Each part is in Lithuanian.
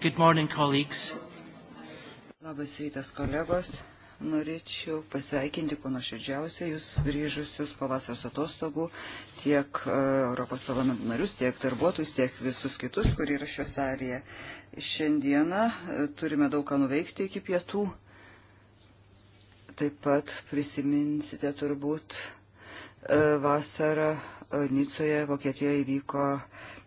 Good morning, colleagues. Labas rytas, kolegos. Norėčiau pasveikinti kuo nuoširdžiausiai jūs grįžusius po vasaros atostogų tiek e, Europos parlamento narius, tiek darbuotojus, tiek visus kitus, kurie yra šio salėje. Šiandieną e, turime daug ką nuveikti iki pietų. Taip pat prisiminsite turbūt e, vasarą Nicoje, Vokietijoje įvyko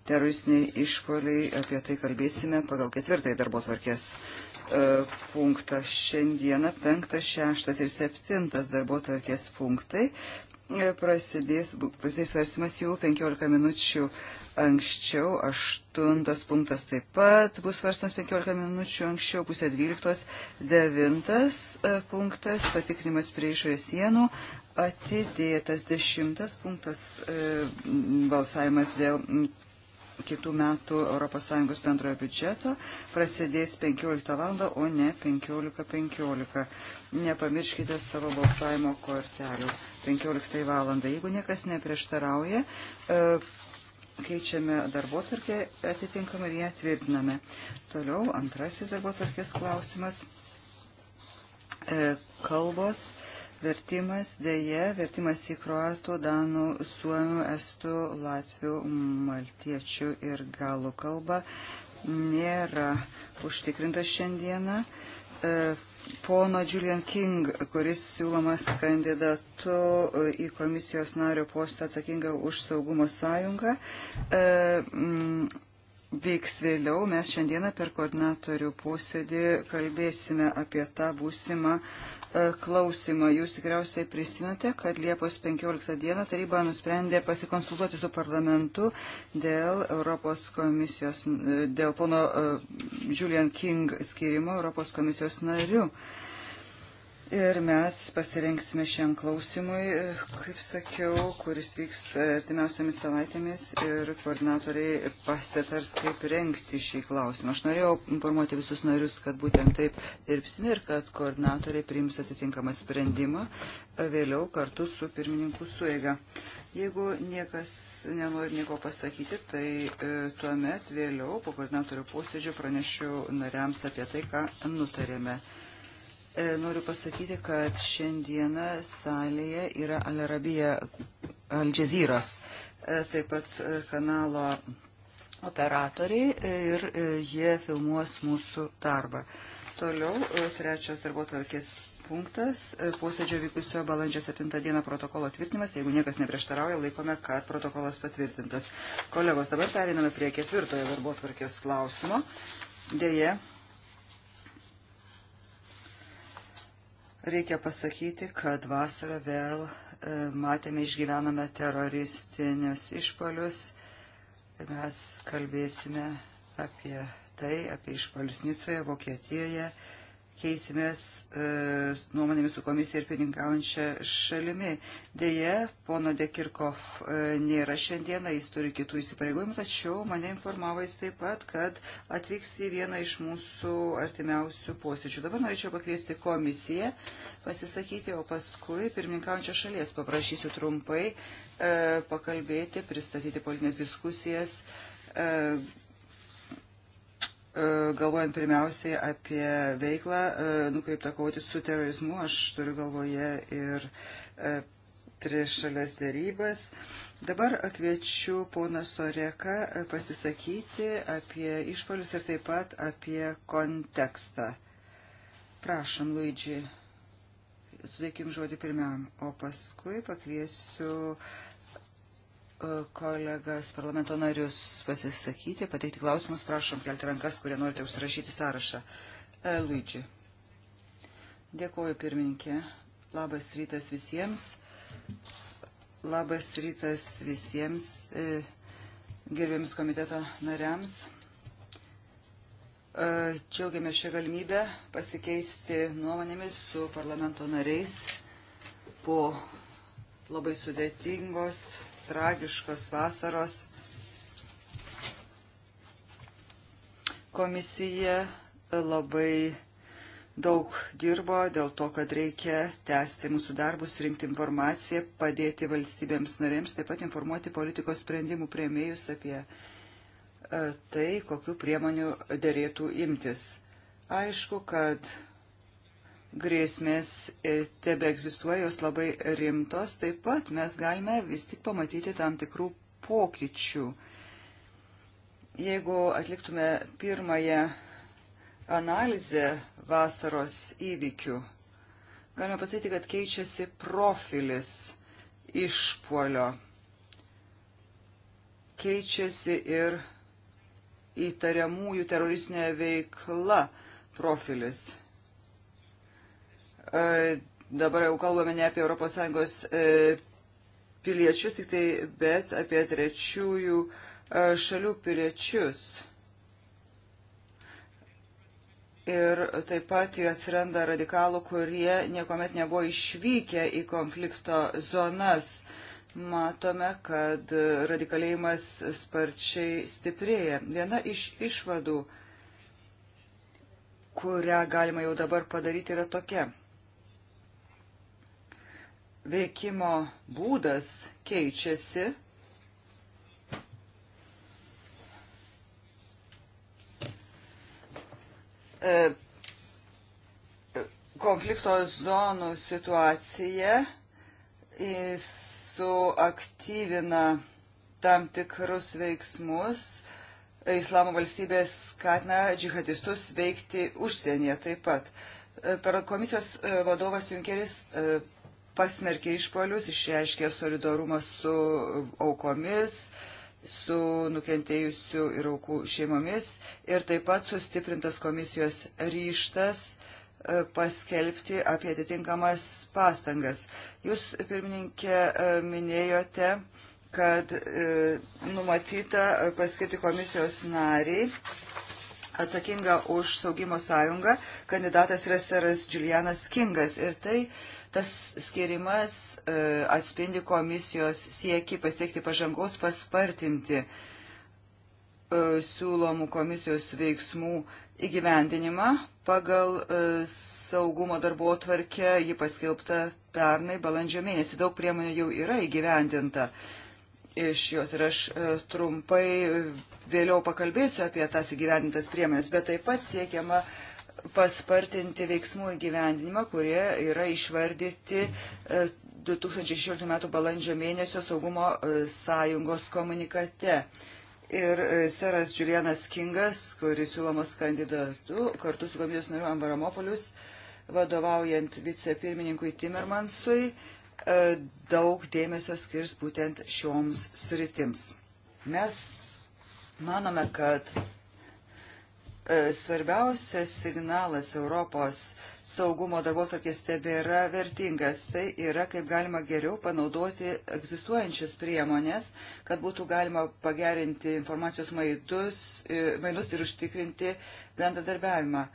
teroristiniai išpoliai, apie tai kalbėsime pagal ketvirtąjį darbo tvarkės e, punktą šiandieną, penktas, šeštas ir septintas darbo tvarkės punktai. E, prasidės, prasidės svarstymas jau 15 minučių anksčiau, aštuntas punktas taip pat bus svarstamas 15 minučių anksčiau, pusė dvyliktos, devintas e, punktas, patikrinimas prie išorės sienų, atidėtas dešimtas punktas e, balsavimas dėl kitų metų ES bendrojo biudžeto prasidės 15 val. o ne 15.15. .15. Nepamirškite savo balsavimo kortelių 15 val. Jeigu niekas neprieštarauja, e, keičiame darbo tvarkę atitinkamai ir ją tvirtiname. Toliau antrasis darbo tvarkės klausimas. E, kalbos Vertimas dėje, vertimas į kruatų, danų, suomių, estų, latvių, maltiečių ir galų kalbą nėra užtikrintas šiandieną. E, pono Julian King, kuris siūlomas kandidatu į komisijos nario postą atsakingą už saugumo sąjungą, e, m, veiks vėliau. Mes šiandieną per koordinatorių posėdį kalbėsime apie tą būsimą E, klausimą. Jūs tikriausiai prisimenate, kad Liepos 15 dieną taryba nusprendė pasikonsultuoti su parlamentu dėl Europos komisijos, e, dėl pono e, Julian King skirimo Europos komisijos nariu. Uh, Ir mes pasirinksime šiam klausimui, kaip sakiau, kuris vyks artimiausiamis savaitėmis ir koordinatoriai pasitars, kaip rengti šį klausimą. Aš norėjau informuoti visus narius, kad būtent taip dirbsime ir kad koordinatoriai priims atitinkamą sprendimą vėliau kartu su pirmininku sueiga. Jeigu niekas nenori nieko pasakyti, tai e, tuomet vėliau po koordinatorių posėdžio pranešiu nariams apie tai, ką nutarėme. E, noriu pasakyti, kad šiandieną salėje yra Alerabija Aldžezyros, e, taip pat e, kanalo operatoriai ir jie filmuos mūsų darbą. Toliau trečias darbo tvarkės punktas - posėdžio vykusio balandžio 7 dieną protokolo tvirtinimas. Jeigu niekas neprieštarauja, laikome, kad protokolas patvirtintas. Kolegos, dabar periname prie ketvirtojo darbo tvarkės klausimo. Deja, Reikia pasakyti, kad vasarą vėl e, matėme, išgyvenome teroristinius išpolius. Mes kalbėsime apie tai, apie išpolius Nicoje, Vokietijoje keisimės e, nuomonėmis su komisija ir pininkaujančia šalimi. Deja, pono Dekirkov e, nėra šiandieną, jis turi kitų įsipareigojimų, tačiau mane informavo jis taip pat, kad atvyks į vieną iš mūsų artimiausių posėdžių. Dabar norėčiau pakviesti komisiją pasisakyti, o paskui pirmininkaujančią šalies paprašysiu trumpai e, pakalbėti, pristatyti politinės diskusijas. E, E, galvojant pirmiausiai apie veiklą e, nukreiptą kovoti su terorizmu, aš turiu galvoje ir e, trišalės dėrybas. Dabar kviečiu poną Soreką pasisakyti apie išpolius ir taip pat apie kontekstą. Prašom, Luidži, sudėkim žodį pirmiam, o paskui pakviesiu uh, kolegas parlamento narius pasisakyti, pateikti klausimus, prašom kelti rankas, kurie norite užsirašyti sąrašą. E, Luigi. Dėkuoju pirmininkė. Labas rytas visiems. Labas rytas visiems e, gerbėms komiteto nariams. E, Džiaugiamės šią galimybę pasikeisti nuomonėmis su parlamento nariais po labai sudėtingos tragiškos vasaros. Komisija labai daug dirbo dėl to, kad reikia tęsti mūsų darbus, rinkti informaciją, padėti valstybėms narėms, taip pat informuoti politikos sprendimų prieimėjus apie e, tai, kokiu priemoniu dėrėtų imtis. Aišku, kad grėsmės e, tebe egzistuoja, jos labai rimtos, taip pat mes galime vis tik pamatyti tam tikrų pokyčių. Jeigu atliktume pirmąją analizę vasaros įvykių, galime pasakyti, kad keičiasi profilis išpuolio. Keičiasi ir įtariamųjų teroristinė veikla profilis. Dabar jau kalbame ne apie ES e, piliečius, tik tai, bet apie trečiųjų e, šalių piliečius. Ir taip pat atsiranda radikalų, kurie niekuomet nebuvo išvykę į konflikto zonas. Matome, kad radikalėjimas sparčiai stiprėja. Viena iš išvadų, kurią galima jau dabar padaryti, yra tokia veikimo būdas keičiasi. E, konflikto zonų situacija suaktyvina tam tikrus veiksmus. Islamo valstybės skatina džihadistus veikti užsienyje taip pat. E, per komisijos e, vadovas Junkeris pasmerkė išpolius, išreiškė solidarumą su aukomis, su nukentėjusių ir aukų šeimomis ir taip pat sustiprintas komisijos ryštas e, paskelbti apie atitinkamas pastangas. Jūs, pirmininkė, e, minėjote, kad e, numatyta paskirti komisijos nariai atsakinga už saugimo sąjungą, kandidatas yra seras Julianas Kingas. Ir tai Tas skirimas e, atspindi komisijos sieki pasiekti pažangos, paspartinti e, siūlomų komisijos veiksmų įgyvendinimą pagal e, saugumo darbo tvarkę, ji paskelbta pernai balandžio mėnesį. Daug priemonių jau yra įgyvendinta iš jos ir aš trumpai vėliau pakalbėsiu apie tas įgyvendintas priemonės, bet taip pat siekiama uh, paspartinti veiksmų įgyvendinimą, kurie yra išvardyti 2016 e, m. balandžio mėnesio saugumo e, sąjungos komunikate. Ir e, seras Julianas Kingas, kuris siūlomas kandidatu, kartu su komisijos nariu Ambaramopolius, vadovaujant vicepirmininkui Timermansui, daug dėmesio skirs būtent šioms sritims. Mes manome, kad E, svarbiausias signalas Europos saugumo darbos arkės tebėra vertingas. Tai yra, kaip galima geriau panaudoti egzistuojančias priemonės, kad būtų galima pagerinti informacijos maitus, e, mainus ir užtikrinti bendradarbiavimą.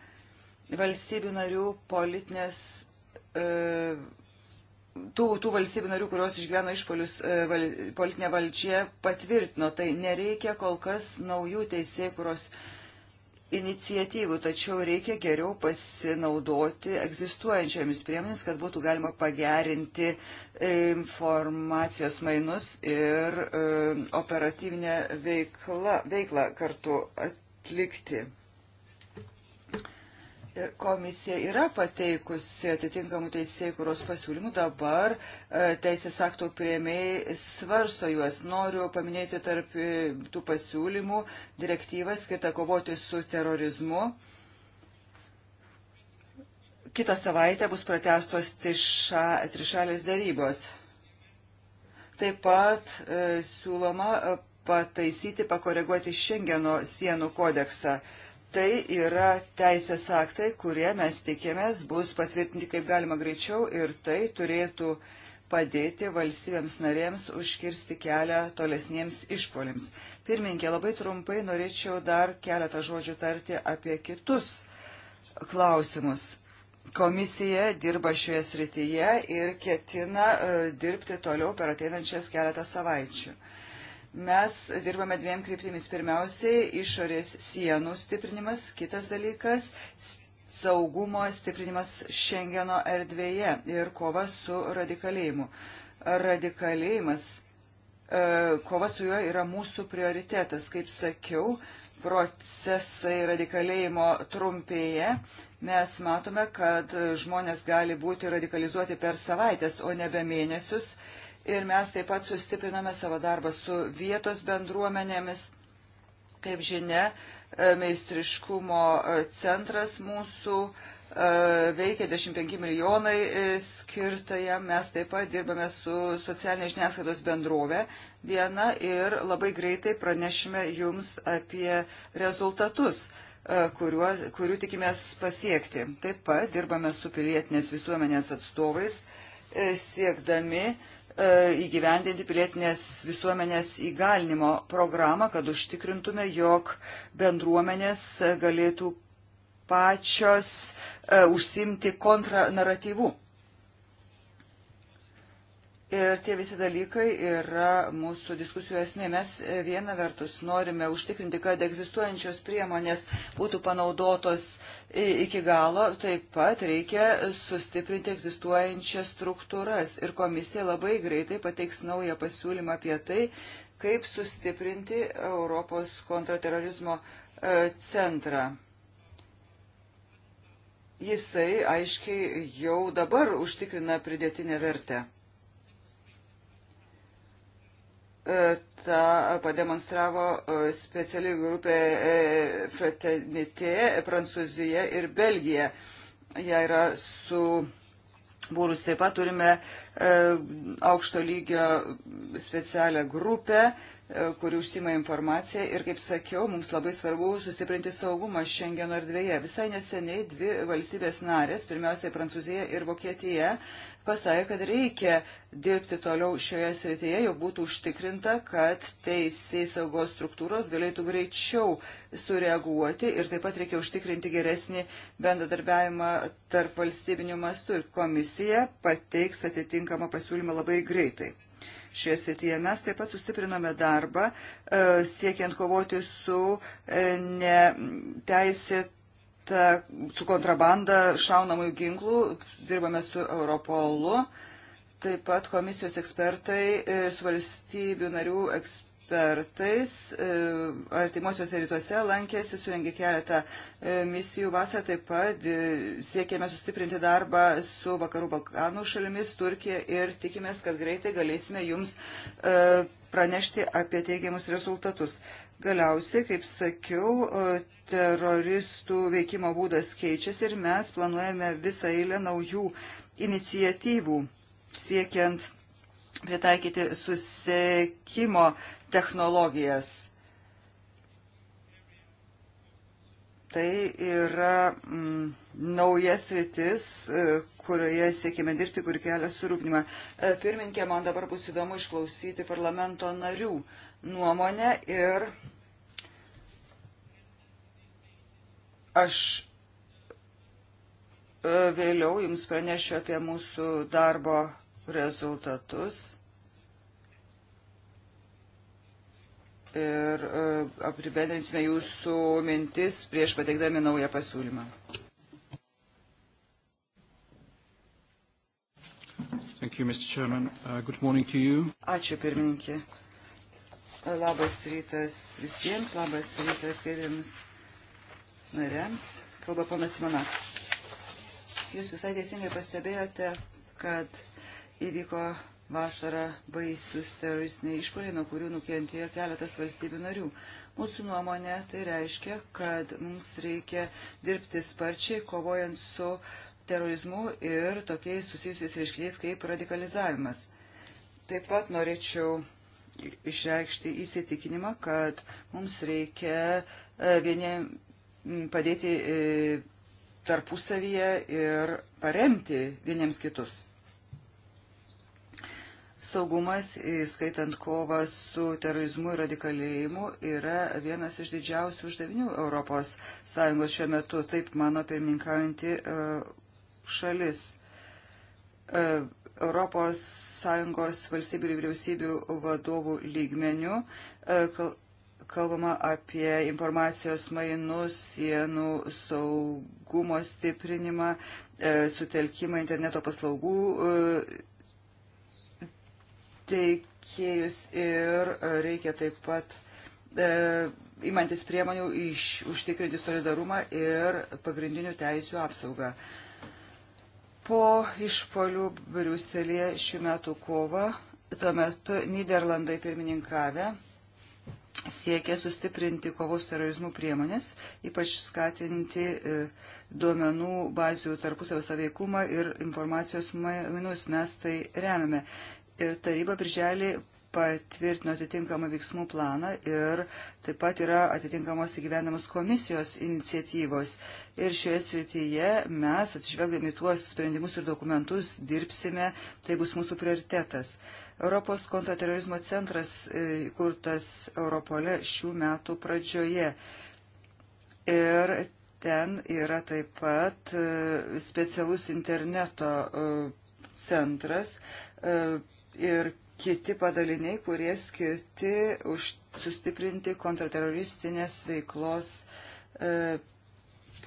Valstybių narių politinės. E, tų, tų valstybių narių, kurios išgyveno išpolius e, val, politinė valdžia, patvirtino, tai nereikia kol kas naujų teisėjų, kurios iniciatyvų, tačiau reikia geriau pasinaudoti egzistuojančiomis priemonėmis, kad būtų galima pagerinti e, informacijos mainus ir e, operatyvinę veiklą, veiklą kartu atlikti. Komisija yra pateikusi atitinkamų teisėjų, kurios pasiūlymų dabar e, teisės aktų prieimiai svarsto juos. Noriu paminėti tarp e, tų pasiūlymų direktyvą skirtą kovoti su terorizmu. Kitą savaitę bus pratestos triša, trišalės darybos. Taip pat e, siūloma e, pataisyti, pakoreguoti Šengeno sienų kodeksą. E, Tai yra teisės aktai, kurie mes tikėmės bus patvirtinti kaip galima greičiau ir tai turėtų padėti valstybėms narėms užkirsti kelią tolesniems išpolims. Pirminkė, labai trumpai norėčiau dar keletą žodžių tarti apie kitus klausimus. Komisija dirba šioje srityje ir ketina e, dirbti toliau per ateinančias keletą savaičių. Mes dirbame dviem kryptimis. Pirmiausiai išorės sienų stiprinimas, kitas dalykas saugumo stiprinimas Šengeno erdvėje ir kova su radikalėjimu. Radikalėjimas, e, kova su juo yra mūsų prioritetas. Kaip sakiau, procesai radikalėjimo trumpėje, mes matome, kad žmonės gali būti radikalizuoti per savaitės, o ne be mėnesius ir mes taip pat sustiprinome savo darbą su vietos bendruomenėmis. Kaip žinia, e, meistriškumo e, centras mūsų e, veikia 25 milijonai skirta jam. Mes taip pat dirbame su socialinė žiniasklaidos bendrovė viena ir labai greitai pranešime jums apie rezultatus kuriuo, kurių tikimės pasiekti. Taip pat dirbame su pilietinės visuomenės atstovais, siekdami E, įgyvendinti pilietinės visuomenės įgalinimo programą, kad užtikrintume, jog bendruomenės galėtų pačios e, užsimti kontranaratyvų. Ir tie visi dalykai yra mūsų diskusijų esmė. Mes e, viena vertus norime užtikrinti, kad egzistuojančios priemonės būtų panaudotos e, iki galo, taip pat reikia sustiprinti egzistuojančias struktūras. Ir komisija labai greitai pateiks naują pasiūlymą apie tai, kaip sustiprinti Europos kontraterorizmo e, centrą. Jisai aiškiai jau dabar užtikrina pridėtinę vertę. tą pademonstravo e, speciali grupė e, Fraternité Prancūzija ir Belgija. Jie yra su būrus taip pat turime e, aukšto lygio specialią grupę, kuri užsima informaciją ir, kaip sakiau, mums labai svarbu sustiprinti saugumą Šengeno erdvėje. Visai neseniai dvi valstybės narės, pirmiausiai Prancūzija ir Vokietija, pasakė, kad reikia dirbti toliau šioje srityje, jau būtų užtikrinta, kad teisės saugos struktūros galėtų greičiau sureaguoti ir taip pat reikia užtikrinti geresnį bendradarbiavimą tarp valstybinių mastų ir komisija pateiks atitinkamą pasiūlymą labai greitai šioje srityje. Mes taip pat sustiprinome darbą, e, siekiant kovoti su e, neteisėt ta, e, su kontrabanda šaunamųjų ginklų, dirbame su Europolu, taip pat komisijos ekspertai, e, su valstybių narių ekspertais e, artimuosiuose rytuose lankėsi, surengė keletą misijų vasarą, taip pat siekėme sustiprinti darbą su Vakarų Balkanų šalimis, Turkija ir tikimės, kad greitai galėsime jums pranešti apie teigiamus rezultatus. Galiausiai, kaip sakiau, e, teroristų veikimo būdas keičiasi ir mes planuojame visą eilę naujų iniciatyvų siekiant pritaikyti susiekimo technologijas. Tai yra mm, naujas rytis, e, kurioje siekime dirbti, kur kelia surūpnimą. E, Pirminkė, man dabar bus įdomu išklausyti parlamento narių. Uh, nuomonę ir aš e, vėliau jums pranešiu apie mūsų darbo rezultatus. ir e, apribendrinsime jūsų mintis prieš pateikdami naują pasiūlymą. Uh, you, Ačiū pirmininkė. Labas rytas visiems, labas rytas geriems nariams. Kalba ponas Simonak. Jūs visai teisingai pastebėjote, kad įvyko vasarą baisus teroristiniai išpoliai, nuo kurių nukentėjo keletas valstybių narių. Mūsų nuomonė tai reiškia, kad mums reikia dirbti sparčiai, kovojant su terorizmu ir tokiais susijusiais reiškiniais kaip radikalizavimas. Taip pat norėčiau išreikšti įsitikinimą, kad mums reikia e, vieniem padėti e, tarpusavyje ir paremti vieniems kitus. Saugumas, įskaitant kovą su terorizmu ir radikalėjimu, yra vienas iš didžiausių uždavinių ES šiuo metu, taip mano pirmininkaujanti e, šalis ES valstybių ir vyriausybių vadovų lygmenių. E, kalbama apie informacijos mainus, sienų saugumo stiprinimą, e, sutelkimą interneto paslaugų e, teikėjus ir reikia taip pat įmantis priemonių iš, užtikrinti solidarumą ir pagrindinių teisių apsaugą. E, Po išpolių Briuselėje šių metų kovą, tuo metu Niderlandai pirmininkavę, siekia sustiprinti kovos terorizmų priemonės, ypač skatinti e, duomenų bazių tarpusavio saveikumą ir informacijos mainus. Mes tai remiame. Ir taryba birželį patvirtino atitinkamą veiksmų planą ir taip pat yra atitinkamos įgyvenamos komisijos iniciatyvos. Ir šioje srityje mes, atsižvelgdami tuos sprendimus ir dokumentus, dirbsime, tai bus mūsų prioritetas. Europos kontraterorizmo centras e, įkurtas Europole šių metų pradžioje. Ir ten yra taip pat e, specialus interneto e, centras ir kiti padaliniai, kurie skirti už sustiprinti kontrateroristinės veiklos e,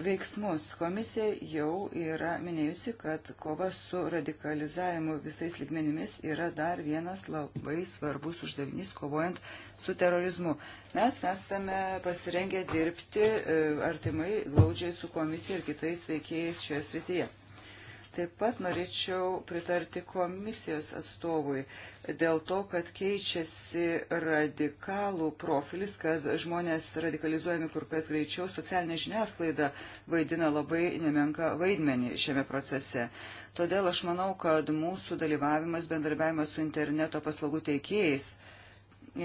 veiksmus. Komisija jau yra minėjusi, kad kova su radikalizavimu visais ligmenimis yra dar vienas labai svarbus uždavinys kovojant su terorizmu. Mes esame pasirengę dirbti e, artimai glaudžiai su komisija ir kitais veikėjais šioje srityje. Taip pat norėčiau pritarti komisijos atstovui dėl to, kad keičiasi radikalų profilis, kad žmonės radikalizuojami kur kas greičiau, socialinė žiniasklaida vaidina labai nemenka vaidmenį šiame procese. Todėl aš manau, kad mūsų dalyvavimas, bendarbiavimas su interneto paslaugų teikėjais,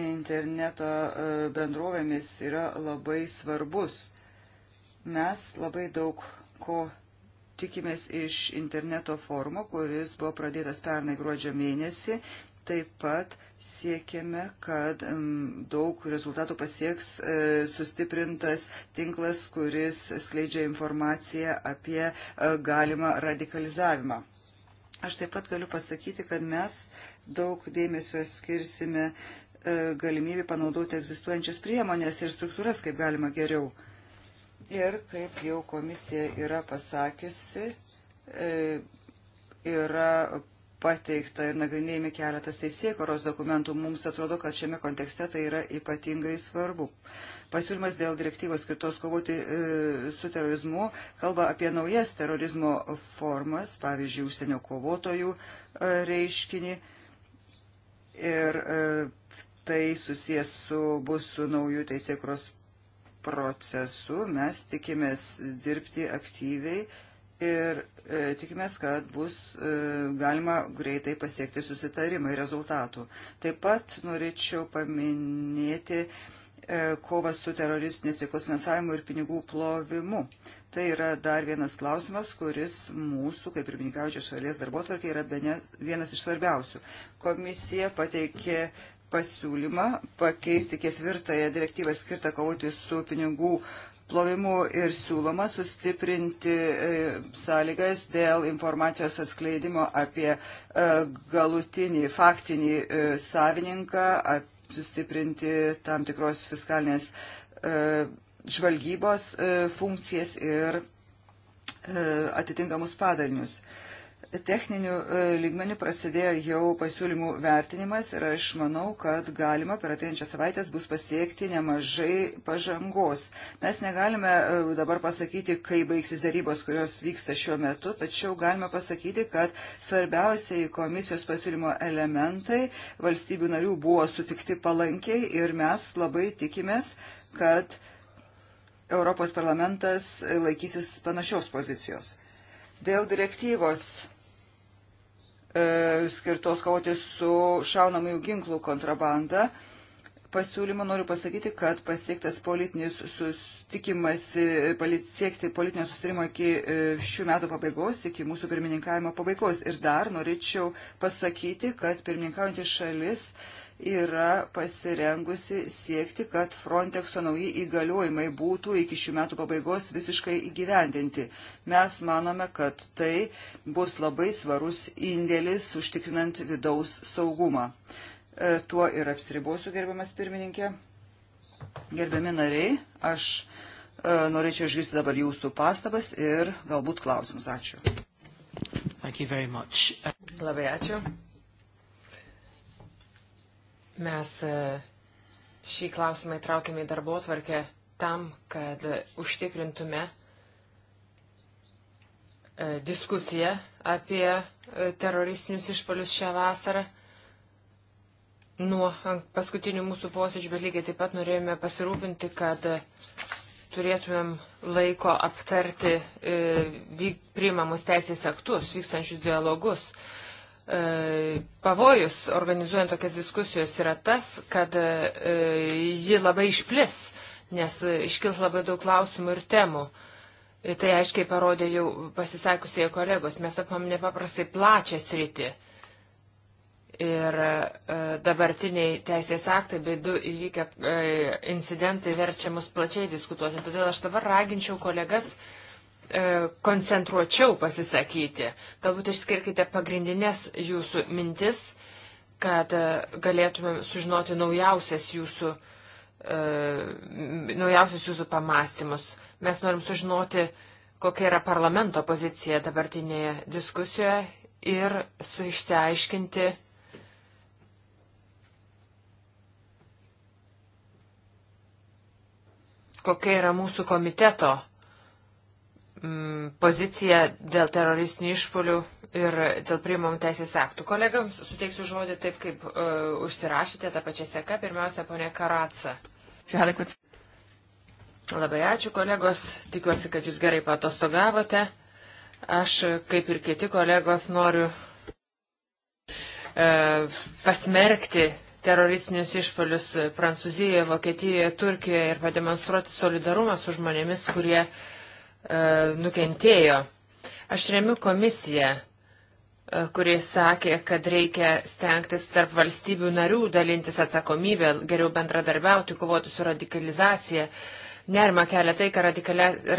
interneto e, bendrovėmis yra labai svarbus. Mes labai daug ko tikimės iš interneto forumo, kuris buvo pradėtas pernai gruodžio mėnesį. Taip pat siekiame, kad mm, daug rezultatų pasieks e, sustiprintas tinklas, kuris skleidžia informaciją apie e, galimą radikalizavimą. Aš taip pat galiu pasakyti, kad mes daug dėmesio skirsime e, galimybę panaudoti egzistuojančias priemonės ir struktūras, kaip galima geriau Ir kaip jau komisija yra pasakiusi, e, yra pateikta ir nagrinėjami keletas teisėkoros dokumentų. Mums atrodo, kad šiame kontekste tai yra ypatingai svarbu. Pasiūlymas dėl direktyvos skirtos kovoti e, su terorizmu kalba apie naujas terorizmo formas, pavyzdžiui, užsienio kovotojų e, reiškinį. Ir e, tai susijęs su, bus su naujų teisėkros procesu. Mes tikimės dirbti aktyviai ir e, tikimės, kad bus e, galima greitai pasiekti susitarimai rezultatų. Taip pat norėčiau paminėti e, kovą su teroristinės veiklos finansavimu ir pinigų plovimu. Tai yra dar vienas klausimas, kuris mūsų, kaip ir minkaučio šalies darbotvarkė, yra bene vienas iš svarbiausių. Komisija pateikė pasiūlymą pakeisti ketvirtąją direktyvą skirtą kovoti su pinigų plovimu ir siūloma sustiprinti e, sąlygas dėl informacijos atskleidimo apie e, galutinį faktinį e, savininką, sustiprinti tam tikros fiskalinės žvalgybos funkcijas ir atitinkamus padalinius techninių e, lygmenių prasidėjo jau pasiūlymų vertinimas ir aš manau, kad galima per ateinančią savaitę bus pasiekti nemažai pažangos. Mes negalime e, dabar pasakyti, kai baigsis darybos, kurios vyksta šiuo metu, tačiau galime pasakyti, kad svarbiausiai komisijos pasiūlymo elementai valstybių narių buvo sutikti palankiai ir mes labai tikimės, kad Europos parlamentas laikysis panašios pozicijos. Dėl direktyvos E, skirtos kovoti su šaunamųjų ginklų kontrabanda pasiūlymą noriu pasakyti, kad pasiektas politinis sustikimas, e, siekti politinio sustarimo iki e, šių metų pabaigos, iki mūsų pirmininkavimo pabaigos. Ir dar norėčiau pasakyti, kad pirmininkaujantys šalis uh, yra pasirengusi siekti, kad Frontexo nauji įgaliojimai būtų iki šių metų pabaigos visiškai įgyvendinti. Mes manome, kad tai bus labai svarus indėlis užtikrinant vidaus saugumą. E, tuo ir apsiribosiu, gerbiamas pirmininkė. Gerbiami nariai, aš e, norėčiau išgirsti dabar jūsų pastabas ir galbūt klausimus. Ačiū. Labai ačiū. Mes e, šį klausimą įtraukėme į darbo tvarkę tam, kad užtikrintume e, diskusiją apie e, teroristinius išpolius šią vasarą. Nuo paskutinių mūsų posėdžių, bet lygiai taip pat norėjome pasirūpinti, kad turėtumėm laiko aptarti e, priimamus teisės aktus, vykstančius dialogus. E, E, pavojus organizuojant tokias diskusijos yra tas, kad e, ji labai išplis, nes iškils labai daug klausimų ir temų. E, tai aiškiai parodė jau pasisakusieji kolegos, mes apam nepaprastai plačią sritį. Ir dabartiniai teisės aktai bei du įvykę incidentai verčia mus plačiai diskutuoti. Todėl aš dabar raginčiau kolegas uh, E, koncentruočiau pasisakyti. Galbūt išskirkite pagrindinės jūsų mintis, kad e, galėtumėm sužinoti naujausias jūsų, e, naujausias jūsų pamastymus. Mes norim sužinoti, kokia yra parlamento pozicija dabartinėje diskusijoje ir išsiaiškinti. kokia yra mūsų komiteto mm, poziciją dėl teroristinių išpolių ir dėl priimamų teisės aktų. Kolegams suteiksiu žodį taip, kaip uh, užsirašėte tą pačią seką. Pirmiausia, ponė Karatsa. Labai ačiū, kolegos. Tikiuosi, kad jūs gerai patostogavote. Aš, kaip ir kiti kolegos, noriu uh, pasmerkti teroristinius išpolius Prancūzijoje, Vokietijoje, Turkijoje ir pademonstruoti solidarumą su žmonėmis, kurie uh, E, nukentėjo. Aš remiu komisiją, e, kurie sakė, kad reikia stengtis tarp valstybių narių dalintis atsakomybę, geriau bendradarbiauti, kovoti su radikalizacija. Nerima kelia tai, kad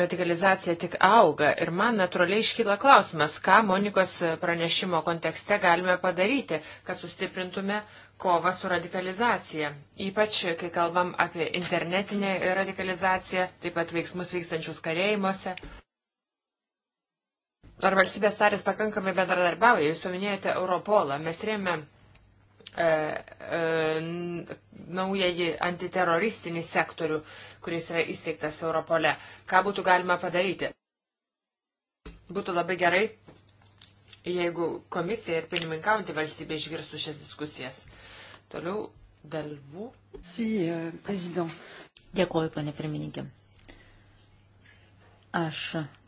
radikalizacija tik auga ir man natūraliai iškyla klausimas, ką Monikos pranešimo kontekste galime padaryti, kad sustiprintume kovą su radikalizacija. Ypač, kai kalbam apie internetinę radikalizaciją, taip pat veiksmus vykstančius karėjimuose. Ar valstybės tarės pakankamai bendradarbiauja? Jūs paminėjote Europolą. Mes rėmė e, e, naująjį antiteroristinį sektorių, kuris yra įsteigtas Europole. Ką būtų galima padaryti? Būtų labai gerai, jeigu komisija ir pirmininkaujantį valstybę išgirstų šias diskusijas. Toliau Dalvų. Si, euh, prezident. Dėkuoju, ponė pirmininkė. Aš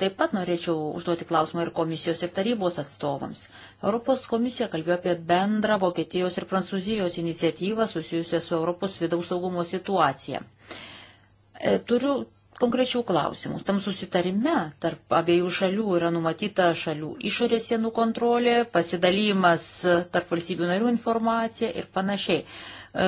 taip pat norėčiau užduoti klausimą ir komisijos ir tarybos atstovams. Europos komisija kalbėjo apie bendrą Vokietijos ir Prancūzijos iniciatyvą susijusią su Europos vidaus saugumo situacija. E, turiu konkrečių klausimų. Tam susitarime tarp abiejų šalių yra numatyta šalių išorės sienų kontrolė, pasidalymas tarp valstybių narių informacija ir panašiai. E,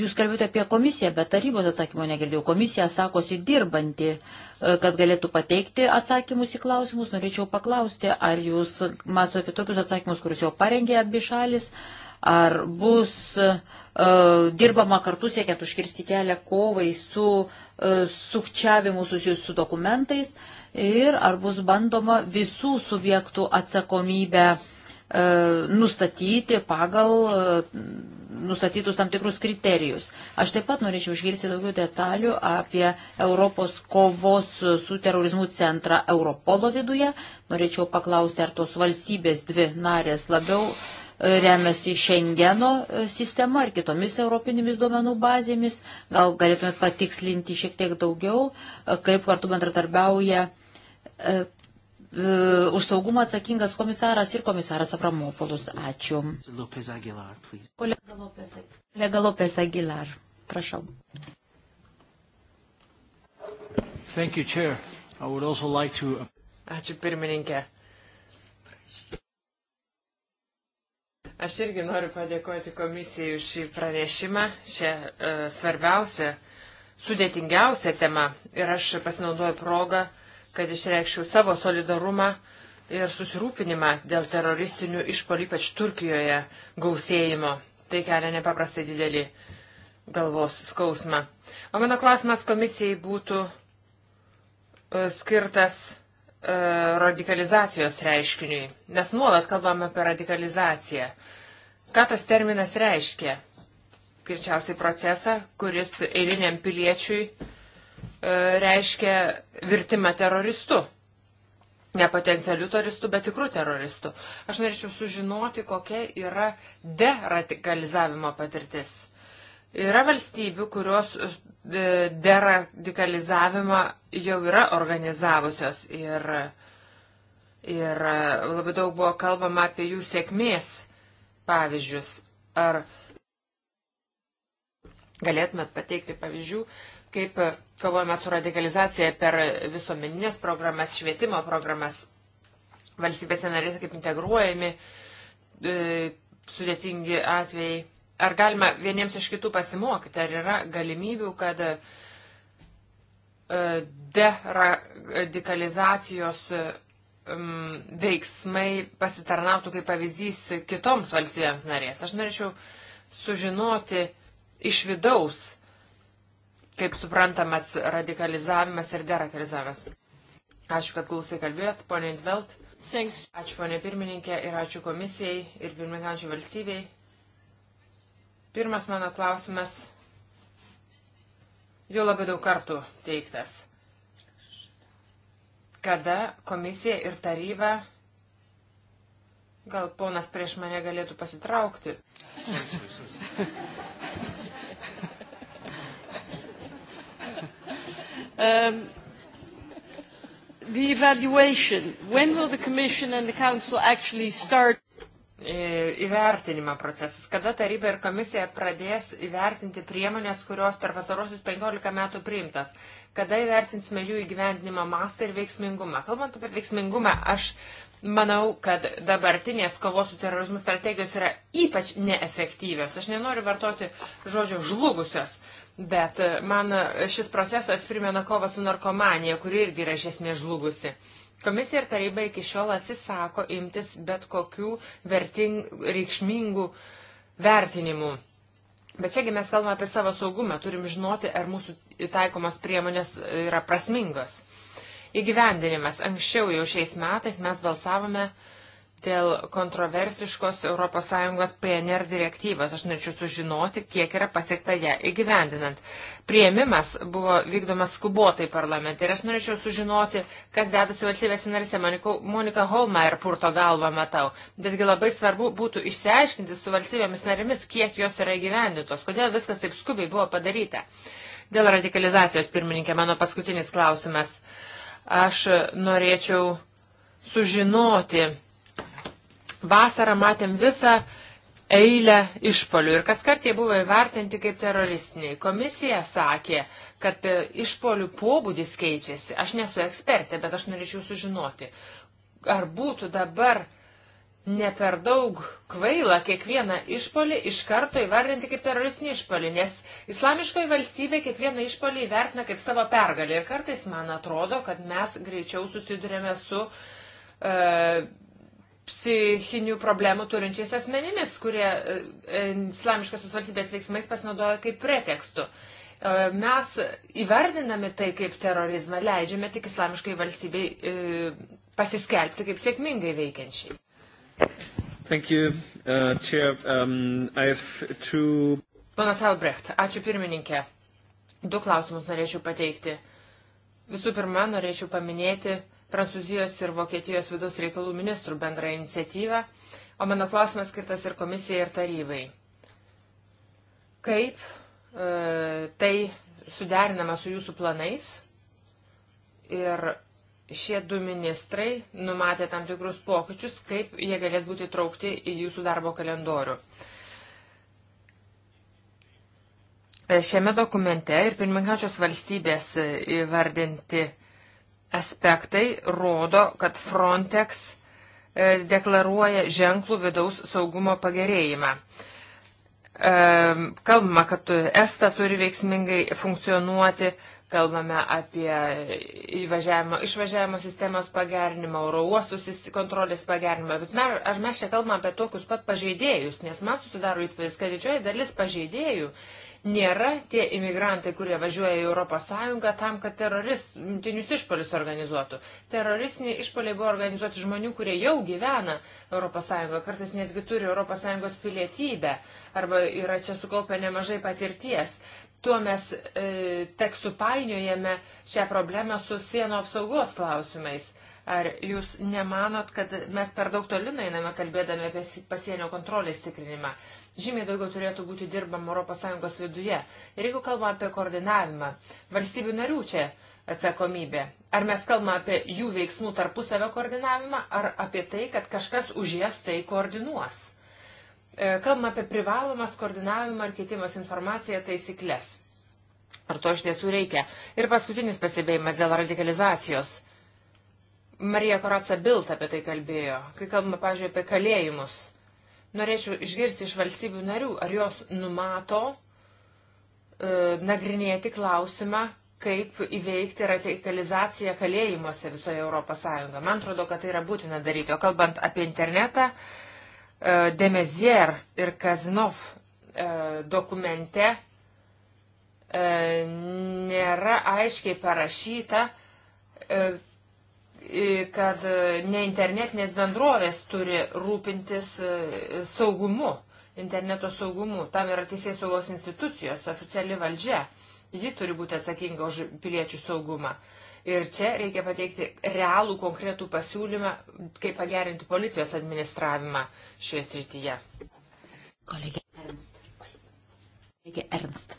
jūs kalbėjote apie komisiją, bet tarybos atsakymo negirdėjau. Komisija sakosi dirbanti, e, kad galėtų pateikti atsakymus į klausimus. Norėčiau paklausti, ar jūs mąstote apie tokius atsakymus, kuriuos jau parengė abi šalis, ar bus uh, dirbama kartu siekiant užkirsti kelią kovai su uh, E, sukčiavimų susijusių su dokumentais ir ar bus bandoma visų subjektų atsakomybę e, nustatyti pagal e, nustatytus tam tikrus kriterijus. Aš taip pat norėčiau išgirsti daugiau detalių apie Europos kovos su terorizmu centrą Europolo viduje. Norėčiau paklausti, ar tos valstybės dvi narės labiau remiasi Schengeno e, sistema ar kitomis europinėmis duomenų bazėmis. Gal galėtumėt patikslinti šiek tiek daugiau, e, kaip kartu bendradarbiauja e, už saugumą atsakingas komisaras ir komisaras Avramopolus. Ačiū. Lopez Aguilar, please. Kolega Lopez, Kolega Lopez Aguilar, prašau. Thank you, Chair. I would also like to... Ačiū pirmininkė. Aš irgi noriu padėkoti komisijai už šį pranešimą, šią e, svarbiausią, sudėtingiausią temą. Ir aš pasinaudoju progą, kad išreikščiau savo solidarumą ir susirūpinimą dėl teroristinių išpolių, ypač Turkijoje, gausėjimo. Tai kelia nepaprastai didelį galvos skausmą. O mano klausimas komisijai būtų e, skirtas E, radikalizacijos reiškiniui. Mes nuolat kalbame apie radikalizaciją. Ką tas terminas reiškia? Kirčiausiai procesą, kuris eiliniam piliečiui e, reiškia virtimą teroristu. Ne potencialių teroristų, bet tikrų teroristų. Aš norėčiau sužinoti, kokia yra deradikalizavimo patirtis. Yra valstybių, kurios deradikalizavimą jau yra organizavusios ir, ir labai daug buvo kalbama apie jų sėkmės pavyzdžius. Ar galėtumėt pateikti pavyzdžių, kaip kovojame su radikalizacija per visuomeninės programas, švietimo programas, valstybėse narėse kaip integruojami e, sudėtingi atvejai. Ar galima vieniems iš kitų pasimokyti? Ar yra galimybių, kad e, deradikalizacijos e, veiksmai pasitarnautų kaip pavyzdys kitoms valstybėms narės? Aš norėčiau sužinoti iš vidaus, kaip suprantamas radikalizavimas ir deradikalizavimas. Ačiū, kad klausai kalbėjot, ponė Intvelt. Ačiū, ponė pirmininkė, ir ačiū komisijai ir pirmininkančiai valstybei Pirmas mano klausimas jau labai daug kartų teiktas. Kada komisija ir taryba, gal ponas prieš mane galėtų pasitraukti? um, the evaluation. When will the Commission and the Council actually start? E, įvertinimo procesas. Kada taryba ir komisija pradės įvertinti priemonės, kurios per pasarosius 15 metų priimtas? Kada įvertinsime jų įgyvendinimo mastą ir veiksmingumą? Kalbant apie veiksmingumą, aš manau, kad dabartinės kovos su terorizmu strategijos yra ypač neefektyvios. Aš nenoriu vartoti žodžio žlugusios. Bet man šis procesas primena kovą su narkomanija, kuri irgi yra iš esmės žlugusi. Uh, Komisija ir taryba iki šiol atsisako imtis bet kokių verting, reikšmingų vertinimų. Bet čiagi mes kalbame apie savo saugumą, turim žinoti, ar mūsų taikomos priemonės yra prasmingos. Įgyvendinimas. Anksčiau jau šiais metais mes balsavome uh, dėl kontroversiškos ES PNR direktyvos. Aš norėčiau sužinoti, kiek yra pasiekta ją įgyvendinant. Prieimimas buvo vykdomas skubotai parlamente ir aš norėčiau sužinoti, kas dedasi valstybės narise. Monika Holmeier purto galvą matau. Betgi labai svarbu būtų išsiaiškinti su valstybėmis narimis, kiek jos yra įgyvendintos, kodėl viskas taip skubiai buvo padaryta. Dėl radikalizacijos, pirmininkė, mano paskutinis klausimas. Aš norėčiau sužinoti, vasarą matėm visą eilę išpolių ir kas kart jie buvo įvertinti kaip teroristiniai. Komisija sakė, kad e, išpolių pobūdis keičiasi. Aš nesu ekspertė, bet aš norėčiau sužinoti, ar būtų dabar ne per daug kvaila kiekvieną išpolį iš karto įvardinti kaip teroristinį išpolį, nes islamiškoji valstybė kiekvieną išpolį įvertina kaip savo pergalį. Ir kartais man atrodo, kad mes greičiau susidurėme su e, psichinių problemų turinčiais asmenimis, kurie e, e, islamiškosios valstybės veiksmais pasinaudoja kaip pretekstu. E, mes įvardiname tai kaip terorizmą, leidžiame tik islamiškai valstybei pasiskelbti kaip sėkmingai veikiančiai. Thank you, uh, Chair. Um, I have two... Ponas Albrecht, ačiū pirmininkė. Du klausimus norėčiau pateikti. Visų pirma, norėčiau paminėti uh, Prancūzijos ir Vokietijos vidaus reikalų ministrų bendrą iniciatyvą, o mano klausimas skirtas ir komisijai ir tarybai. Kaip e, tai suderinama su jūsų planais ir šie du ministrai numatė tam tikrus pokyčius, kaip jie galės būti traukti į jūsų darbo kalendorių. E, šiame dokumente ir pirmininkančios valstybės e, įvardinti aspektai rodo, kad Frontex e, deklaruoja ženklų vidaus saugumo pagerėjimą. E, kalbama, kad ESTA turi veiksmingai funkcionuoti, kalbame apie įvažiavimo, išvažiavimo sistemos pagerinimą, oro uostų kontrolės pagerinimą, bet mer, ar mes čia kalbame apie tokius pat pažeidėjus, nes man susidaro įspūdis, kad didžioji dalis pažeidėjų nėra tie imigrantai, kurie važiuoja į ES tam, kad teroristinius išpolius organizuotų. Teroristiniai išpoliai buvo organizuoti žmonių, kurie jau gyvena ES, kartais netgi turi ES pilietybę arba yra čia sukaupę nemažai patirties. Tuo mes e, tek supainiojame šią problemą su sienų apsaugos klausimais. Ar jūs nemanot, kad mes per daug toli einame kalbėdami apie pasienio kontrolės tikrinimą? žymiai daugiau turėtų būti dirbama ES viduje. Ir jeigu kalbame apie koordinavimą, valstybių narių čia atsakomybė. Ar mes kalbame apie jų veiksmų tarpusavio koordinavimą, ar apie tai, kad kažkas už jas tai koordinuos. E, kalbame apie privalomas koordinavimą ir keitimas informaciją taisyklės. Ar to iš tiesų reikia? Ir paskutinis pasibėjimas dėl radikalizacijos. Marija Koraca Bilt apie tai kalbėjo, kai kalbama, pažiūrėjau, apie kalėjimus Norėčiau išgirsti iš valstybių narių, ar jos numato e, nagrinėti klausimą, kaip įveikti radikalizaciją kalėjimuose visoje Europos Sąjungoje. Man atrodo, kad tai yra būtina daryti. O kalbant apie internetą, e, Demezier ir Kazinov e, dokumente e, nėra aiškiai parašyta, e, kad e, ne internetinės bendrovės turi rūpintis e, saugumu, interneto saugumu. Tam yra teisės saugos institucijos, oficiali valdžia. Jis turi būti atsakinga už piliečių saugumą. Ir čia reikia pateikti realų konkretų pasiūlymą, kaip pagerinti policijos administravimą šioje srityje. Kolegė Ernst. Kolegė Ernst.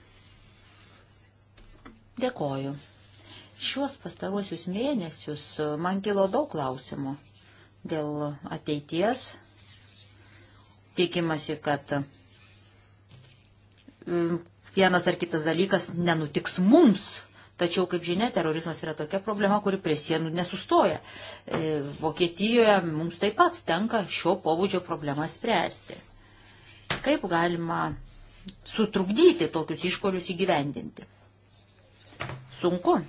Dėkoju. Šiuos pastaruosius mėnesius e, man kilo daug klausimų dėl ateities. Tikimasi, kad e, vienas ar kitas dalykas nenutiks mums. Tačiau, kaip žinia, terorizmas yra tokia problema, kuri prie sienų nesustoja. E, Vokietijoje mums taip pat tenka šio pobūdžio problemą spręsti. Kaip galima sutrukdyti tokius išpolius įgyvendinti? Sunku.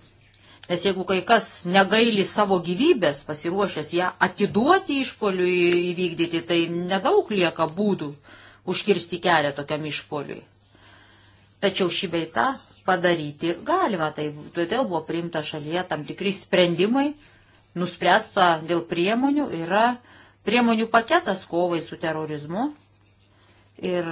Nes jeigu kai kas negaili savo gyvybės, pasiruošęs ją atiduoti išpoliui įvykdyti, tai nedaug lieka būdų užkirsti kelią tokiam išpoliui. Tačiau šį beitą padaryti galima, tai todėl buvo priimta šalyje tam tikri sprendimai, nuspręsta dėl priemonių, yra priemonių paketas kovai su terorizmu, Ir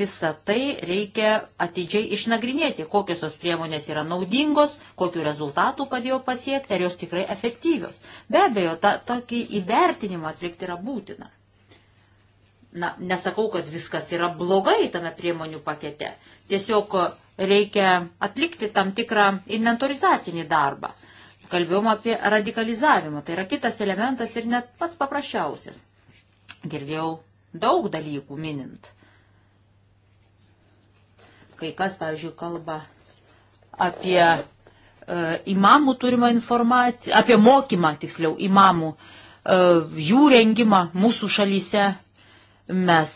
visą tai reikia atidžiai išnagrinėti, kokios tos priemonės yra naudingos, kokiu rezultatu padėjo pasiekti, ar jos tikrai efektyvios. Be abejo, ta, tokį įvertinimą atlikti yra būtina. Na, nesakau, kad viskas yra blogai tame priemonių pakete. Tiesiog reikia atlikti tam tikrą inventorizacinį darbą. Kalbėjom apie radikalizavimą. Tai yra kitas elementas ir net pats paprasčiausias. Girdėjau daug dalykų minint Kai kas, pavyzdžiui, kalba apie e, imamų turimą informaciją, apie mokymą, tiksliau, imamų, e, jų rengimą mūsų šalyse. Mes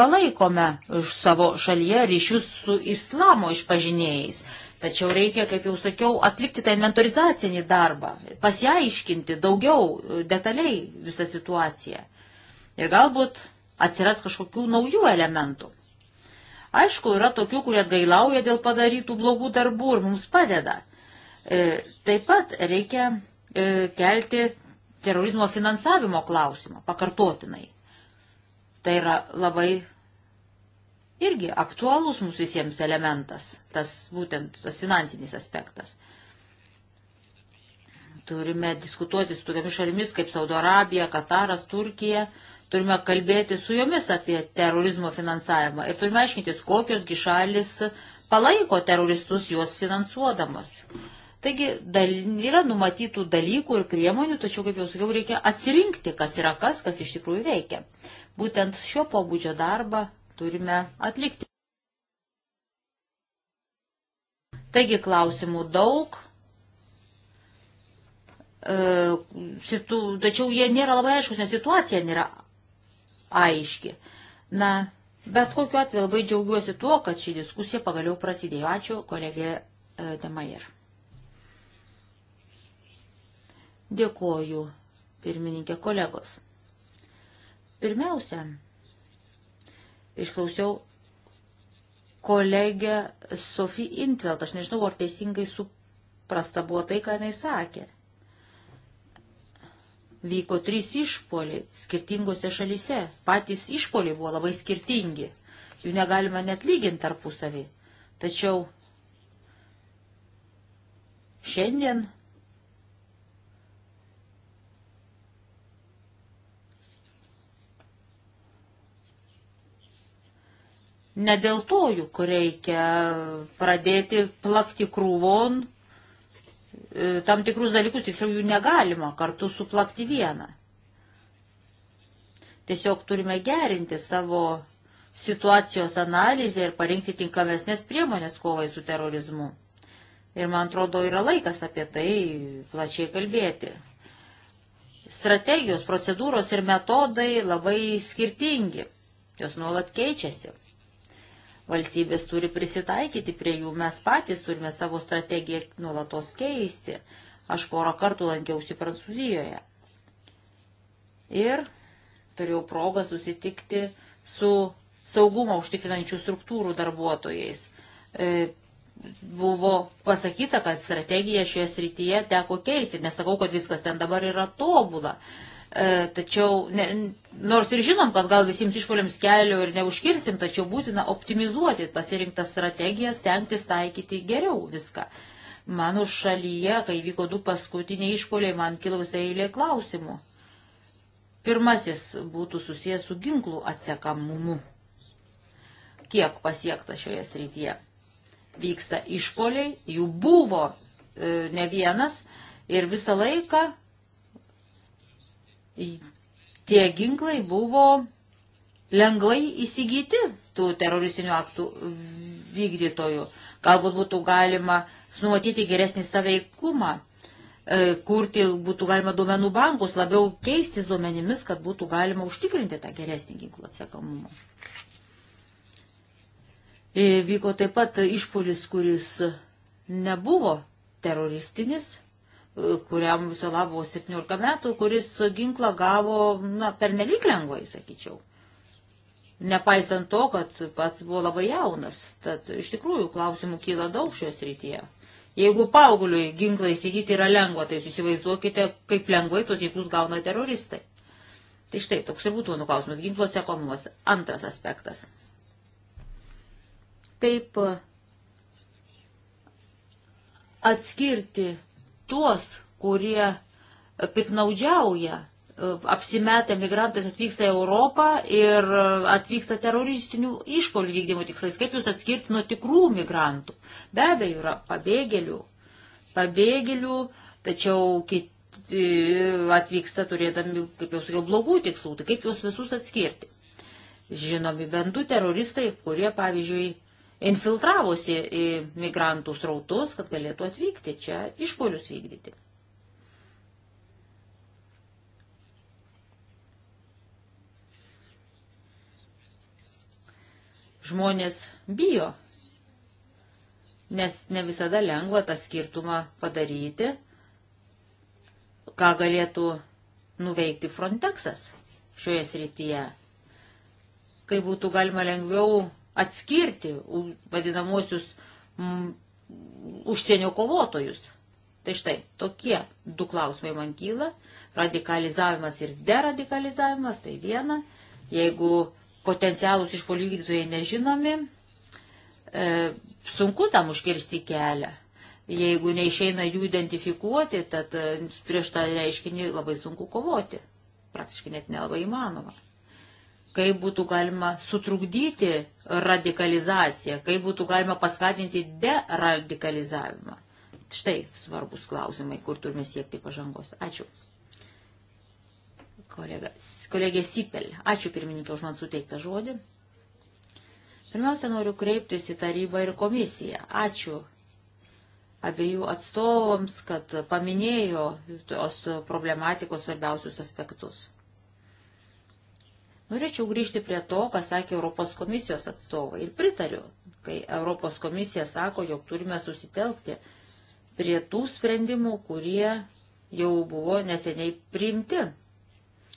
palaikome savo šalyje ryšius su islamo išpažinėjais. Tačiau reikia, kaip jau sakiau, atlikti tą inventorizacinį darbą, pasiaiškinti daugiau e, detaliai visą situaciją. Ir galbūt atsiras kažkokių naujų elementų. Aišku, yra tokių, kurie gailauja dėl padarytų blogų darbų ir mums padeda. E, taip pat reikia e, kelti terorizmo finansavimo klausimą pakartotinai. Tai yra labai irgi aktualus mums visiems elementas, tas būtent tas finansinis aspektas. Turime diskutuoti su tokiamis šalimis kaip Saudo Arabija, Kataras, Turkija, Turime kalbėti su jomis apie terorizmo finansavimą ir turime aiškintis, kokiosgi šalis palaiko teroristus juos finansuodamas. Taigi dal, yra numatytų dalykų ir priemonių, tačiau, kaip jau sakiau, reikia atsirinkti, kas yra kas, kas iš tikrųjų veikia. Būtent šio pobūdžio darbą turime atlikti. Taigi klausimų daug, e, situ, tačiau jie nėra labai aiškus, nes situacija nėra aiški. Na, bet kokiu atveju labai džiaugiuosi tuo, kad ši diskusija pagaliau prasidėjo. Ačiū, kolegė e, Demajer. Dėkuoju, pirmininkė kolegos. Pirmiausia, išklausiau kolegę Sofi Intvelt. Aš nežinau, ar teisingai suprasta buvo tai, ką jinai sakė vyko trys išpoliai skirtingose šalyse. Patys išpoliai buvo labai skirtingi. Jų negalima net lyginti tarpusavį. Tačiau šiandien Ne dėl to juk reikia pradėti plakti krūvon E, tam tikrus dalykus, tiksliau jų negalima kartu suplakti vieną. Tiesiog turime gerinti savo situacijos analizę ir parinkti tinkamesnės priemonės kovai su terorizmu. Ir man atrodo, yra laikas apie tai plačiai kalbėti. Strategijos, procedūros ir metodai labai skirtingi. Jos nuolat keičiasi. Valstybės turi prisitaikyti prie jų, mes patys turime savo strategiją nuolatos keisti. Aš porą kartų lankiausi Prancūzijoje. Ir turėjau progą susitikti su saugumą užtikrinančių struktūrų darbuotojais. E, buvo pasakyta, kad strategiją šioje srityje teko keisti. Nesakau, kad viskas ten dabar yra tobula, E, tačiau, ne, nors ir žinom, kad gal visiems išpoliams kelių ir neužkirsim, tačiau būtina optimizuoti pasirinktą strategiją, stengtis taikyti geriau viską. Mano šalyje, kai vyko du paskutiniai išpoliai, man kilo visai eilė klausimų. Pirmasis būtų susijęs su ginklų atsekamumu. Kiek pasiekta šioje srityje? Vyksta išpoliai, jų buvo e, ne vienas ir visą laiką tie ginklai buvo lengvai įsigyti tų teroristinių aktų vykdytojų. Galbūt būtų galima numatyti geresnį saveikumą, e, kurti būtų galima duomenų bankus, labiau keistis duomenimis, kad būtų galima užtikrinti tą geresnį ginklų atsekamumą. E, vyko taip pat išpolis, kuris nebuvo teroristinis, kuriam viso labo 17 metų, kuris ginklą gavo na, pernelyg lengvai, sakyčiau. Nepaisant to, kad pats buvo labai jaunas, tad iš tikrųjų klausimų kyla daug šios rytyje. Jeigu paaugliui ginklą įsigyti yra lengva, tai įsivaizduokite, kaip lengvai tos ginklus gauna teroristai. Tai štai, toks ir būtų mano klausimas, ginklo atsakomumas. Antras aspektas. Kaip atskirti tuos, kurie e, piknaudžiauja, e, apsimetę migrantais atvyksta į Europą ir e, atvyksta teroristinių išpolių vykdymo tikslais. Kaip jūs atskirti nuo tikrų migrantų? Be abejo, yra pabėgėlių, pabėgėlių, tačiau kiti atvyksta turėdami, kaip jau sakiau, blogų tikslų. Tai kaip juos visus atskirti? Žinomi bendų teroristai, kurie, pavyzdžiui, infiltravosi į migrantų srautus, kad galėtų atvykti čia išpolius vykdyti. Žmonės bijo, nes ne visada lengva tą skirtumą padaryti, ką galėtų nuveikti Frontexas šioje srityje, kai būtų galima lengviau atskirti vadinamosius m, užsienio kovotojus. Tai štai tokie du klausimai man kyla. Radikalizavimas ir deradikalizavimas, tai viena. Jeigu potencialus išpolygdytojai nežinomi, e, sunku tam užkirsti kelią. Jeigu neišeina jų identifikuoti, tad e, prieš tą reiškinį labai sunku kovoti. Praktiškai net nelabai įmanoma kaip būtų galima sutrukdyti radikalizaciją, kaip būtų galima paskatinti deradikalizavimą. Štai svarbus klausimai, kur turime siekti pažangos. Ačiū. Kolega, kolegė Sipel, ačiū pirmininkė už man suteiktą žodį. Pirmiausia, noriu kreiptis į tarybą ir komisiją. Ačiū abiejų atstovams, kad paminėjo tos problematikos svarbiausius aspektus. Norėčiau grįžti prie to, ką sakė Europos komisijos atstovai. Ir pritariu, kai Europos komisija sako, jog turime susitelkti prie tų sprendimų, kurie jau buvo neseniai priimti.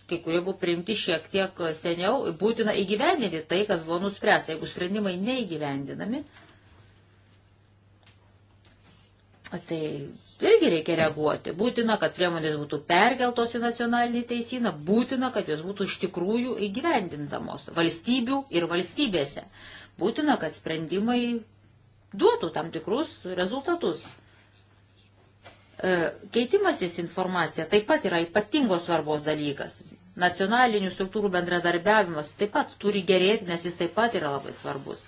Kai kurie buvo priimti šiek tiek seniau, būtina įgyvendinti tai, kas buvo nuspręsta. Jeigu sprendimai neįgyvendinami, tai irgi reikia reaguoti. Būtina, kad priemonės būtų perkeltos į nacionalinį teisyną, būtina, kad jos būtų iš tikrųjų įgyvendintamos valstybių ir valstybėse. Būtina, kad sprendimai duotų tam tikrus rezultatus. E, keitimasis informacija taip pat yra ypatingos svarbos dalykas. Nacionalinių struktūrų bendradarbiavimas taip pat turi gerėti, nes jis taip pat yra labai svarbus.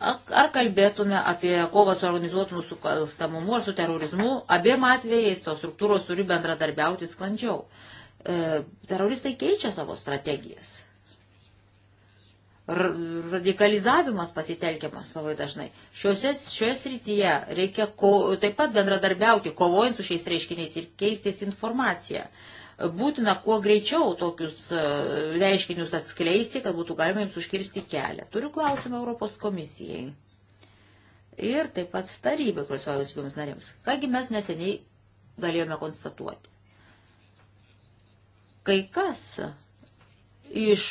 Ar kalbėtume apie kovą su organizuotų nusikalstamumu ar su terorizmu, abiem atvejais tos struktūros turi bendradarbiauti sklandžiau. E, teroristai keičia savo strategijas. R radikalizavimas pasitelkiamas labai dažnai. Šiuose, šioje srityje reikia ko, taip pat bendradarbiauti, kovojant su šiais reiškiniais ir keistis informaciją. E, būtina kuo greičiau tokius e, reiškinius atskleisti, kad būtų galima jums užkirsti kelią. Turiu klausimą Europos komisijai ir taip pat tarybai, kurios valstybėms narėms. Kągi mes neseniai galėjome konstatuoti. Kai kas iš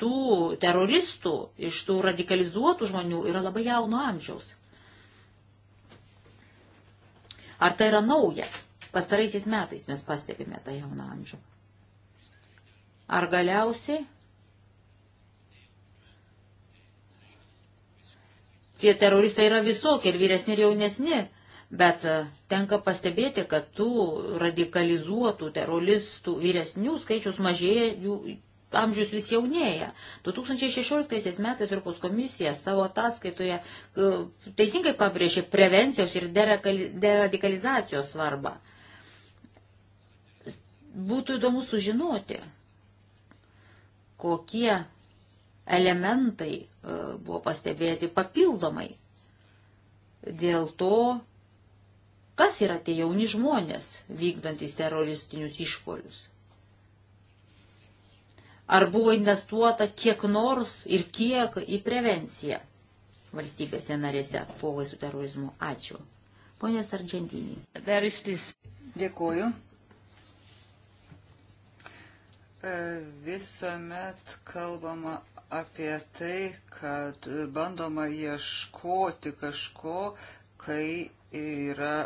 tų teroristų, iš tų radikalizuotų žmonių yra labai jauno amžiaus. Ar tai yra nauja? Pastaraisiais metais mes pastebime tą jauną amžių. Ar galiausiai tie teroristai yra visokie ir vyresni ir jaunesni, bet e, tenka pastebėti, kad tų radikalizuotų teroristų vyresnių skaičius mažėja, jų amžius vis jaunėja. 2016 metais Europos komisija savo ataskaitoje e, teisingai pabrėžė prevencijos ir deradikalizacijos svarbą. Būtų įdomu sužinoti, kokie elementai e, buvo pastebėti papildomai dėl to, kas yra tie jauni žmonės vykdantis teroristinius išpolius. Ar buvo investuota kiek nors ir kiek į prevenciją valstybėse narėse kovai su terorizmu? Ačiū. Pone Sargentinį. Dėkuoju. E, visuomet kalbama apie tai, kad bandoma ieškoti kažko, kai yra.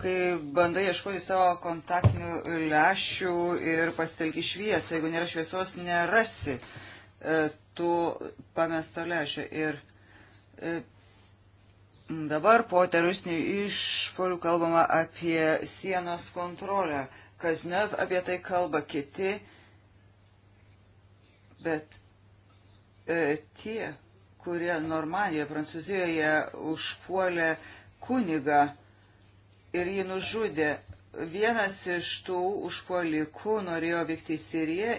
Kai bandai ieškoti savo kontaktinių lešių ir pasitelki šviesą, jeigu nėra šviesos, nerasi e, tų pamesto lešio. Ir e, dabar po teroristinių išpolių kalbama apie sienos kontrolę. Kaznev apie tai kalba kiti, bet e, tie, kurie Normandijoje, Prancūzijoje užpuolė kunigą ir jį nužudė, Vienas iš tų užpuolikų norėjo vykti į Siriją,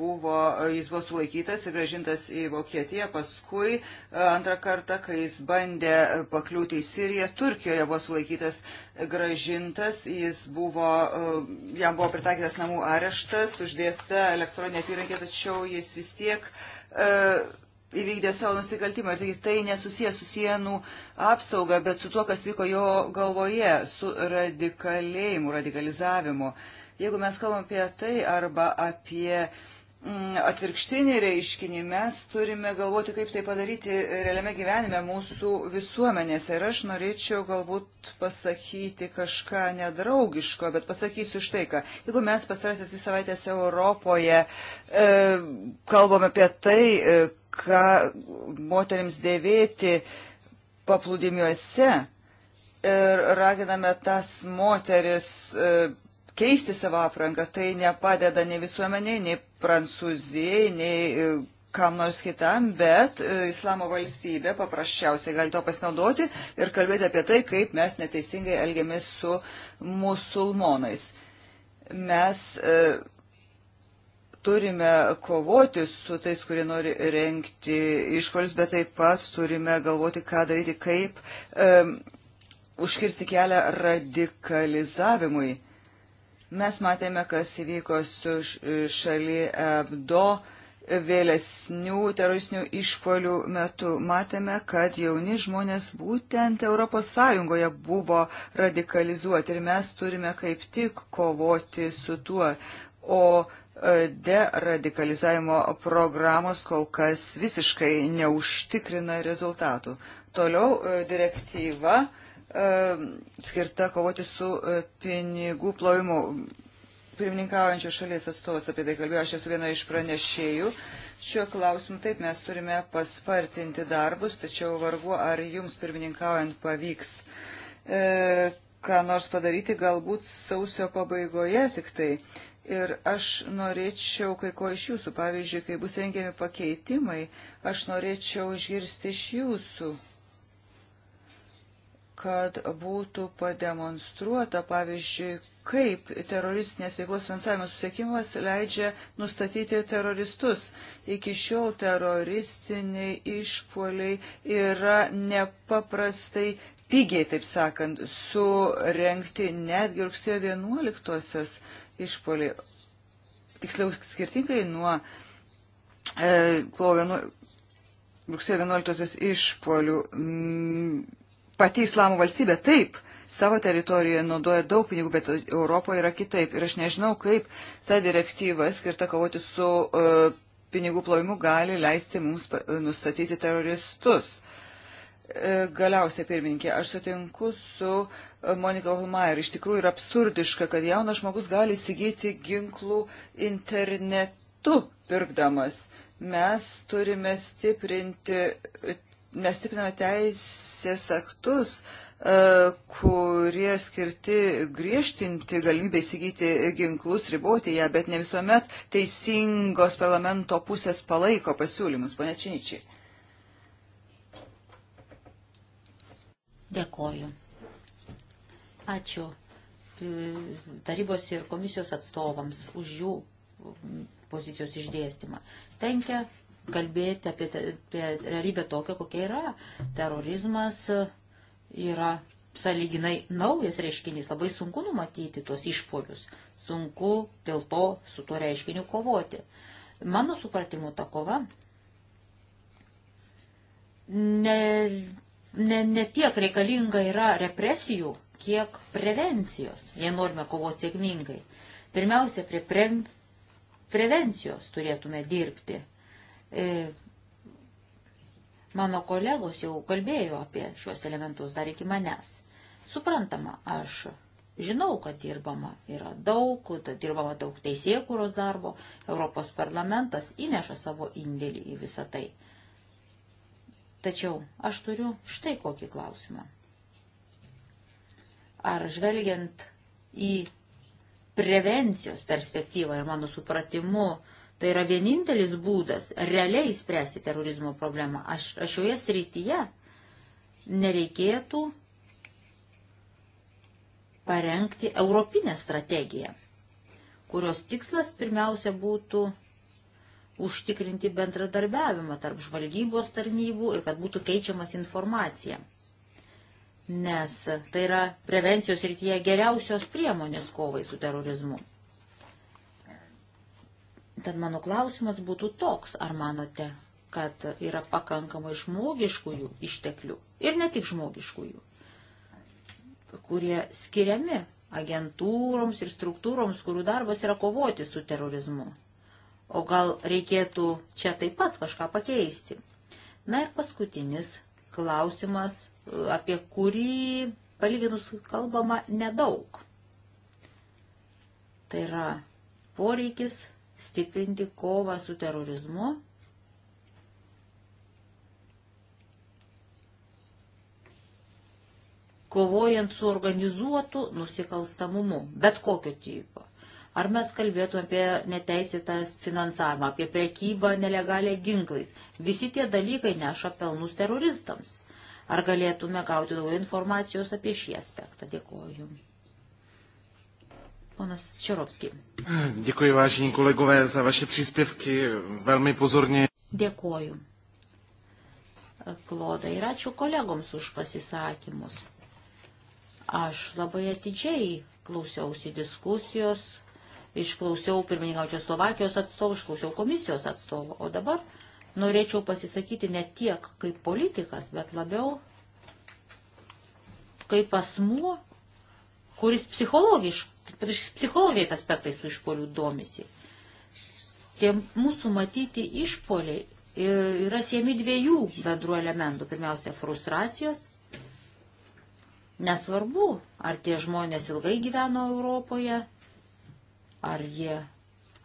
buvo, jis buvo sulaikytas ir gražintas į Vokietiją, paskui e, antrą kartą, kai jis bandė pakliūti į Siriją, Turkijoje buvo sulaikytas, gražintas, jis buvo, e, jam buvo pritaikytas namų areštas, uždėta elektroninė apyrankė, tačiau jis vis tiek uh, įvykdė savo nusikaltimą. Ir tai, tai nesusijęs su sienų apsauga, bet su tuo, kas vyko jo galvoje, su radikalėjimu, radikalizavimu. Jeigu mes kalbam apie tai arba apie uh, Mm, atvirkštinį reiškinį, mes turime galvoti, kaip tai padaryti realiame gyvenime mūsų visuomenėse. Ir aš norėčiau galbūt pasakyti kažką nedraugiško, bet pasakysiu štai ką. Jeigu mes pasarasis visą savaitę Europoje e, kalbame apie tai, e, ką moteriams dėvėti paplūdimiuose ir raginame tas moteris e, keisti savo aprangą, tai nepadeda nei visuomeniai, nei Prancūzijai, nei e, kam nors kitam, bet e, Islamo valstybė paprasčiausiai gali to pasinaudoti ir kalbėti apie tai, kaip mes neteisingai elgiamės su musulmonais. Mes e, turime kovoti su tais, kurie nori renkti išpolius, bet taip pat turime galvoti, ką daryti, kaip e, užkirsti kelią radikalizavimui Mes matėme, kas įvyko su šali Abdo vėlesnių teroristinių išpolių metu. Matėme, kad jauni žmonės būtent ES buvo radikalizuoti ir mes turime kaip tik kovoti su tuo. O e, deradikalizavimo programos kol kas visiškai neužtikrina rezultatų. Toliau e, direktyva E, skirta kovoti su e, pinigų plovimu. Pirmininkaujančios šalies atstovas apie tai kalbėjo, aš esu viena iš pranešėjų. Šiuo klausimu taip mes turime paspartinti darbus, tačiau vargu ar jums pirmininkaujant pavyks e, ką nors padaryti, galbūt sausio pabaigoje tik tai. Ir aš norėčiau kai ko iš jūsų, pavyzdžiui, kai bus rengiami pakeitimai, aš norėčiau išgirsti iš jūsų kad būtų pademonstruota, pavyzdžiui, kaip teroristinės veiklos finansavimo susiekimas leidžia nustatyti teroristus. Iki šiol teroristiniai išpoliai yra nepaprastai pigiai, taip sakant, surenkti netgi rugsėjo 11-osios išpoliai. Tiksliau, skirtingai nuo e, kovo 11 rugsėjo 11-osios išpolių. Mm, pati islamo valstybė taip savo teritorijoje naudoja daug pinigų, bet Europoje yra kitaip. Ir aš nežinau, kaip ta direktyva skirta kovoti su uh, pinigų plovimu gali leisti mums e, nustatyti teroristus. E, galiausiai, pirmininkė, aš sutinku su Monika Holmaier. Iš tikrųjų yra absurdiška, kad jaunas žmogus gali įsigyti ginklų internetu pirkdamas. Mes turime stiprinti mes stipriname teisės aktus, e, kurie skirti griežtinti galimybę įsigyti ginklus, riboti ją, bet ne visuomet teisingos parlamento pusės palaiko pasiūlymus. Pane Činičiai. Dėkoju. Ačiū e, tarybos ir komisijos atstovams už jų pozicijos išdėstymą. Tenkia kalbėti apie, apie realybę tokią, kokia yra. Terorizmas yra saliginai naujas reiškinys, labai sunku numatyti tuos išpolius, sunku dėl to su tuo reiškiniu kovoti. Mano supratimu, ta kova ne, ne, ne tiek reikalinga yra represijų, kiek prevencijos, jei norime kovoti sėkmingai. Pirmiausia, prie pre, prevencijos turėtume dirbti E, mano kolegos jau kalbėjo apie šiuos elementus dar iki manęs. Suprantama, aš žinau, kad dirbama yra daug, dirbama daug teisėkūros darbo, Europos parlamentas įneša savo indėlį į visą tai. Tačiau aš turiu štai kokį klausimą. Ar žvelgiant į prevencijos perspektyvą ir mano supratimu, Tai yra vienintelis būdas realiai spręsti terorizmo problemą. Aš, aš šioje srityje nereikėtų parengti europinę strategiją, kurios tikslas pirmiausia būtų užtikrinti bendradarbiavimą tarp žvalgybos tarnybų ir kad būtų keičiamas informacija. Nes tai yra prevencijos rytyje geriausios priemonės kovai su terorizmu. Tad mano klausimas būtų toks, ar manote, kad yra pakankamai žmogiškųjų išteklių ir ne tik žmogiškųjų, kurie skiriami agentūroms ir struktūroms, kurių darbas yra kovoti su terorizmu. O gal reikėtų čia taip pat kažką pakeisti. Na ir paskutinis klausimas, apie kurį palyginus kalbama nedaug. Tai yra poreikis stiprinti kovą su terorizmu. kovojant su organizuotu nusikalstamumu, bet kokio tipo. Ar mes kalbėtume apie neteisėtą finansavimą, apie prekybą nelegalią ginklais. Visi tie dalykai neša pelnus teroristams. Ar galėtume gauti daugiau informacijos apie šį aspektą? Dėkuoju jums. Ponas Šiorovský. Děkuji, vážení kolegové, za vaše příspěvky. Velmi pozorně. Dėkoju. Klodai ir ačiū kolegoms už pasisakymus. Aš labai atidžiai klausiausi diskusijos, išklausiau pirmininkaučio Slovakijos atstovų, išklausiau komisijos atstovų, o dabar norėčiau pasisakyti ne tiek kaip politikas, bet labiau kaip asmuo, kuris psichologiškai psichologiniais aspektais tų išpolių domisi. Tie mūsų matyti išpoliai yra siemi dviejų bendrų elementų. Pirmiausia, frustracijos. Nesvarbu, ar tie žmonės ilgai gyveno Europoje, ar jie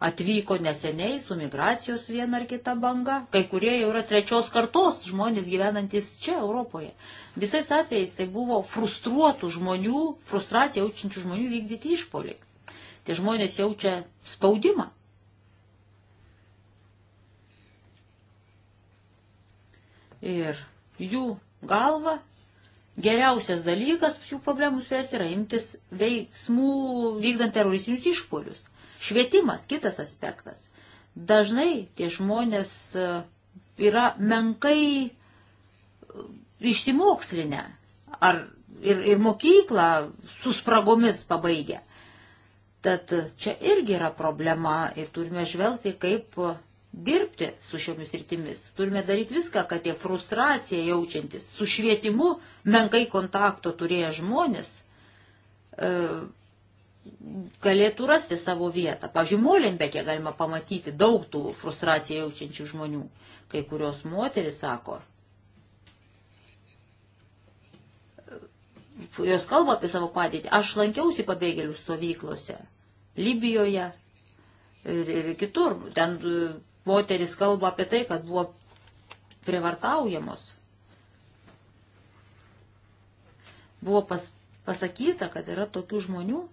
atvyko neseniai su migracijos viena ar kita banga, kai kurie jau yra trečios kartos žmonės gyvenantis čia Europoje. Visais atvejais tai buvo frustruotų žmonių, frustraciją jaučiančių žmonių vykdyti išpoliai. Tie žmonės jaučia spaudimą. Ir jų galva geriausias dalykas jų problemų spręsti yra imtis veiksmų vykdant teroristinius išpolius. Švietimas, kitas aspektas. Dažnai tie žmonės e, yra menkai išsimokslinę ar ir, ir mokyklą su spragomis pabaigę. Tad čia irgi yra problema ir turime žvelgti, kaip dirbti su šiomis rytimis. Turime daryti viską, kad tie frustracija jaučiantis, su švietimu menkai kontakto turėję žmonės e, galėtų rasti savo vietą. Pavyzdžiui, Molenbekė galima pamatyti daug tų frustraciją jaučiančių žmonių. Kai kurios moteris sako, jos kalba apie savo padėtį. Aš lankiausi pabėgėlių stovyklose Libijoje ir, ir kitur. Ten e, moteris kalba apie tai, kad buvo privartaujamos. Buvo pas, pasakyta, kad yra tokių žmonių,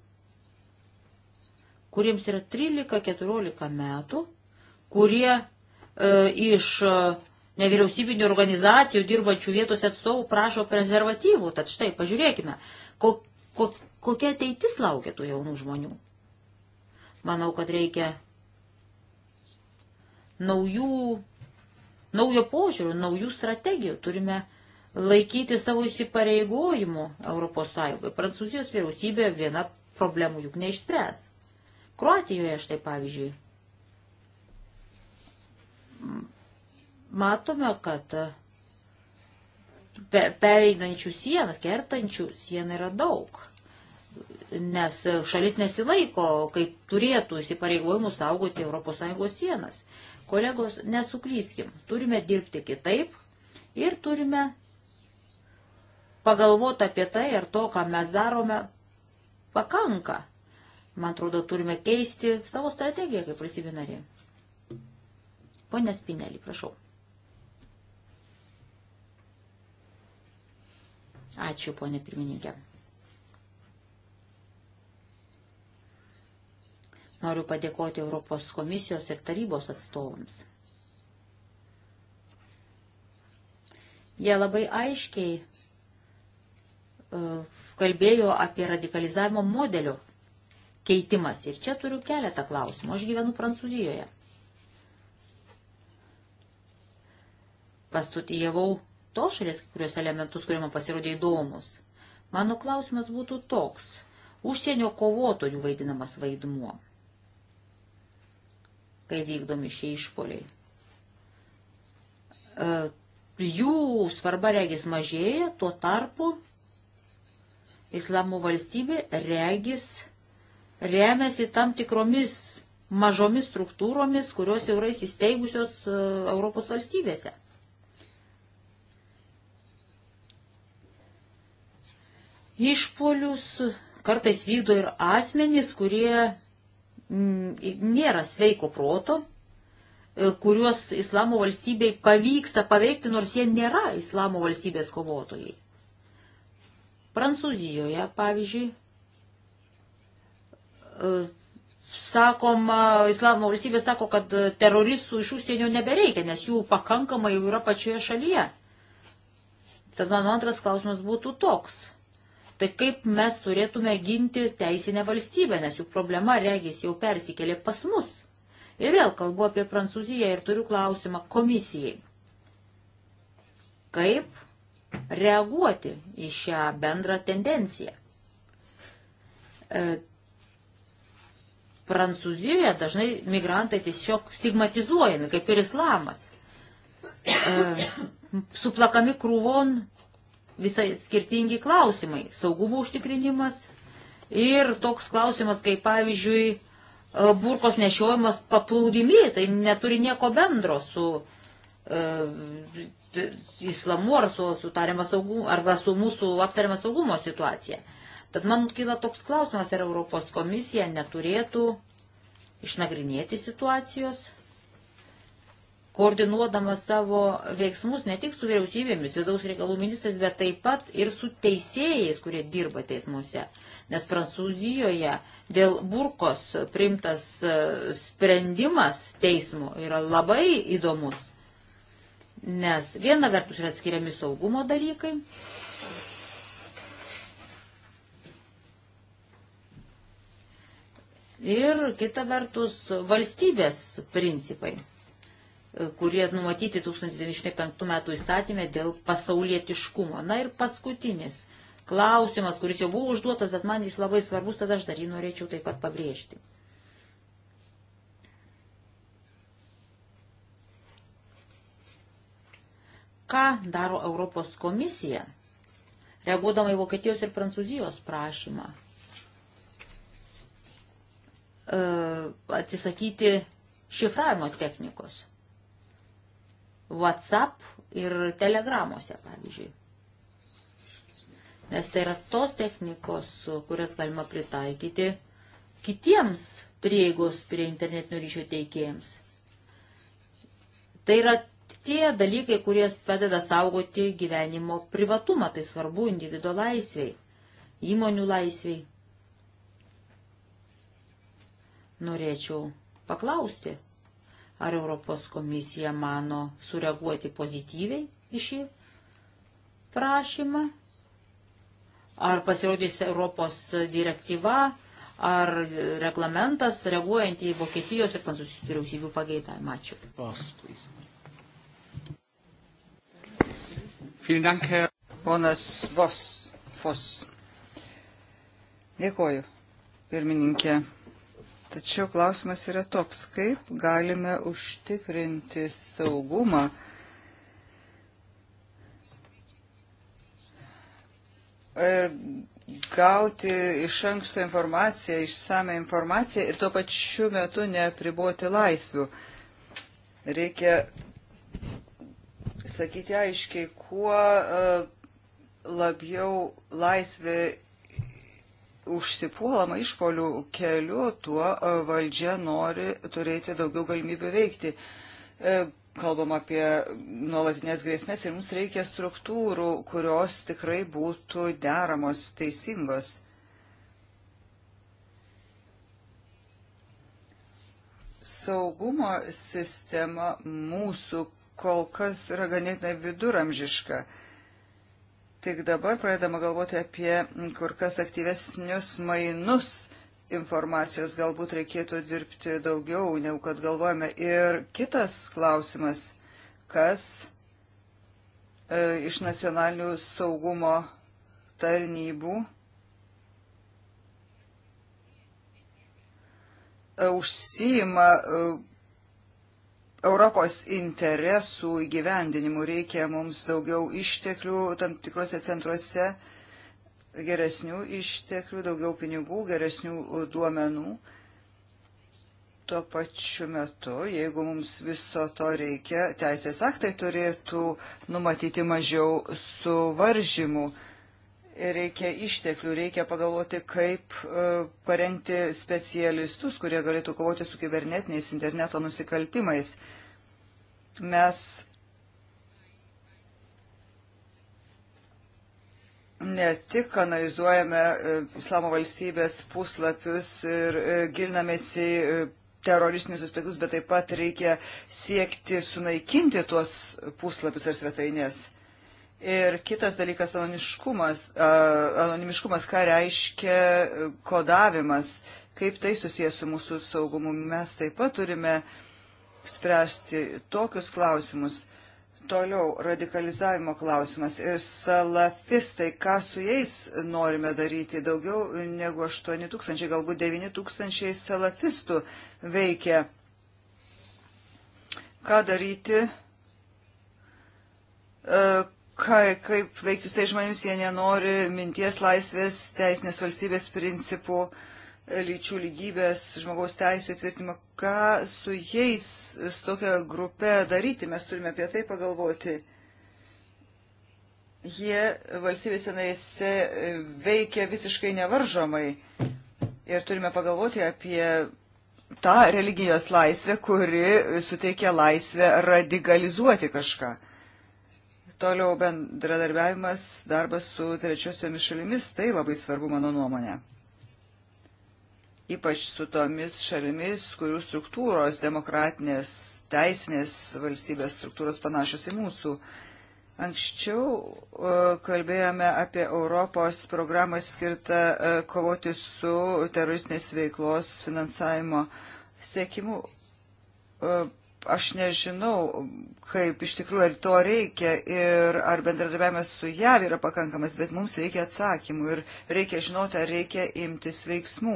kuriems yra 13-14 metų, kurie e, iš e, nevyriausybinių organizacijų dirbančių vietos atstovų prašo prezervatyvų. Tad štai, pažiūrėkime, ko, ko, kokia ateitis laukia tų jaunų žmonių. Manau, kad reikia naujų, naujo požiūrių, naujų strategijų. Turime laikyti savo įsipareigojimų Europos Sąjungai. Prancūzijos vyriausybė viena problemų juk neišspręs. Kroatijoje štai pavyzdžiui matome, kad pereinančių sienas, kertančių sieną yra daug, nes šalis nesilaiko, kaip turėtų įsipareigojimų saugoti ES sienas. Kolegos, nesuklyskim, turime dirbti kitaip ir turime pagalvoti apie tai, ar to, ką mes darome, pakanka. Man atrodo, turime keisti savo strategiją kaip valstybė narė. Pone Spinelį, prašau. Ačiū, ponė pirmininkė. Noriu padėkoti Europos komisijos ir tarybos atstovams. Jie labai aiškiai e, kalbėjo apie radikalizavimo modelio keitimas. Ir čia turiu keletą klausimų. Aš gyvenu Prancūzijoje. Pastudijavau tos šalies kai kurios elementus, kurie man pasirodė įdomus. Mano klausimas būtų toks. Užsienio kovotojų vaidinamas vaidmuo, kai vykdomi šie išpoliai. E, jų svarba regis mažėja, tuo tarpu islamo valstybė regis remiasi tam tikromis mažomis struktūromis, kurios jau yra įsisteigusios e, Europos valstybėse. Išpolius kartais vykdo ir asmenys, kurie mm, nėra sveiko proto, e, kuriuos islamo valstybei pavyksta paveikti, nors jie nėra islamo valstybės kovotojai. Prancūzijoje, pavyzdžiui, e, sakoma, islamo valstybė sako, kad teroristų iš užsienio nebereikia, nes jų pakankamai jau yra pačioje šalyje. Tad mano antras klausimas būtų toks. Tai kaip mes turėtume ginti teisinę valstybę, nes juk problema regis jau persikėlė pas mus. Ir vėl kalbu apie Prancūziją ir turiu klausimą komisijai. Kaip reaguoti į šią bendrą tendenciją? E, Prancūzijoje dažnai migrantai tiesiog stigmatizuojami, kaip ir islamas. E, suplakami krūvon visai skirtingi klausimai. Saugumo užtikrinimas ir toks klausimas, kaip pavyzdžiui, e, burkos nešiojimas paplūdimi, tai neturi nieko bendro su uh, islamu ar su, su, saugumo, arba su mūsų aptariama saugumo situacija. Tad man kyla toks klausimas, ar Europos komisija neturėtų išnagrinėti situacijos koordinuodama savo veiksmus ne tik su vyriausybėmis, vidaus reikalų ministrais, bet taip pat ir su teisėjais, kurie dirba teismuose. Nes Prancūzijoje dėl burkos priimtas e, sprendimas teismo yra labai įdomus. Nes viena vertus yra atskiriami saugumo dalykai. Ir kita vertus valstybės principai kurie numatyti 1905 metų įstatymė dėl pasaulietiškumo. Na ir paskutinis klausimas, kuris jau buvo užduotas, bet man jis labai svarbus, tad aš dar jį norėčiau taip pat pabrėžti. Ką daro Europos komisija, reaguodama į Vokietijos ir Prancūzijos prašymą e, atsisakyti šifravimo technikos? WhatsApp ir telegramose, pavyzdžiui. Nes tai yra tos technikos, kurias galima pritaikyti kitiems prieigos prie internetinio ryšio teikėjams. Tai yra tie dalykai, kurie padeda saugoti gyvenimo privatumą, tai svarbu individuo laisviai, įmonių laisviai. Norėčiau paklausti, Ar Europos komisija mano sureaguoti pozityviai į šį prašymą? Ar pasirodys Europos direktyva, ar reglamentas reaguojant į Vokietijos ir Prancūzijos vyriausybių pageidavimą? Ačiū. Boss, Dank, Herr... Ponas Vos. Fos. Dėkoju, pirmininkė. Tačiau klausimas yra toks, kaip galime užtikrinti saugumą ir gauti iš anksto informaciją, išsame informaciją ir tuo pačiu metu nepriboti laisvių. Reikia sakyti aiškiai, kuo e, labiau laisvė užsipuolama išpolių keliu, tuo e, valdžia nori turėti daugiau galimybių veikti. E, kalbam apie nuolatinės grėsmės ir mums reikia struktūrų, kurios tikrai būtų deramos, teisingos. Saugumo sistema mūsų kol kas yra ganėtinai viduramžiška tik dabar pradedama galvoti apie kur kas aktyvesnius mainus informacijos, galbūt reikėtų dirbti daugiau, negu kad galvojame. Ir kitas klausimas, kas e, iš nacionalinių saugumo tarnybų e, užsijima e, Europos interesų įgyvendinimu reikia mums daugiau išteklių tam tikrose centruose, geresnių išteklių, daugiau pinigų, geresnių uh, duomenų. Tuo pačiu metu, jeigu mums viso to reikia, teisės aktai turėtų numatyti mažiau suvaržymų reikia išteklių, reikia pagalvoti, kaip e, parengti specialistus, kurie galėtų kovoti su kibernetiniais interneto nusikaltimais. Mes ne tik analizuojame e, Islamo valstybės puslapius ir e, gilinamės į teroristinius aspektus, bet taip pat reikia siekti sunaikinti tuos puslapius ar svetainės. Ir kitas dalykas - anonimiškumas, anonimiškumas, ką reiškia e, kodavimas, kaip tai susijęs su mūsų saugumu. Mes taip pat turime spręsti tokius klausimus. Toliau radikalizavimo klausimas ir salafistai, ką su jais norime daryti. Daugiau negu 8 tūkstančiai, galbūt 9 tūkstančiai salafistų veikia. Ką daryti, e, kai, kaip veikti su tai žmonėmis, jie nenori minties laisvės, teisinės valstybės principų, lyčių lygybės, žmogaus teisų įtvirtinimo. Ką su jais, su tokia grupė daryti, mes turime apie tai pagalvoti. Jie valstybėse narėse veikia visiškai nevaržomai ir turime pagalvoti apie tą religijos laisvę, kuri suteikia laisvę radikalizuoti kažką. Toliau bendradarbiavimas, darbas su trečiosiomis šalimis, tai labai svarbu mano nuomonė. Ypač su tomis šalimis, kurių struktūros demokratinės teisinės valstybės struktūros panašios į mūsų. Anksčiau e, kalbėjome apie Europos programą skirtą e, kovoti su teroristinės veiklos finansavimo sėkimu e, aš nežinau, kaip iš tikrųjų ar to reikia ir ar bendradarbiavimas su JAV yra pakankamas, bet mums reikia atsakymų ir reikia žinoti, ar reikia imtis veiksmų.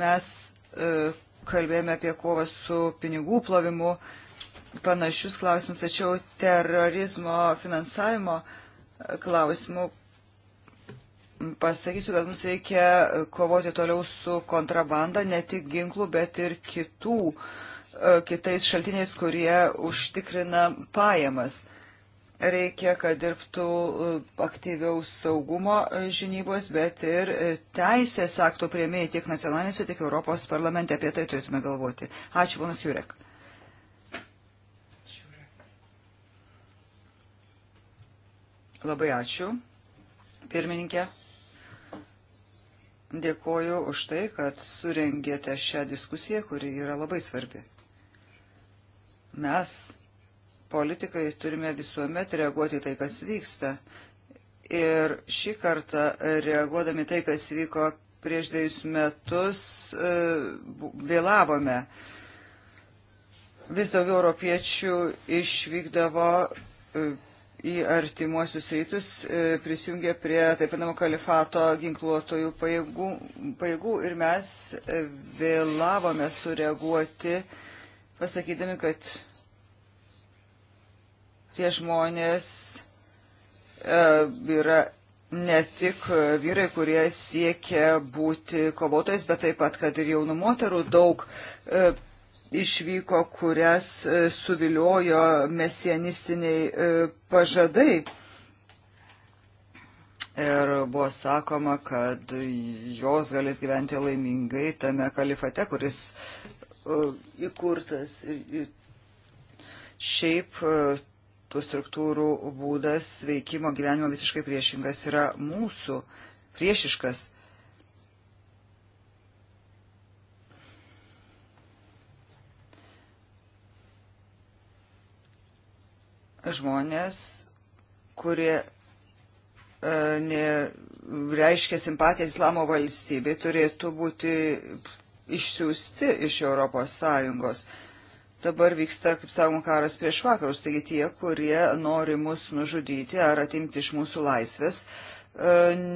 Mes e, kalbėjome apie kovą su pinigų plovimu, panašius klausimus, tačiau terorizmo finansavimo e, klausimų pasakysiu, kad mums reikia e, kovoti toliau su kontrabanda, ne tik ginklų, bet ir kitų. E, E, kitais šaltiniais, kurie užtikrina pajamas. Reikia, kad dirbtų e, aktyviau saugumo e, žinybos, bet ir teisės akto prieimėjai tiek nacionalinėse, tiek Europos parlamente. Apie tai turėtume galvoti. Ačiū, ponas Jurek. Labai ačiū, pirmininkė. Dėkoju už tai, kad surengėte šią diskusiją, kuri yra labai svarbi. Mes, politikai, turime visuomet reaguoti tai, kas vyksta. Ir šį kartą, reaguodami tai, kas vyko prieš dviejus metus, e, vėlavome. Vis daugiau europiečių išvykdavo e, į artimuosius rytus e, prisijungė prie taip vadinamo kalifato ginkluotojų pajėgų, pajėgų ir mes vėlavome sureaguoti pasakydami, kad tie žmonės e, yra ne tik vyrai, kurie siekia būti kovotojais, bet taip pat, kad ir jaunų moterų daug e, išvyko, kurias e, suviliojo mesianistiniai pažadai. Ir buvo sakoma, kad jos galės gyventi laimingai tame kalifate, kuris E, įkurtas. Ir šiaip e, tų struktūrų būdas veikimo gyvenimo visiškai priešingas yra mūsų, priešiškas. Žmonės, kurie e, ne, reiškia simpatiją islamo valstybė, turėtų būti išsiųsti iš ES. Dabar vyksta, kaip sakom, karas prieš vakarus, taigi tie, kurie nori mus nužudyti ar atimti iš mūsų laisvės, e,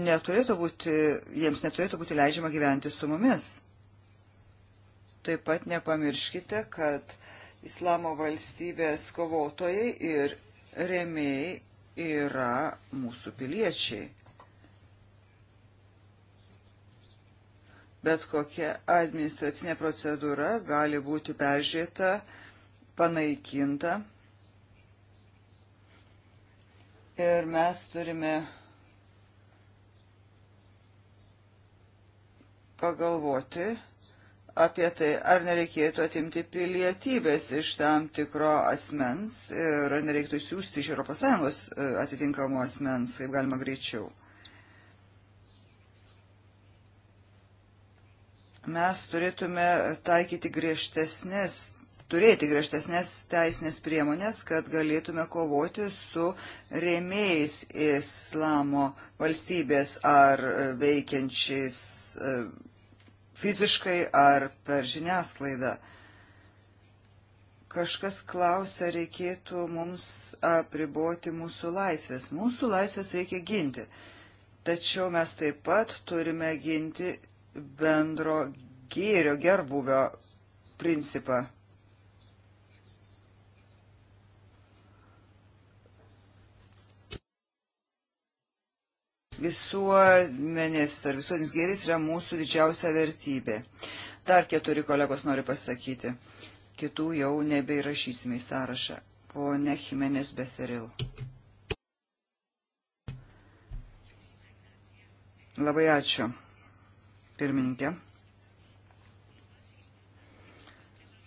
neturėtų būti, jiems neturėtų būti leidžiama gyventi su mumis. Taip pat nepamirškite, kad Islamo valstybės kovotojai ir rėmėjai yra mūsų piliečiai. bet kokia administracinė procedūra gali būti peržiūrėta, panaikinta. Ir mes turime pagalvoti apie tai, ar nereikėtų atimti pilietybės iš tam tikro asmens ir ar nereiktų siūsti iš ES e, atitinkamo asmens, kaip galima greičiau. mes turėtume taikyti griežtesnės, turėti griežtesnės teisinės priemonės, kad galėtume kovoti su rėmėjais islamo valstybės ar veikiančiais e, fiziškai ar per žiniasklaidą. Kažkas klausia, reikėtų mums apriboti mūsų laisvės. Mūsų laisvės reikia ginti. Tačiau mes taip pat turime ginti bendro gėrio gerbuvio principą. Visuomenės ar visuotinis gėris yra mūsų didžiausia vertybė. Dar keturi kolegos nori pasakyti. Kitų jau nebeirašysime į sąrašą. Pone Jimenez Beferil. Labai ačiū pirmininkė.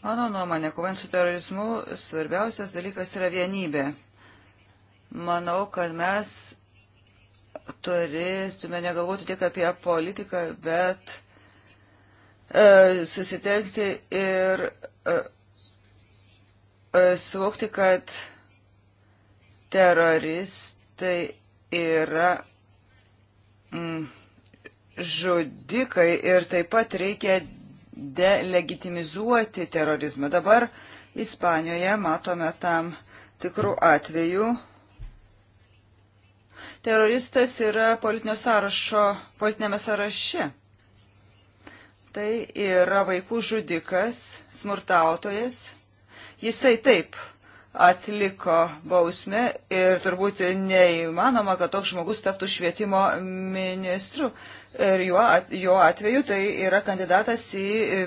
Mano nuomonė, kovant su terorizmu, svarbiausias dalykas yra vienybė. Manau, kad mes turėtume negalvoti tik apie politiką, bet e, susitelkti ir e, e, suvokti, kad teroristai yra mm, žudikai ir taip pat reikia delegitimizuoti terorizmą. Dabar Ispanijoje matome tam tikrų atvejų. Teroristas yra politinio sąrašo, politinėme sąraše. Tai yra vaikų žudikas, smurtautojas. Jisai taip atliko bausmę ir turbūt neįmanoma, kad toks žmogus taptų švietimo ministru. Uh, ir jo atveju tai yra kandidatas į e,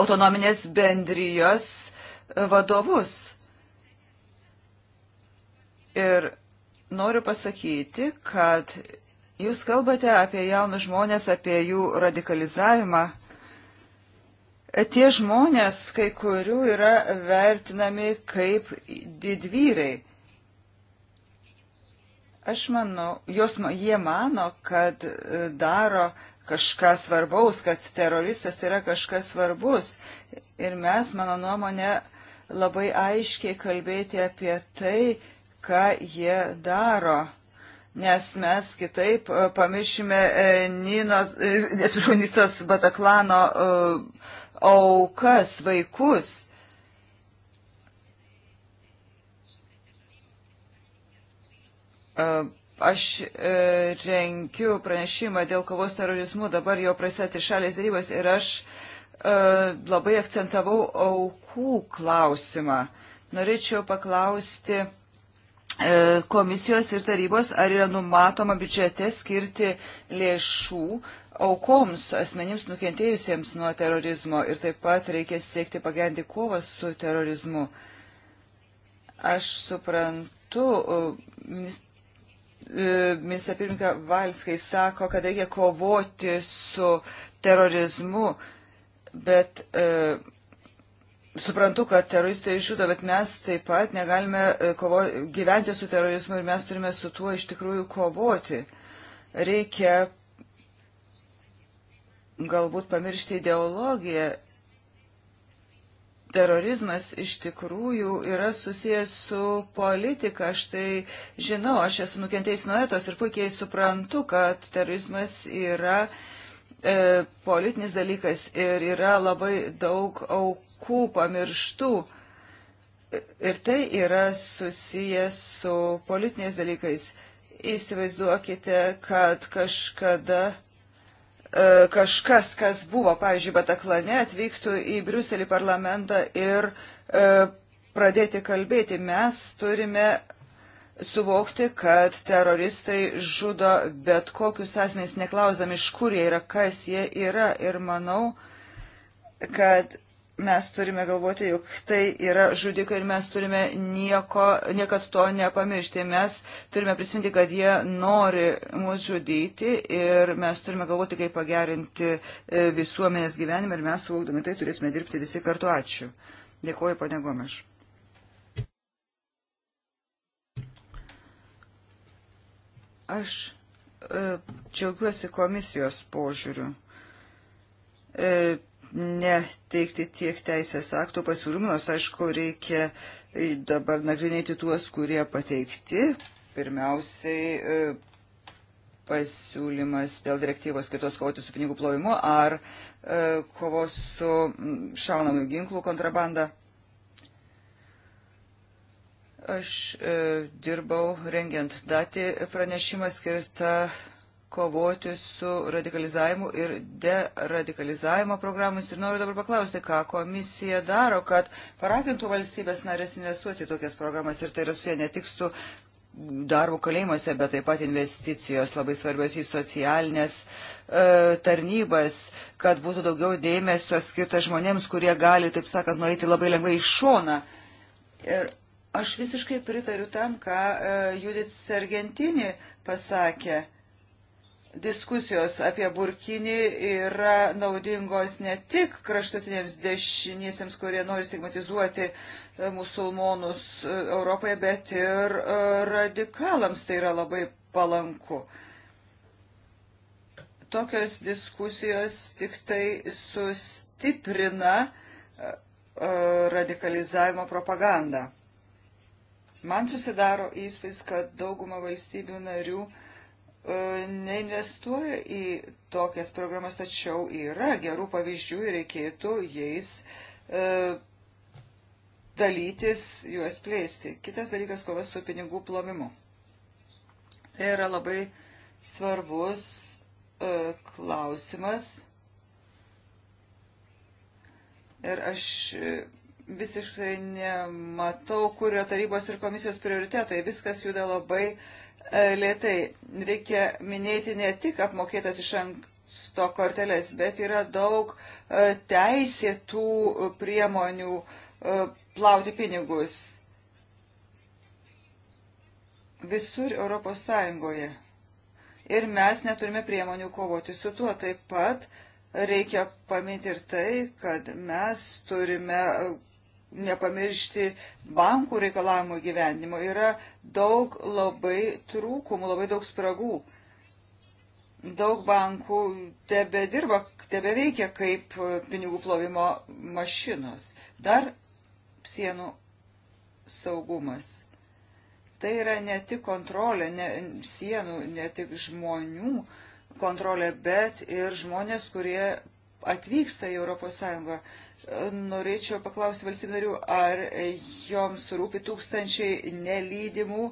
autonominės bendrijos e, vadovus. Ir noriu pasakyti, kad jūs kalbate apie jaunus žmonės, apie jų radikalizavimą. E, tie žmonės, kai kurių yra vertinami kaip didvyrai. Aš manau, jos, jie mano, kad e, daro kažką svarbaus, kad teroristas yra kažkas svarbus. Ir mes, mano nuomonė, labai aiškiai kalbėti apie tai, ką jie daro. Nes mes kitaip e, pamiršime e, Ninos, nesvišonistos Bataklano aukas, vaikus Aš e, renkiu pranešimą dėl kovos terorizmu, dabar jau prasidėti šalės darybos ir aš e, labai akcentavau aukų klausimą. Norėčiau paklausti e, komisijos ir tarybos, ar yra numatoma biudžete skirti lėšų aukoms, asmenims nukentėjusiems nuo terorizmo ir taip pat reikia siekti pagerinti kovą su terorizmu. Aš suprantu, E, ministra pirmininka Valskai sako, kad reikia kovoti su terorizmu, bet e, suprantu, kad teroristai žudo, bet mes taip pat negalime e, kovo, gyventi su terorizmu ir mes turime su tuo iš tikrųjų kovoti. Reikia galbūt pamiršti ideologiją terorizmas iš tikrųjų yra susijęs su politika. Aš tai žinau, aš esu nukentėjus nuo etos ir puikiai suprantu, kad terorizmas yra e, politinis dalykas ir yra labai daug aukų pamirštų. Ir tai yra susijęs su politiniais dalykais. Įsivaizduokite, kad kažkada E, kažkas, kas buvo, pavyzdžiui, Bataklane, atvyktų į Briuselį parlamentą ir e, pradėti kalbėti. Mes turime suvokti, kad teroristai žudo bet kokius asmenys, neklausdami, iš kur jie yra, kas jie yra. Ir manau, kad mes turime galvoti, jog tai yra žudikai ir mes turime nieko, niekad to nepamiršti. Mes turime prisiminti, kad jie nori mus žudyti ir mes turime galvoti, kaip pagerinti e, visuomenės gyvenimą ir mes suvokdami tai turėtume dirbti visi kartu. Ačiū. Dėkuoju, pane Gomeš. Aš e, džiaugiuosi komisijos požiūriu. E, neteikti tiek teisės aktų pasiūlymų, nors aišku, reikia dabar nagrinėti tuos, kurie pateikti. Pirmiausiai e, pasiūlymas dėl direktyvos skirtos kovoti su pinigų plovimu ar e, kovos su šaunamų ginklų kontrabanda. Aš e, dirbau rengiant datį pranešimą skirtą kovoti su radikalizavimu ir deradikalizavimo programomis. Ir noriu dabar paklausti, ką komisija daro, kad paragintų valstybės narės investuoti į tokias programas. Ir tai yra susiję ne tik su darbu kalėjimuose, bet taip pat investicijos labai svarbios į socialinės e, tarnybas, kad būtų daugiau dėmesio skirta žmonėms, kurie gali, taip sakant, nueiti labai lengvai į šoną. Ir aš visiškai pritariu tam, ką e, Judith Sergentini pasakė diskusijos apie Burkinį yra naudingos ne tik kraštutiniams dešiniesiems, kurie nori stigmatizuoti e, musulmonus e, Europoje, bet ir e, radikalams tai yra labai palanku. Tokios diskusijos tik tai sustiprina radikalizavimo propagandą. Man susidaro įspūdis, kad dauguma valstybių narių uh, E, neinvestuoja į tokias programas, tačiau yra gerų pavyzdžių ir reikėtų jais e, dalytis, juos plėsti. Kitas dalykas - kova su pinigų plovimu. Tai yra labai svarbus e, klausimas. Ir aš e, visiškai nematau, kur yra tarybos ir komisijos prioritetai. Viskas juda labai uh, E, lėtai. Reikia minėti ne tik apmokėtas iš anksto korteles, bet yra daug e, teisėtų priemonių e, plauti pinigus. Visur Europos Sąjungoje. Ir mes neturime priemonių kovoti su tuo. Taip pat reikia paminti ir tai, kad mes turime nepamiršti bankų reikalavimo gyvenimo. Yra daug labai trūkumų, labai daug spragų. Daug bankų tebe dirba, tebe veikia kaip pinigų plovimo mašinos. Dar sienų saugumas. Tai yra ne tik kontrolė ne, sienų, ne tik žmonių kontrolė, bet ir žmonės, kurie atvyksta į ES norėčiau paklausti valstybinarių, ar joms rūpi tūkstančiai nelydimų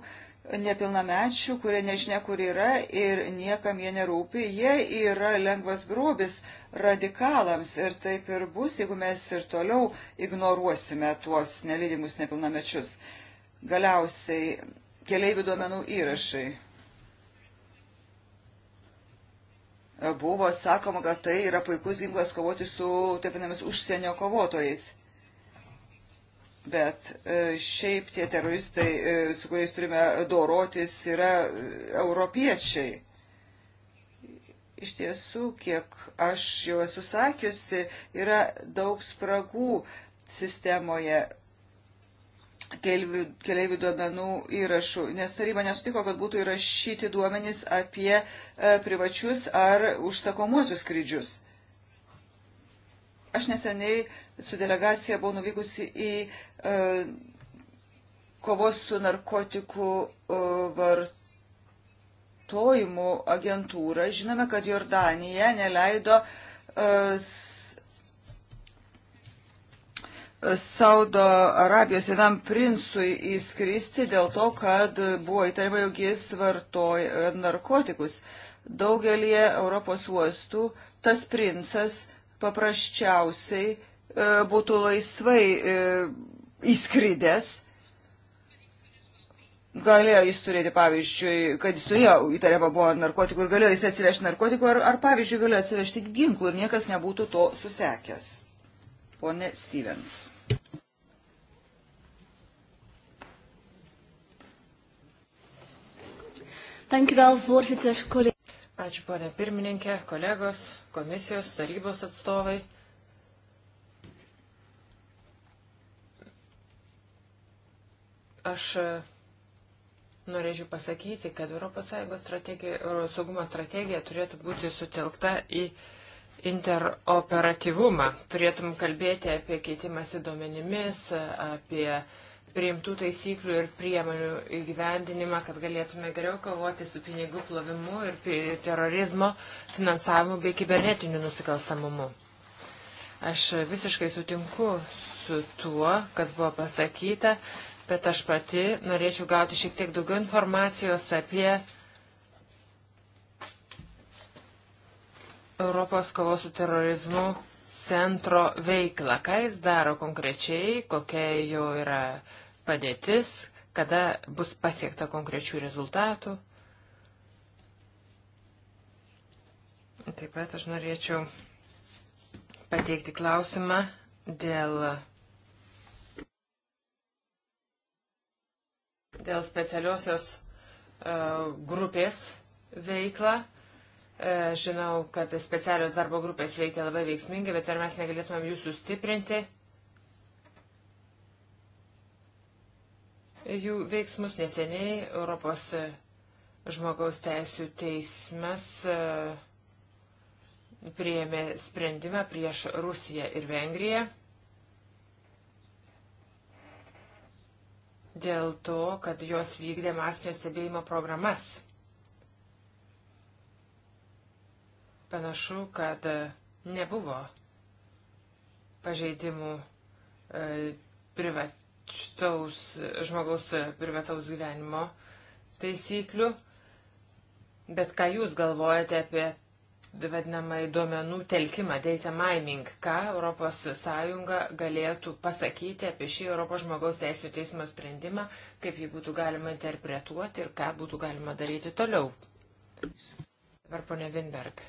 nepilnamečių, kurie nežinia, kur yra ir niekam jie nerūpi, jie yra lengvas grobis radikalams ir taip ir bus, jeigu mes ir toliau ignoruosime tuos nelydimus nepilnamečius. Galiausiai keliaivių duomenų įrašai. buvo sakoma, kad tai yra puikus ginklas kovoti su taip vadinamis užsienio kovotojais. Bet e, šiaip tie teroristai, e, su kuriais turime dorotis, yra e, europiečiai. Iš tiesų, kiek aš jau esu sakiusi, yra daug spragų sistemoje keliaivių duomenų įrašų, nes taryba nesutiko, kad būtų įrašyti duomenys apie e, privačius ar užsakomuosius skrydžius. Aš neseniai su delegacija buvau nuvykusi į e, kovos su narkotikų e, vartojimu agentūrą. Žinome, kad Jordanija neleido e, Saudo Arabijos vienam princui įskristi dėl to, kad buvo įtariama, jog jis vartoja narkotikus. Daugelį Europos uostų tas princas paprasčiausiai e, būtų laisvai e, įskridęs. Galėjo jis turėti, pavyzdžiui, kad jis turėjo įtariamą buvo narkotikų ir galėjo jis atsivežti narkotikų, ar, ar pavyzdžiui, galėjo atsivežti ginklų ir niekas nebūtų to susekęs. Pone Stevens. Dank u wel, voorzitter, collega. Ačiū, ponė pirmininkė, kolegos, komisijos, tarybos atstovai. Aš e, norėčiau pasakyti, kad ES strategija, saugumo strategija turėtų būti sutelkta į interoperatyvumą. Turėtum kalbėti apie keitimąsi duomenimis, apie uh, priimtų taisyklių ir priemonių įgyvendinimą, kad galėtume geriau kovoti su pinigų plovimu ir terorizmo finansavimu bei kibernetiniu nusikalstamumu. Aš visiškai sutinku su tuo, kas buvo pasakyta, bet aš pati norėčiau gauti šiek tiek daugiau informacijos apie Europos kovos su terorizmu centro veiklą. Ką jis daro konkrečiai, kokia jo yra uh, padėtis, kada bus pasiekta konkrečių rezultatų. Taip pat aš norėčiau pateikti klausimą dėl, dėl specialiosios uh, grupės veiklą. Uh, žinau, kad specialios darbo grupės veikia labai veiksmingai, bet ar mes negalėtumėm jų sustiprinti jų veiksmus. Neseniai Europos žmogaus teisų teismas e, priėmė sprendimą prieš Rusiją ir Vengriją dėl to, kad jos vykdė masinio stebėjimo programas. Panašu, kad nebuvo pažeidimų e, privat, štaus žmogaus privataus gyvenimo taisyklių, bet ką jūs galvojate apie vadinamai duomenų telkimą, data mining, ką ES galėtų pasakyti apie šį Europos žmogaus teisų teismo sprendimą, kaip jį būtų galima interpretuoti ir ką būtų galima daryti toliau. Dabar ponė Vinberg.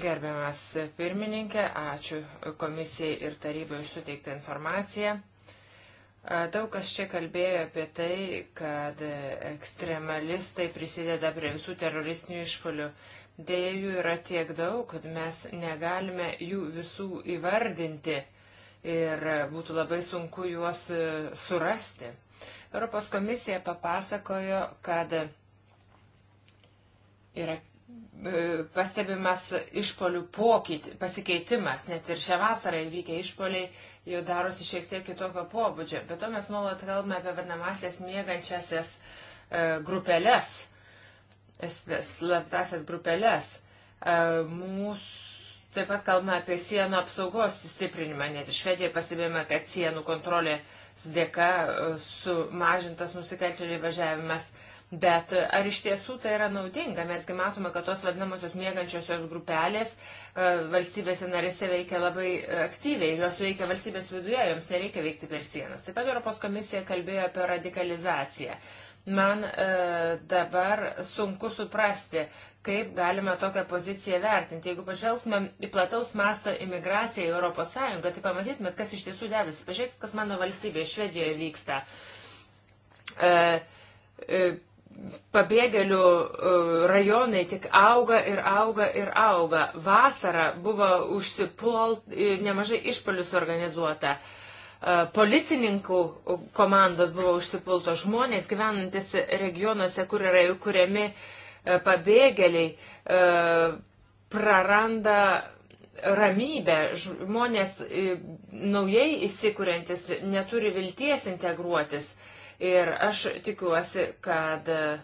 Gerbiamas pirmininkė, ačiū komisijai ir tarybai už suteiktą informaciją. Daug kas čia kalbėjo apie tai, kad ekstremalistai prisideda prie visų teroristinių išpolių. Dėja jų yra tiek daug, kad mes negalime jų visų įvardinti ir būtų labai sunku juos e, surasti. Europos komisija papasakojo, kad yra E, pastebimas išpolių pokytį, pasikeitimas, net ir šią vasarą įvykę išpoliai jau darosi šiek tiek kitokio pobūdžio. Bet to mes nuolat kalbame apie vadinamasias mėgančiasias e, grupelės, slaptasias grupelės. E, mūsų taip pat kalbame apie sienų apsaugos stiprinimą, net ir Švedijoje pasibėjome, kad sienų kontrolės dėka e, sumažintas nusikaltėlių važiavimas Bet ar iš tiesų tai yra naudinga? Mesgi matome, kad tos vadinamosios mėgančiosios grupelės e, valstybėse narėse veikia labai aktyviai ir jos veikia valstybės viduje, joms nereikia veikti per sienas. Taip pat Europos komisija kalbėjo apie radikalizaciją. Man e, dabar sunku suprasti, kaip galime tokią poziciją vertinti. Jeigu pažvelgtumėm į plataus masto imigraciją į Europos Sąjungą, tai pamatytumėt, kas iš tiesų dedasi. Pažiūrėkit, kas mano valstybėje, Švedijoje vyksta. E, e, pabėgėlių e, rajonai tik auga ir auga ir auga. Vasarą buvo užsipuol e, nemažai išpalių suorganizuota. E, policininkų komandos buvo užsipulto žmonės gyvenantis regionuose, kur yra įkūriami pabėgėliai, praranda ramybę, žmonės naujai įsikūrintis neturi vilties integruotis. Ir aš tikiuosi, kad e,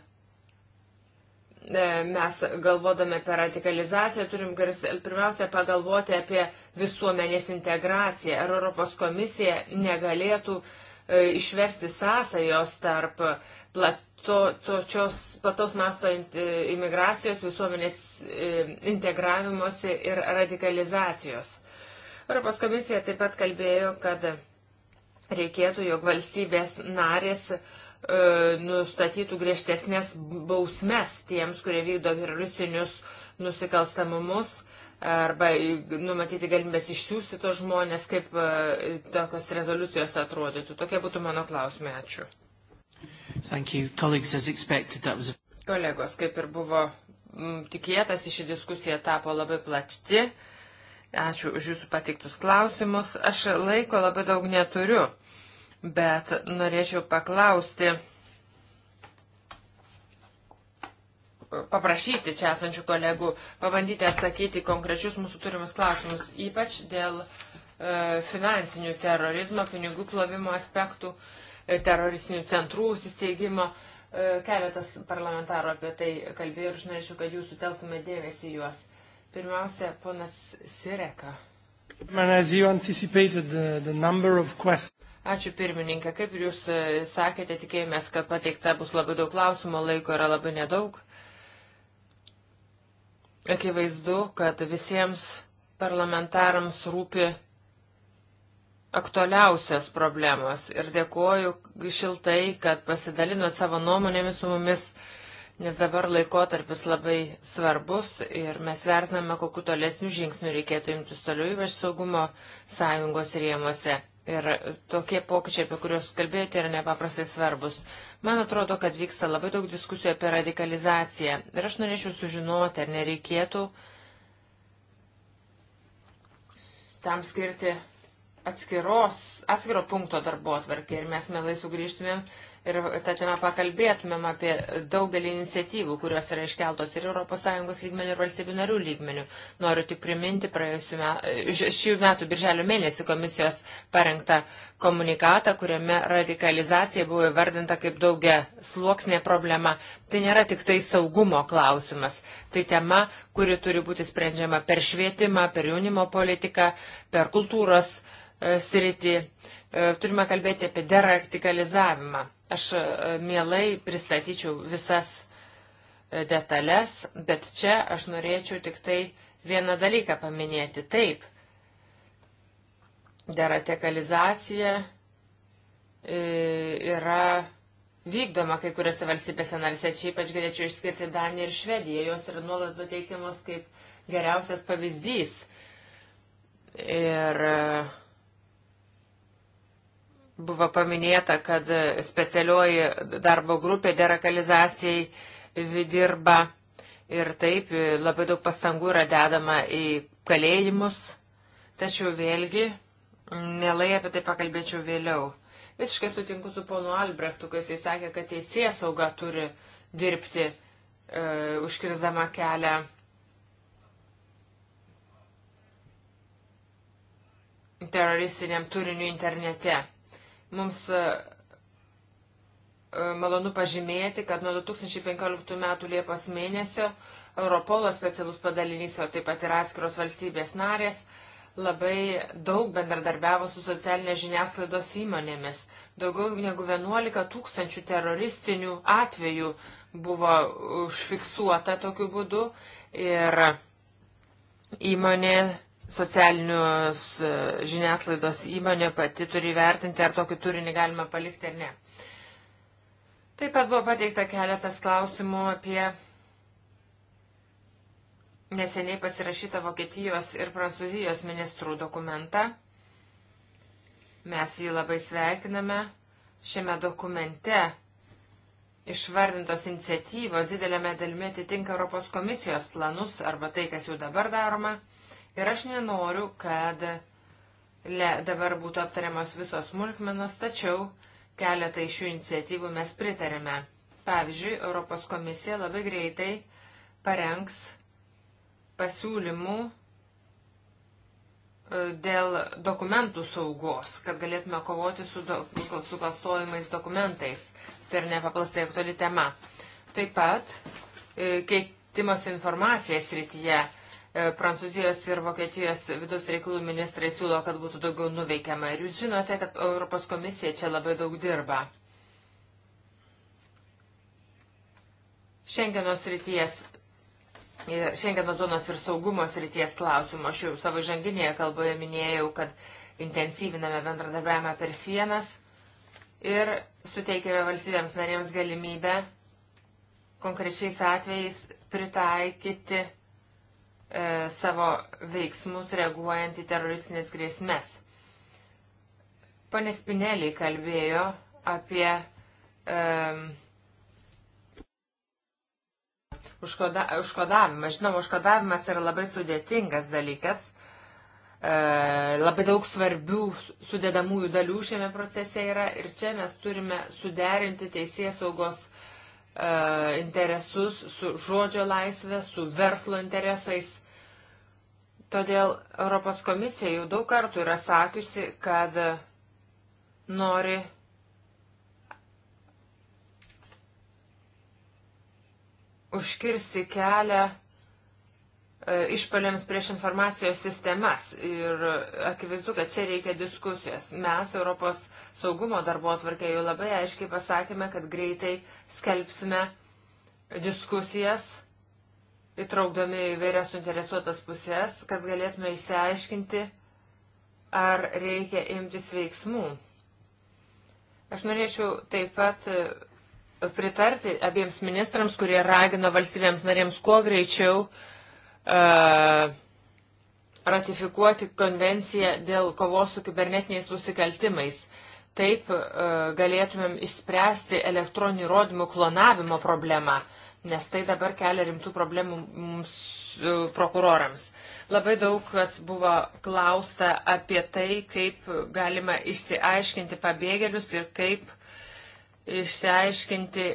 mes galvodami apie radikalizaciją turim pirmiausia pagalvoti apie visuomenės integraciją. Ar Europos komisija negalėtų e, išvesti sąsajos tarp plataus to, masto e, imigracijos, visuomenės integravimosi ir radikalizacijos. Europos komisija taip pat kalbėjo, kad reikėtų, jog valstybės narės e, nustatytų griežtesnės bausmes tiems, kurie vykdo virusinius nusikalstamumus arba numatyti galimybės išsiųsti tos žmonės, kaip e, tokios rezoliucijos atrodytų. Tokie būtų mano klausimai. Ačiū. Expected, a... Kolegos, kaip ir buvo m, mm, tikėtasi, ši diskusija tapo labai plačti. Ačiū už Jūsų patiktus klausimus. Aš laiko labai daug neturiu bet norėčiau paklausti, paprašyti čia esančių kolegų, pabandyti atsakyti konkrečius mūsų turimus klausimus, ypač dėl e, finansinių terorizmo, pinigų plovimo aspektų, e, teroristinių centrų įsteigimo. E, keletas parlamentarų apie tai kalbėjo ir aš norėčiau, kad jūs sutelktume dėmesį juos. Pirmiausia, ponas Sireka. Man, as you anticipated the, the number of questions. Ačiū pirmininkė, kaip jūs e, sakėte, tikėjomės, kad pateikta bus labai daug klausimų, laiko yra labai nedaug. Akivaizdu, kad visiems parlamentarams rūpi aktualiausios problemos ir dėkoju šiltai, kad pasidalinot savo nuomonėmis su mumis, nes dabar laikotarpis labai svarbus ir mes vertiname, kokiu tolesniu žingsniu reikėtų imtis toliau, ypač saugumo sąjungos rėmose. Ir tokie pokyčiai, apie kuriuos kalbėjote, yra nepaprastai svarbus. Man atrodo, kad vyksta labai daug diskusijų apie radikalizaciją. Ir aš norėčiau sužinoti, ar nereikėtų tam skirti atskiros, atskiro punkto darbo atvarkį. Ir mes melai sugrįžtumėm ir tą temą pakalbėtumėm apie daugelį iniciatyvų, kurios yra iškeltos ir ES lygmenių, ir valstybių narių lygmenių. Noriu tik priminti praėjusiu metu, šių metų birželio mėnesį komisijos parengtą komunikatą, kuriame radikalizacija buvo įvardinta kaip daugia sluoksnė problema. Tai nėra tik tai saugumo klausimas. Tai tema, kuri turi būti sprendžiama per švietimą, per jaunimo politiką, per kultūros e, sritį. Uh, E, turime kalbėti apie deraktikalizavimą. Aš e, mielai pristatyčiau visas e, detalės, bet čia aš norėčiau tik tai vieną dalyką paminėti. Taip, deratekalizacija yra vykdoma kai kuriuose valstybėse narse. Čia ypač galėčiau išskirti Daniją ir Švediją. Jos yra nuolat pateikiamos kaip geriausias pavyzdys. Ir uh, Buvo paminėta, kad specialioji darbo grupė derakalizacijai dirba ir taip labai daug pastangų yra dedama į kalėjimus, tačiau vėlgi, mielai apie tai pakalbėčiau vėliau. Visiškai sutinku su ponu Albrechtu, kai jisai sakė, kad teisėja sauga turi dirbti, e, užkirzdama kelią. teroristiniam turiniu internete. Mums e, e, malonu pažymėti, kad nuo 2015 metų Liepos mėnesio Europolo specialus padalinys, o taip pat ir atskiros valstybės narės, labai daug bendradarbiavo su socialinės žiniasklaidos įmonėmis. Daugiau negu 11 tūkstančių teroristinių atvejų buvo užfiksuota tokiu būdu ir įmonė socialinius e, žiniasklaidos įmonė pati turi vertinti, ar tokį turinį galima palikti ar ne. Taip pat buvo pateikta keletas klausimų apie neseniai pasirašytą Vokietijos ir Prancūzijos ministrų dokumentą. Mes jį labai sveikiname. Šiame dokumente išvardintos iniciatyvos didelėme dalimi atitinka Europos komisijos planus arba tai, kas jau dabar daroma. Ir aš nenoriu, kad le, dabar būtų aptariamos visos smulkmenos, tačiau keletą iš šių iniciatyvų mes pritarėme. Pavyzdžiui, Europos komisija labai greitai parengs pasiūlymų e, dėl dokumentų saugos, kad galėtume kovoti su, do, su klastojimais dokumentais. Tai yra nepaprastai aktuali tema. Taip pat e, keitimos informacijas rytyje E, Prancūzijos ir Vokietijos vidaus reikalų ministrai siūlo, kad būtų daugiau nuveikiama. Ir jūs žinote, kad Europos komisija čia labai daug dirba. Šengeno srities. Šengeno zonos ir saugumo srities klausimo. Aš jau savo žanginėje kalboje minėjau, kad intensyviname bendradarbiavimą per sienas ir suteikėme valstybėms narėms galimybę konkrečiais atvejais pritaikyti e, savo veiksmus reaguojant į teroristinės grėsmės. Pane Spinelį kalbėjo apie e, užkoda, užkodavimą. Žinoma, užkodavimas yra labai sudėtingas dalykas. E, labai daug svarbių sudėdamųjų dalių šiame procese yra ir čia mes turime suderinti teisės saugos e, interesus su žodžio laisvė, su verslo interesais. Todėl Europos komisija jau daug kartų yra sakiusi, kad nori užkirsti kelią e, išpaliams prieš informacijos sistemas. Ir akivaizdu, kad čia reikia diskusijos. Mes Europos saugumo darbo atvarkė jau labai aiškiai pasakėme, kad greitai skelbsime diskusijas įtraukdami įvairias suinteresuotas pusės, kad galėtume įsiaiškinti, ar reikia imtis veiksmų. Aš norėčiau taip pat e, pritarti abiems ministrams, kurie ragino valstybėms narėms kuo greičiau uh, ratifikuoti konvenciją dėl kovos su kibernetiniais nusikaltimais. Taip uh, galėtumėm išspręsti elektroninių įrodymų klonavimo problemą. Uh, nes tai dabar kelia rimtų problemų mums e, prokurorams. Labai daug kas buvo klausta apie tai, kaip galima išsiaiškinti pabėgėlius ir kaip išsiaiškinti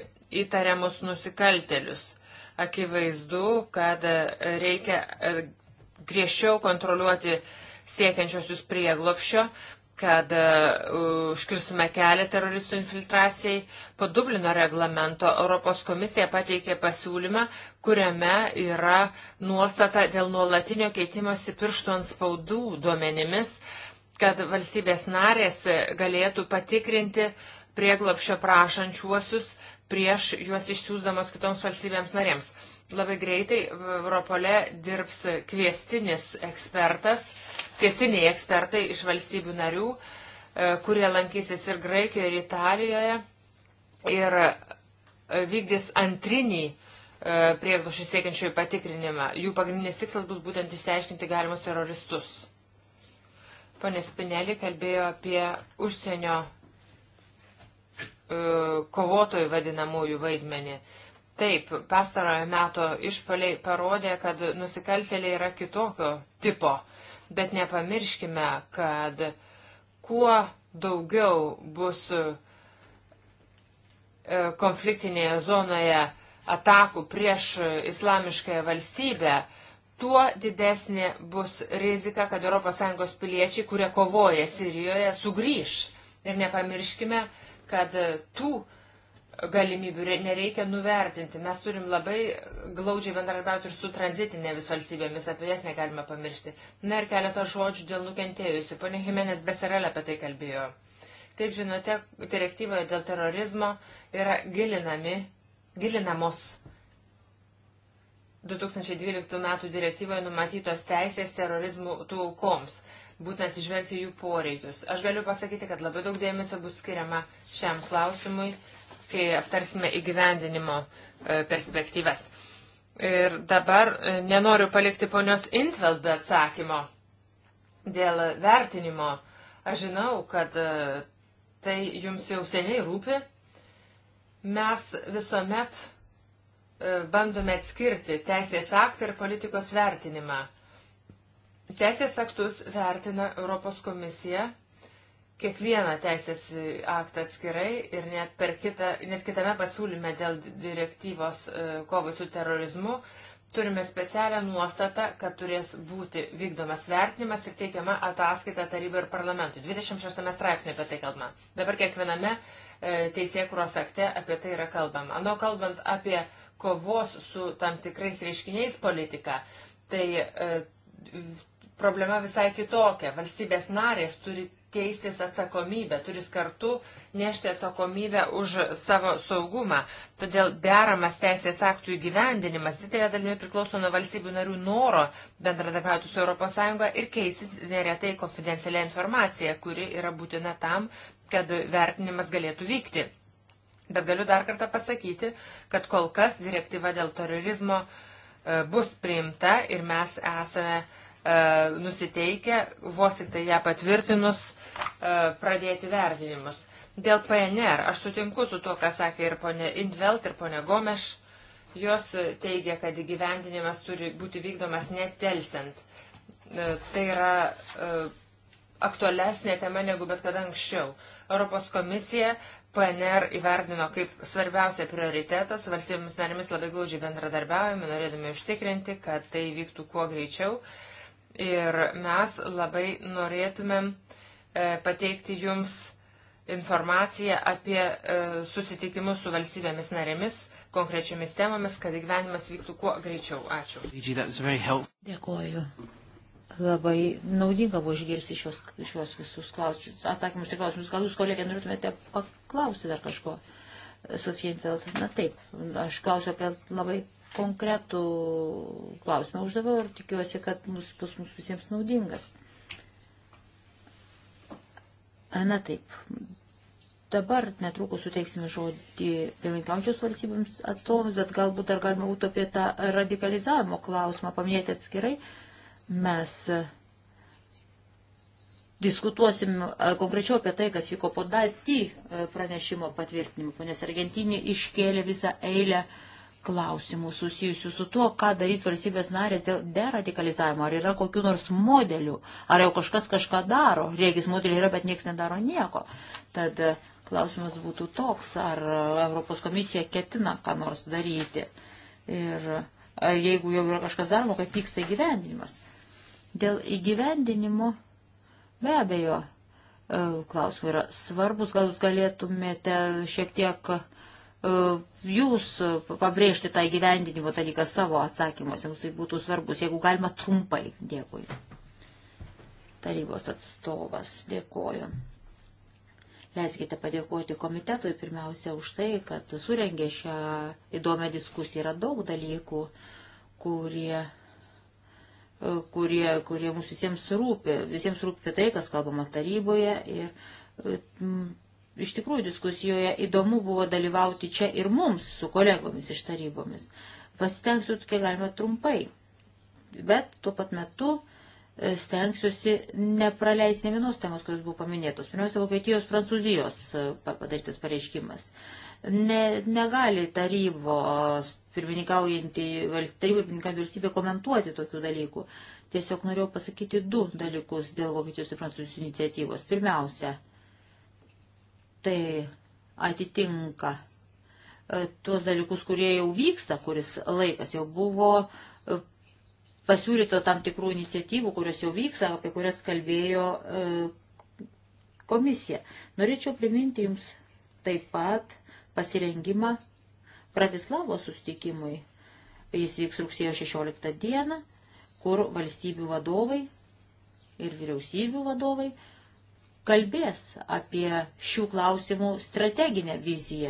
įtariamus nusikaltelius. Akivaizdu, kad reikia e, griežčiau kontroliuoti siekiančiosius prieglopšio, kad e, užkirstume kelią teroristų infiltracijai. Po Dublino reglamento Europos komisija pateikė pasiūlymą, kuriame yra nuostata dėl nuolatinio keitimosi pirštų ant spaudų duomenimis, kad valstybės narės galėtų patikrinti prieglopšio prašančiuosius prieš juos išsiūsdamos kitoms valstybėms narėms. Labai greitai Europole dirbs kviestinis ekspertas, tiesiniai ekspertai iš valstybių narių, e, kurie lankysis ir Graikijoje, ir Italijoje ir e, vykdys antrinį e, prieglušių siekiančiųjų patikrinimą. Jų pagrindinis tikslas bus būtent išsiaiškinti galimus teroristus. Pane Spinelį kalbėjo apie užsienio kovotojų vadinamųjų vaidmenį. Taip, pastarojo meto išpaliai parodė, kad nusikaltėliai yra kitokio tipo bet nepamirškime, kad kuo daugiau bus e, konfliktinėje zonoje atakų prieš islamiškąją valstybę, tuo didesnė bus rizika, kad ES piliečiai, kurie kovoja Sirijoje, sugrįž. Ir nepamirškime, kad tų galimybių nereikia nuvertinti. Mes turim labai glaudžiai bendradarbiauti ir su tranzitinė vis valstybėmis, apie jas negalime pamiršti. Na ir keletą žodžių dėl nukentėjusių. Pone Jimenez Beserelė apie tai kalbėjo. Kaip žinote, direktyvoje dėl terorizmo yra gilinami, gilinamos 2012 m. direktyvoje numatytos teisės terorizmų tų aukoms būtent atsižvelgti jų poreikius. Aš galiu pasakyti, kad labai daug dėmesio bus skiriama šiam klausimui kai aptarsime įgyvendinimo e, perspektyvas. Ir dabar e, nenoriu palikti ponios Intveld be atsakymo dėl vertinimo. Aš žinau, kad e, tai jums jau seniai rūpi. Mes visuomet bandome atskirti teisės aktą ir politikos vertinimą. Teisės aktus vertina Europos komisija kiekvieną teisės aktą atskirai ir net, per kitą, net kitame pasiūlyme dėl direktyvos e, kovai su terorizmu turime specialią nuostatą, kad turės būti vykdomas vertinimas ir teikiama ataskaita tarybai ir parlamentui. 26 straipsnė apie tai kalbama. Dabar kiekviename e, teisėkuros akte apie tai yra kalbama. Anau, kalbant apie kovos su tam tikrais reiškiniais politiką, tai e, problema visai kitokia. Valstybės narės turi keistis atsakomybę, turis kartu nešti atsakomybę už savo saugumą. Todėl deramas teisės aktų įgyvendinimas didelė dalimi priklauso nuo valstybių narių noro bendradarbiauti su ES ir keisis neretai konfidencialia informacija, kuri yra būtina tam, kad vertinimas galėtų vykti. Bet galiu dar kartą pasakyti, kad kol kas direktyva dėl terorizmo e, bus priimta ir mes esame e, nusiteikę, vos tik tai ją patvirtinus, E, pradėti vertinimus. Dėl PNR aš sutinku su to, ką sakė ir ponė Indvelt, ir ponė Gomeš. Jos teigia, kad įgyvendinimas turi būti vykdomas netelsiant. E, tai yra e, aktualesnė tema negu bet kada anksčiau. Europos komisija PNR įverdino kaip svarbiausia prioritetą, su valstybėmis narėmis labai glaudžiai bendradarbiaujame, norėdami užtikrinti, kad tai vyktų kuo greičiau. Ir mes labai norėtumėm E, pateikti jums informaciją apie e, susitikimus su valstybėmis narėmis, konkrečiamis temomis, kad gyvenimas vyktų kuo greičiau. Ačiū. Dėkuoju. Labai naudinga buvo išgirsti šios, šios visus klausimus, atsakymus į klausimus. Gal jūs, kolegė, norėtumėte paklausti dar kažko? Sofija Infeld, na taip, aš klausiu apie labai konkretų klausimą uždaviau ir tikiuosi, kad mus, bus mums visiems naudingas. Na taip. Dabar netrukus suteiksime žodį pirmininkaujančios valstybėms atstovams, bet galbūt dar galima būtų apie tą radikalizavimo klausimą paminėti atskirai. Mes e, diskutuosim e, konkrečiau apie tai, kas vyko po DATI e, pranešimo patvirtinimu, nes Argentinė iškėlė visą eilę uh, klausimų susijusių su tuo, ką darys valstybės narės dėl deradikalizavimo, ar yra kokiu nors modeliu, ar jau kažkas kažką daro, regis modeliai yra, bet niekas nedaro nieko. Tad e, klausimas būtų toks, ar Europos komisija ketina ką nors daryti ir e, jeigu jau yra kažkas daroma, kaip vyksta įgyvendinimas. Dėl įgyvendinimo be abejo e, klausimai yra svarbus, gal jūs galėtumėte šiek tiek uh, E, jūs pabrėžti tą įgyvendinimo dalyką savo atsakymuose, jums tai būtų svarbus, jeigu galima trumpai. Dėkui. Tarybos atstovas, dėkoju. Leiskite padėkoti komitetui pirmiausia už tai, kad surengė šią įdomią diskusiją. Yra daug dalykų, kurie, e, kurie, kurie mums visiems rūpi. Visiems rūpi tai, kas kalbama taryboje. Ir e, iš tikrųjų diskusijoje įdomu buvo dalyvauti čia ir mums su kolegomis iš tarybomis. Pasitengsiu, kiek galima trumpai, bet tuo pat metu e, stengsiuosi nepraleisti ne vienos temos, kurios buvo paminėtos. Pirmiausia, Vokietijos, Prancūzijos e, padarytas pareiškimas. Ne, negali tarybos pirmininkaujantį, tarybai pirmininkaujantį valstybę komentuoti tokių dalykų. Tiesiog norėjau pasakyti du dalykus dėl Vokietijos ir Prancūzijos iniciatyvos. Pirmiausia, tai atitinka e, tuos dalykus, kurie jau vyksta, kuris laikas jau buvo e, pasiūlyto tam tikrų iniciatyvų, kurios jau vyksta, apie kurias kalbėjo e, komisija. Norėčiau priminti Jums taip pat pasirengimą Pratislavos sustikimui. Jis vyks rugsėjo 16 dieną, kur valstybių vadovai ir vyriausybių vadovai kalbės apie šių klausimų strateginę viziją,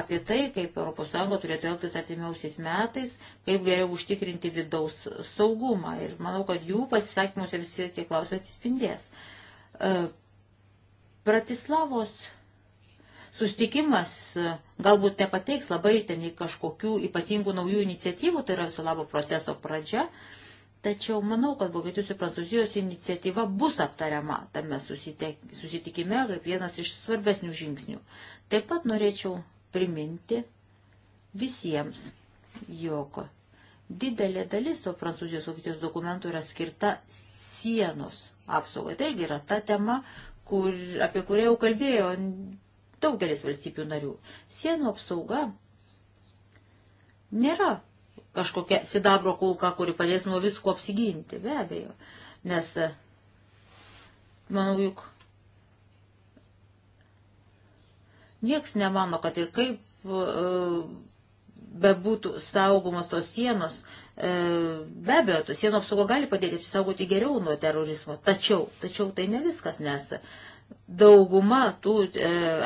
apie tai, kaip ES turėtų elgtis artimiausiais metais, kaip geriau užtikrinti vidaus saugumą. Ir manau, kad jų pasisakymuose visi tie klausimai atsispindės. E, Bratislavos sustikimas e, galbūt nepateiks labai ten kažkokių ypatingų naujų iniciatyvų, tai yra viso labo proceso pradžia. Uh, Tačiau manau, kad Vokietijos ir Prancūzijos iniciatyva bus aptariama tame susitikime kaip vienas iš svarbesnių žingsnių. Taip pat norėčiau priminti visiems, jog didelė dalis to Prancūzijos Vokietijos dokumentų yra skirta sienos apsaugai. Tai irgi yra ta tema, kur, apie kurią jau kalbėjo daugelis valstybių narių. Sienų apsauga nėra kažkokia sidabro kulka, kuri padės nuo visko apsiginti, be abejo. Nes, e, manau, juk nieks nemano, kad ir kaip e, bebūtų saugomos tos sienos, e, be abejo, tos sienų apsauga gali padėti apsisaugoti geriau nuo terorizmo. Tačiau, tačiau tai ne viskas, nes dauguma tų,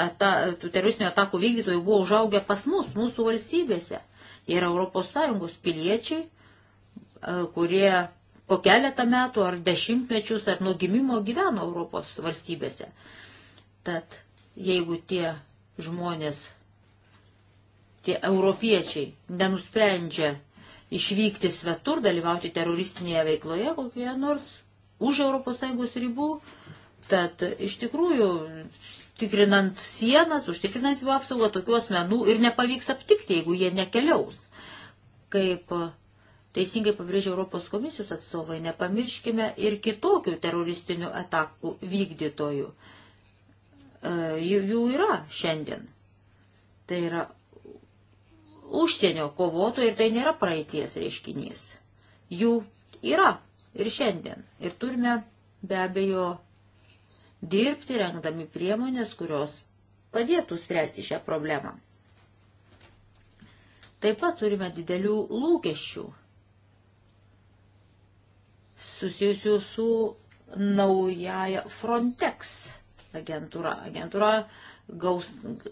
ata, tų teroristinių atakų vykdytojų buvo užaugę pas mus, mūsų valstybėse ir ES piliečiai, e, kurie po keletą metų ar dešimtmečius ar nuo gimimo gyveno Europos valstybėse. Tad jeigu tie žmonės, tie europiečiai nenusprendžia išvykti svetur, dalyvauti teroristinėje veikloje kokioje nors už ES ribų, tad iš tikrųjų užtikrinant sienas, užtikrinant jų apsaugą, tokių asmenų ir nepavyks aptikti, jeigu jie nekeliaus. Kaip e, teisingai pabrėžė Europos komisijos atstovai, nepamirškime ir kitokių teroristinių atakų vykdytojų. E, jų yra šiandien. Tai yra užsienio kovotojai ir tai nėra praeities reiškinys. Jų yra ir šiandien. Ir turime be abejo dirbti, rengdami priemonės, kurios padėtų spręsti šią problemą. Taip pat turime didelių lūkesčių susijusių su naujaja Frontex agentūra. Agentūra gaus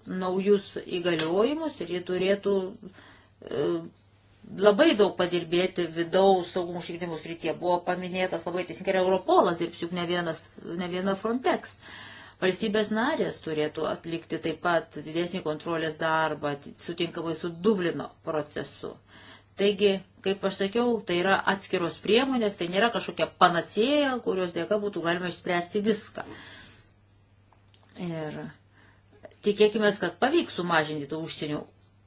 naujus įgaliojimus ir ji turėtų e, labai daug padirbėti vidaus saugumo užtikrinimų srityje. Buvo paminėtas labai teisingai ir Europolas dirbs, juk ne, vienas, ne viena Frontex. Valstybės narės turėtų atlikti taip pat didesnį kontrolės darbą, sutinkamai su Dublino procesu. Taigi, kaip aš sakiau, tai yra atskiros priemonės, tai nėra kažkokia panacėja, kurios dėka būtų galima išspręsti viską. Ir tikėkime, kad pavyks sumažinti tų užsienio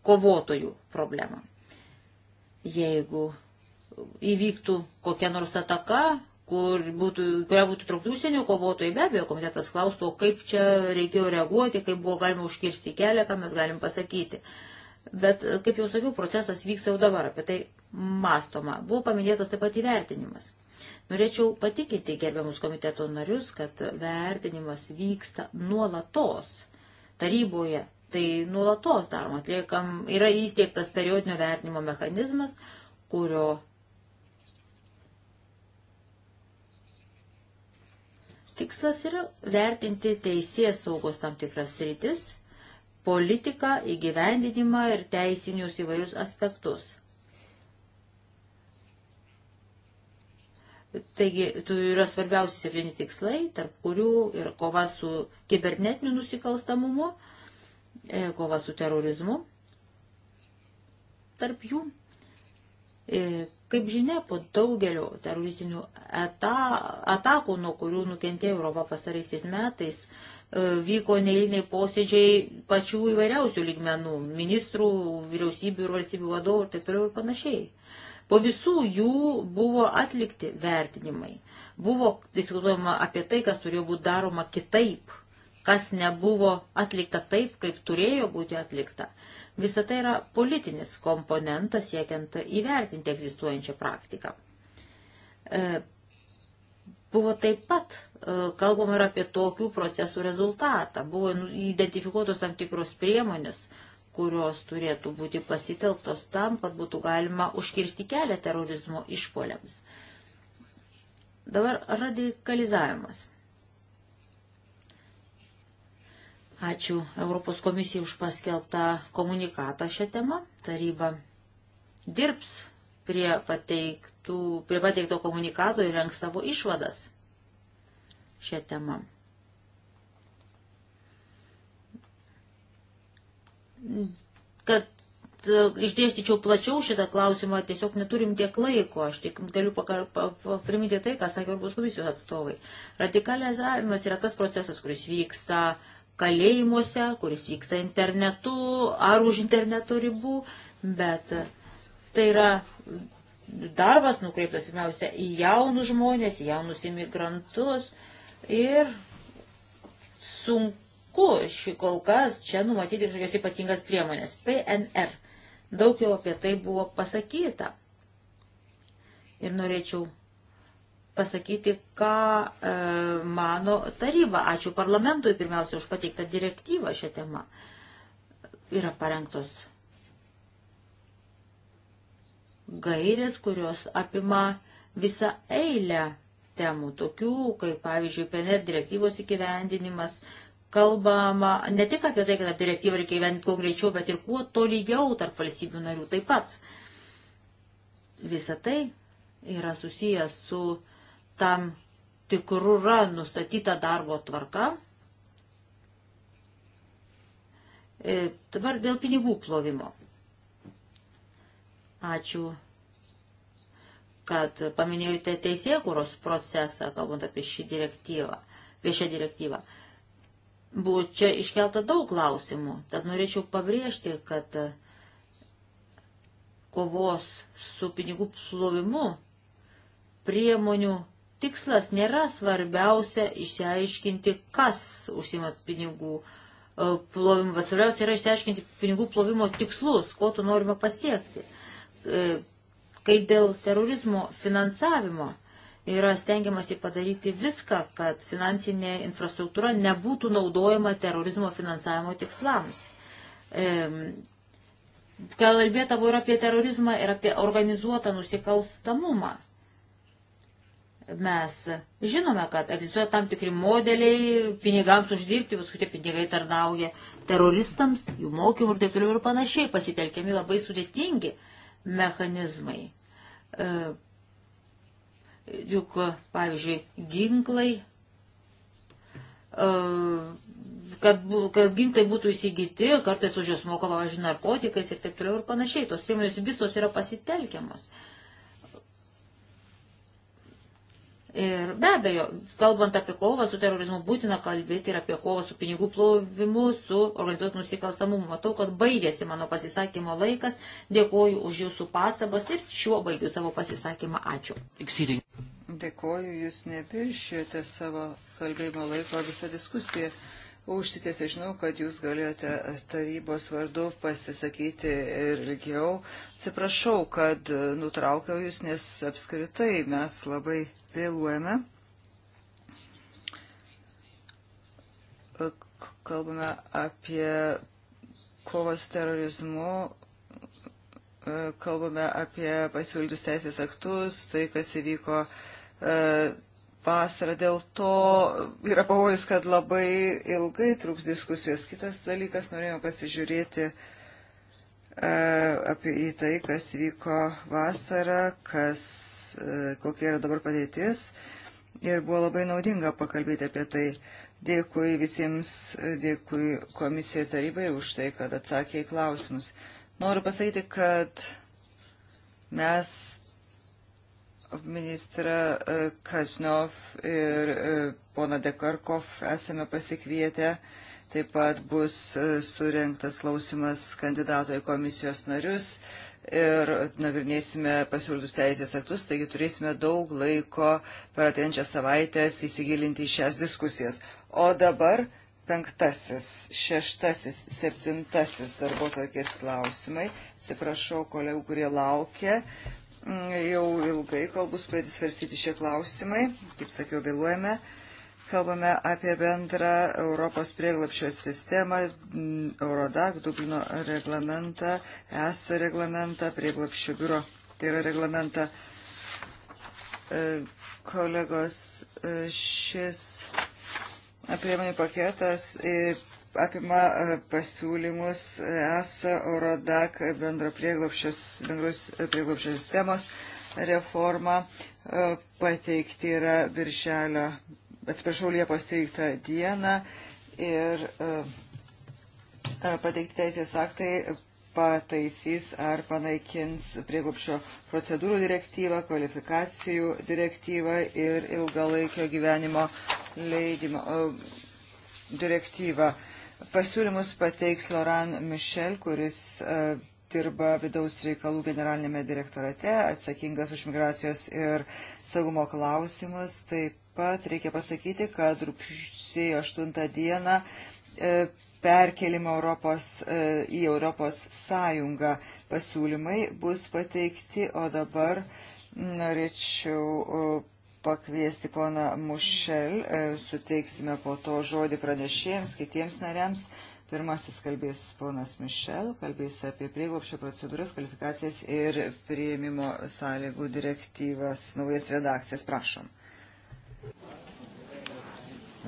kovotojų problemą jeigu įvyktų kokia nors ataka, kur būtų, kuria būtų traukti užsienio kovotojai, be abejo, komitetas klaustų, kaip čia reikėjo reaguoti, kaip buvo galima užkirsti kelią, ką mes galim pasakyti. Bet, kaip jau sakiau, procesas vyksta jau dabar, apie tai mastoma. Buvo paminėtas taip pat įvertinimas. Norėčiau patikinti gerbiamus komiteto narius, kad vertinimas vyksta nuolatos taryboje, Tai nuolatos darom, atliekam, yra įsteigtas periodinio vertinimo mechanizmas, kurio tikslas yra vertinti teisės saugos tam tikras rytis, politiką, įgyvendinimą ir teisinius įvairius aspektus. Taigi, tu yra svarbiausi septyni tikslai, tarp kurių ir kova su kibernetiniu nusikalstamumu, E, kova su terorizmu tarp jų. E, kaip žinia, po daugelio teroristinių atakų, nuo kurių nukentėjo Europa pastaraisiais metais, e, vyko neįliniai posėdžiai pačių įvairiausių lygmenų - ministrų, vyriausybių ir valstybių vadovų ir taip toliau ir panašiai. Po visų jų buvo atlikti vertinimai. Buvo diskutuojama apie tai, kas turėjo būti daroma kitaip kas nebuvo atlikta taip, kaip turėjo būti atlikta. Visą tai yra politinis komponentas siekiant įvertinti egzistuojančią praktiką. E, buvo taip pat e, kalbama ir apie tokių procesų rezultatą. Buvo nu, identifikuotos tam tikros priemonės, kurios turėtų būti pasitelktos tam, kad būtų galima užkirsti kelią terorizmo išpoliams. Dabar radikalizavimas. Ačiū Europos komisijai už paskelbtą komunikatą šią temą. Taryba dirbs prie, pateiktų, prie pateikto komunikato ir renks savo išvadas šią temą. Kad e, išdėstyčiau plačiau šitą klausimą, tiesiog neturim tiek laiko, aš tik galiu pakar, pa, pa, priminti tai, ką sakė Europos komisijos atstovai. Radikalizavimas yra tas procesas, kuris vyksta kalėjimuose, kuris vyksta internetu ar už interneto ribų, bet tai yra darbas nukreiptas pirmiausia į jaunus žmonės, į jaunus imigrantus ir sunku šį kol kas čia numatyti kažkokias ypatingas priemonės. PNR. Daug jau apie tai buvo pasakyta. Ir norėčiau pasakyti, ką e, mano taryba. Ačiū parlamentui pirmiausia už pateiktą direktyvą šią temą. Yra parengtos gairės, kurios apima visą eilę temų, tokių kaip, pavyzdžiui, PNR direktyvos įgyvendinimas. Kalbama ne tik apie tai, kad tą direktyvą reikia įgyvendinti kuo greičiau, bet ir kuo tolygiau tarp valstybių narių taip pat. Visa tai yra susijęs su tam tikrura nustatyta darbo tvarka. E, dabar dėl pinigų plovimo. Ačiū, kad paminėjote teisėkūros procesą, kalbant apie šį direktyvą, viešą direktyvą. Buvo čia iškelta daug klausimų, tad norėčiau pabrėžti, kad kovos su pinigų plovimu priemonių tikslas nėra svarbiausia išsiaiškinti, kas užsima pinigų e, plovimą, bet svarbiausia yra išsiaiškinti pinigų plovimo tikslus, ko tu norima pasiekti. E, kai dėl terorizmo finansavimo yra stengiamasi padaryti viską, kad finansinė infrastruktūra nebūtų naudojama terorizmo finansavimo tikslams. E, kalbėta buvo ir apie terorizmą, ir apie organizuotą nusikalstamumą. Mes žinome, kad egzistuoja tam tikri modeliai pinigams uždirbti, paskui tie pinigai tarnauja teroristams, jų mokymų ir taip toliau ir panašiai pasitelkiami labai sudėtingi mechanizmai. E, juk, pavyzdžiui, ginklai, e, kad, kad ginklai būtų įsigyti, kartais už juos mokama, važiuoju, narkotikais ir taip toliau ir panašiai. Tos priemonės visos yra pasitelkiamos. Ir be abejo, kalbant apie kovą su terorizmu, būtina kalbėti ir apie kovą su pinigų plovimu, su organizuotų nusikalstamumu. Matau, kad baigėsi mano pasisakymo laikas. Dėkoju už jūsų pastabas ir šiuo baigiu savo pasisakymą. Ačiū. Dėkoju, jūs neviršijote savo kalbėjimo laiko visą diskusiją užsitęsė. Žinau, kad jūs galėjote tarybos vardu pasisakyti ir ilgiau. Atsiprašau, kad nutraukiau jūs, nes apskritai mes labai vėluojame. Kalbame apie kovą su terorizmu, kalbame apie pasiūlytus teisės aktus, tai kas įvyko vasarą. Dėl to yra pavojus, kad labai ilgai truks diskusijos. Kitas dalykas, norėjome pasižiūrėti e, apie į tai, kas vyko vasarą, kas, e, kokia yra dabar padėtis. Ir buvo labai naudinga pakalbėti apie tai. Dėkui visiems, e, dėkui komisijai ir tarybai už tai, kad atsakė į klausimus. Noriu pasakyti, kad mes ministrą e, Kaznov ir e, poną Dekarkov esame pasikvietę. Taip pat bus e, surinktas klausimas kandidato į komisijos narius ir nagrinėsime pasiūlytus teisės aktus, taigi turėsime daug laiko per atėjančią savaitę įsigilinti į šias diskusijas. O dabar penktasis, šeštasis, septintasis darbo tokiais klausimai. Atsiprašau kolegų, kurie laukia jau ilgai, kol bus pradėti svarstyti šie klausimai, kaip sakiau, vėluojame. Kalbame apie bendrą Europos prieglapšio sistemą, Eurodag, Dublino reglamentą, ES reglamentą, prieglapšio biuro. Tai yra reglamentą. E, kolegos, e, šis e, priemonių paketas apima e, pasiūlymus e, ESO, Eurodac, bendro bendros e, prieglopščio sistemos reforma. Pateikti yra viršelio, atsiprašau, Liepos 13 dieną ir pateikti teisės aktai pataisys ar panaikins prieglupšio procedūrų direktyvą, kvalifikacijų direktyvą ir ilgalaikio gyvenimo leidimo direktyvą. Pasiūlymus pateiks Loran Michel, kuris uh, dirba vidaus reikalų generalinėme direktorate, atsakingas už migracijos ir saugumo klausimus. Taip pat reikia pasakyti, kad rugsėjo 8 dieną e, perkelimo Europos, e, į Europos sąjungą pasiūlymai bus pateikti, o dabar norėčiau pakviesti poną Mušel, e, suteiksime po to žodį pranešėjams, kitiems nariams. Pirmasis kalbės ponas Mišel, kalbės apie prieglopščio procedūras, kvalifikacijas ir prieimimo sąlygų direktyvas, naujas redakcijas. Prašom.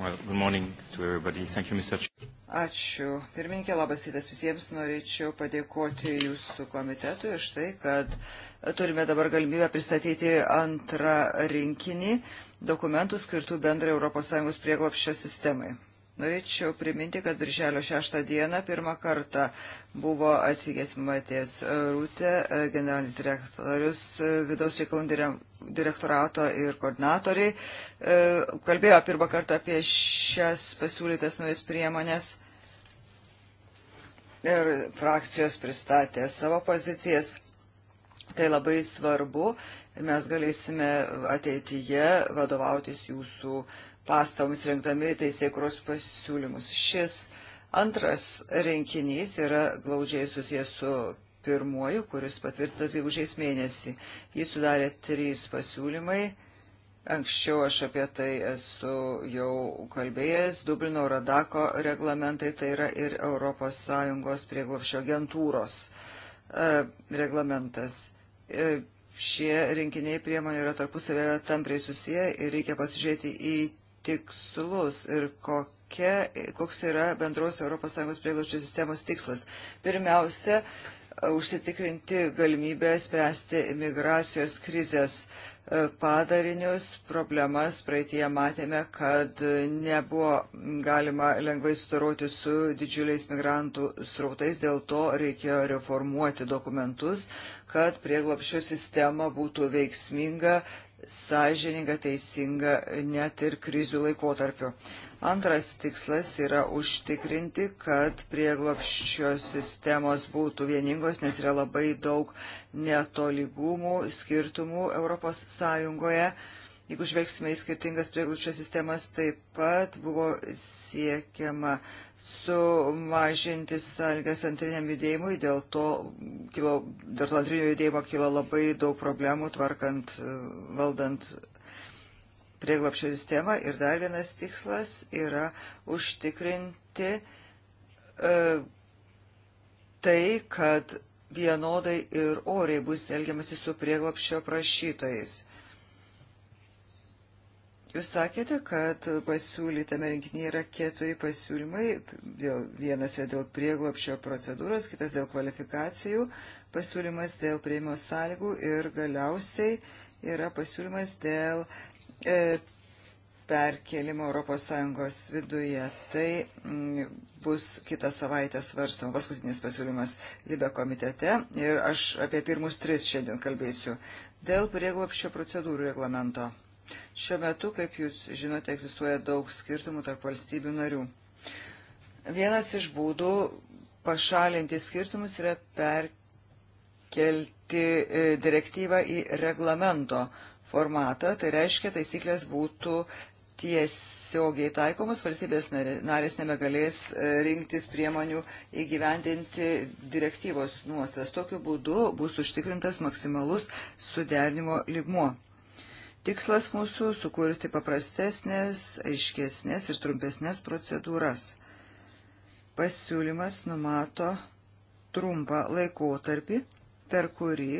Well, good morning to everybody. Thank you, Mr. Ch Ačiū. Pirminkė, labas rytas visiems. Norėčiau padėkoti jūsų komitetui iš tai, kad turime dabar galimybę pristatyti antrą rinkinį dokumentų skirtų bendrai ES prieglopščio sistemai. Norėčiau priminti, kad birželio 6 dieną pirmą kartą buvo atvykęs Matės Rūtė, generalinis direktorius, vidaus reikalų direktorato ir koordinatoriai. E, kalbėjo pirmą kartą apie šias pasiūlytas naujas priemonės ir frakcijos pristatė savo pozicijas. Tai labai svarbu ir mes galėsime ateityje vadovautis jūsų pastoms rinkdami teisėkros pasiūlymus. Šis antras rinkinys yra glaudžiai susijęs su pirmuoju, kuris patvirtas gegužės mėnesį. Jį sudarė trys pasiūlymai Anksčiau aš apie tai esu jau kalbėjęs, Dublino Radako reglamentai, tai yra ir ES prieglopščio agentūros e, reglamentas. E, šie rinkiniai priemonių yra tarpusavėje tampriai susiję ir reikia pasižiūrėti į tikslus ir kokia, koks yra bendros ES prieglopščio sistemos tikslas. Pirmiausia, užsitikrinti galimybę spręsti migracijos krizės E, padarinius, problemas. Praeitie matėme, kad nebuvo galima lengvai sutaroti su didžiuliais migrantų srautais, dėl to reikėjo reformuoti dokumentus, kad prieglopščio sistema būtų veiksminga, sąžininga, teisinga net ir krizių laikotarpiu. Antras tikslas yra užtikrinti, kad prieglopščios sistemos būtų vieningos, nes yra labai daug netolygumų, skirtumų Europos Sąjungoje. Jeigu žvelgsime į skirtingas prieglučio sistemas, taip pat buvo siekiama sumažinti sąlygas antriniam judėjimui, dėl to, kilo, dėl to antrinio judėjimo kilo labai daug problemų tvarkant, valdant prieglapščio sistemą ir dar vienas tikslas yra užtikrinti e, tai, kad vienodai ir oriai bus elgiamasi su prieglapščio prašytojais. Jūs sakėte, kad pasiūlytame rinkinyje yra keturi pasiūlymai. Vienas yra dėl prieglopšio procedūros, kitas dėl kvalifikacijų, pasiūlymas dėl prieimimo sąlygų ir galiausiai yra pasiūlymas dėl e, E, perkelimo ES viduje. Tai mm, bus kitą savaitę svarstama paskutinis pasiūlymas Libe komitete ir aš apie pirmus tris šiandien kalbėsiu. Dėl prieglapščio procedūrų reglamento. Šiuo metu, kaip jūs žinote, egzistuoja daug skirtumų tarp valstybių narių. Vienas iš būdų pašalinti skirtumus yra perkelti e, direktyvą į reglamento formatą, tai reiškia, taisyklės būtų tiesiogiai taikomus, valstybės narės nebegalės e, rinktis priemonių įgyvendinti direktyvos nuostas. Tokiu būdu bus užtikrintas maksimalus suderinimo ligmuo. Tikslas mūsų - sukurti paprastesnės, aiškesnės ir trumpesnės procedūras. Pasiūlymas numato trumpą laikotarpį, per kurį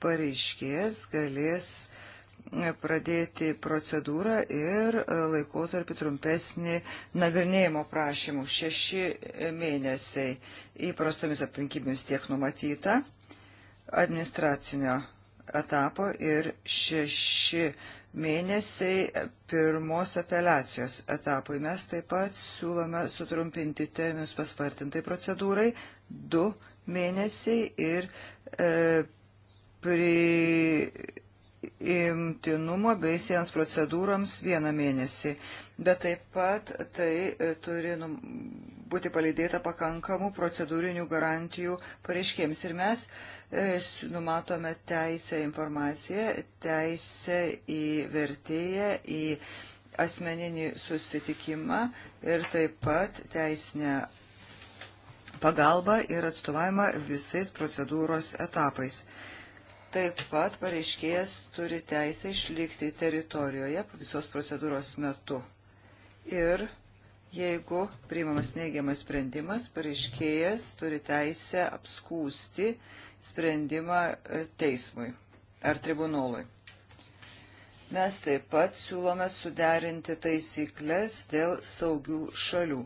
pareiškėjas galės pradėti procedūrą ir e, laikotarpį trumpesnį nagrinėjimo prašymų - šeši mėnesiai įprastomis aplinkybėmis tiek numatyta administracinio etapo ir šeši mėnesiai pirmos apeliacijos etapui. Mes taip pat siūlome sutrumpinti terminus paspartintai procedūrai - du mėnesiai ir e, pri imtinumo bei sienos procedūroms vieną mėnesį. Bet taip pat tai e, turi būti palydėta pakankamų procedūrinių garantijų pareiškėms. Ir mes e, numatome teisę informaciją, teisę į vertėją, į asmeninį susitikimą ir taip pat teisinę pagalbą ir atstovavimą visais procedūros etapais. Taip pat pareiškėjas turi teisę išlikti teritorijoje visos procedūros metu. Ir jeigu priimamas neigiamas sprendimas, pareiškėjas turi teisę apskūsti sprendimą e, teismui ar tribunolui. Mes taip pat siūlome suderinti taisyklės dėl saugių šalių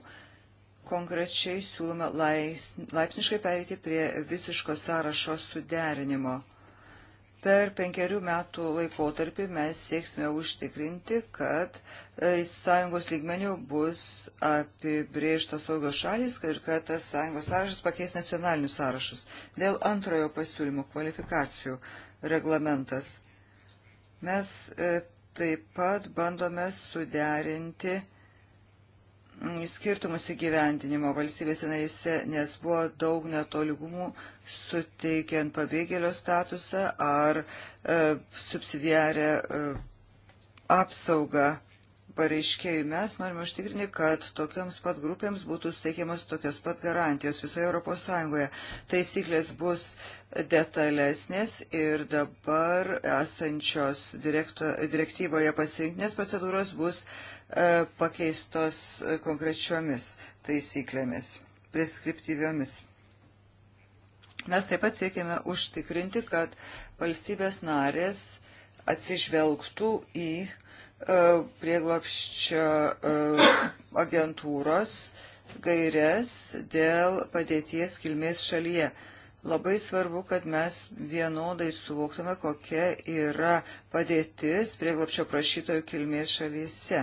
konkrečiai siūloma lais, laipsniškai pereiti prie visiško sąrašo suderinimo. Per penkerių metų laikotarpį mes sieksime užtikrinti, kad e, sąjungos lygmenių bus apibrėžtas saugios šalis ir kad tas sąjungos sąrašas pakeis nacionalinius sąrašus. Dėl antrojo pasiūlymo kvalifikacijų reglamentas mes e, taip pat bandome suderinti skirtumus įgyvendinimo valstybėse narėse, nes buvo daug netolygumų suteikiant pabėgėlio statusą ar e, subsidiarę e, apsaugą pareiškėjų. Mes norime užtikrinti, kad tokiams pat grupėms būtų suteikiamas tokios pat garantijos visoje Europos Sąjungoje. Taisyklės bus detalesnės ir dabar esančios direkto, direktyvoje pasirinktinės procedūros bus e, E, pakeistos konkrečiomis taisyklėmis, preskriptyviomis. Mes taip pat siekėme užtikrinti, kad valstybės narės atsižvelgtų į e, prieglopščio e, agentūros gairias dėl padėties kilmės šalyje. Labai svarbu, kad mes vienodai suvoktume, kokia yra padėtis prieglopščio prašytojų kilmės šalyse.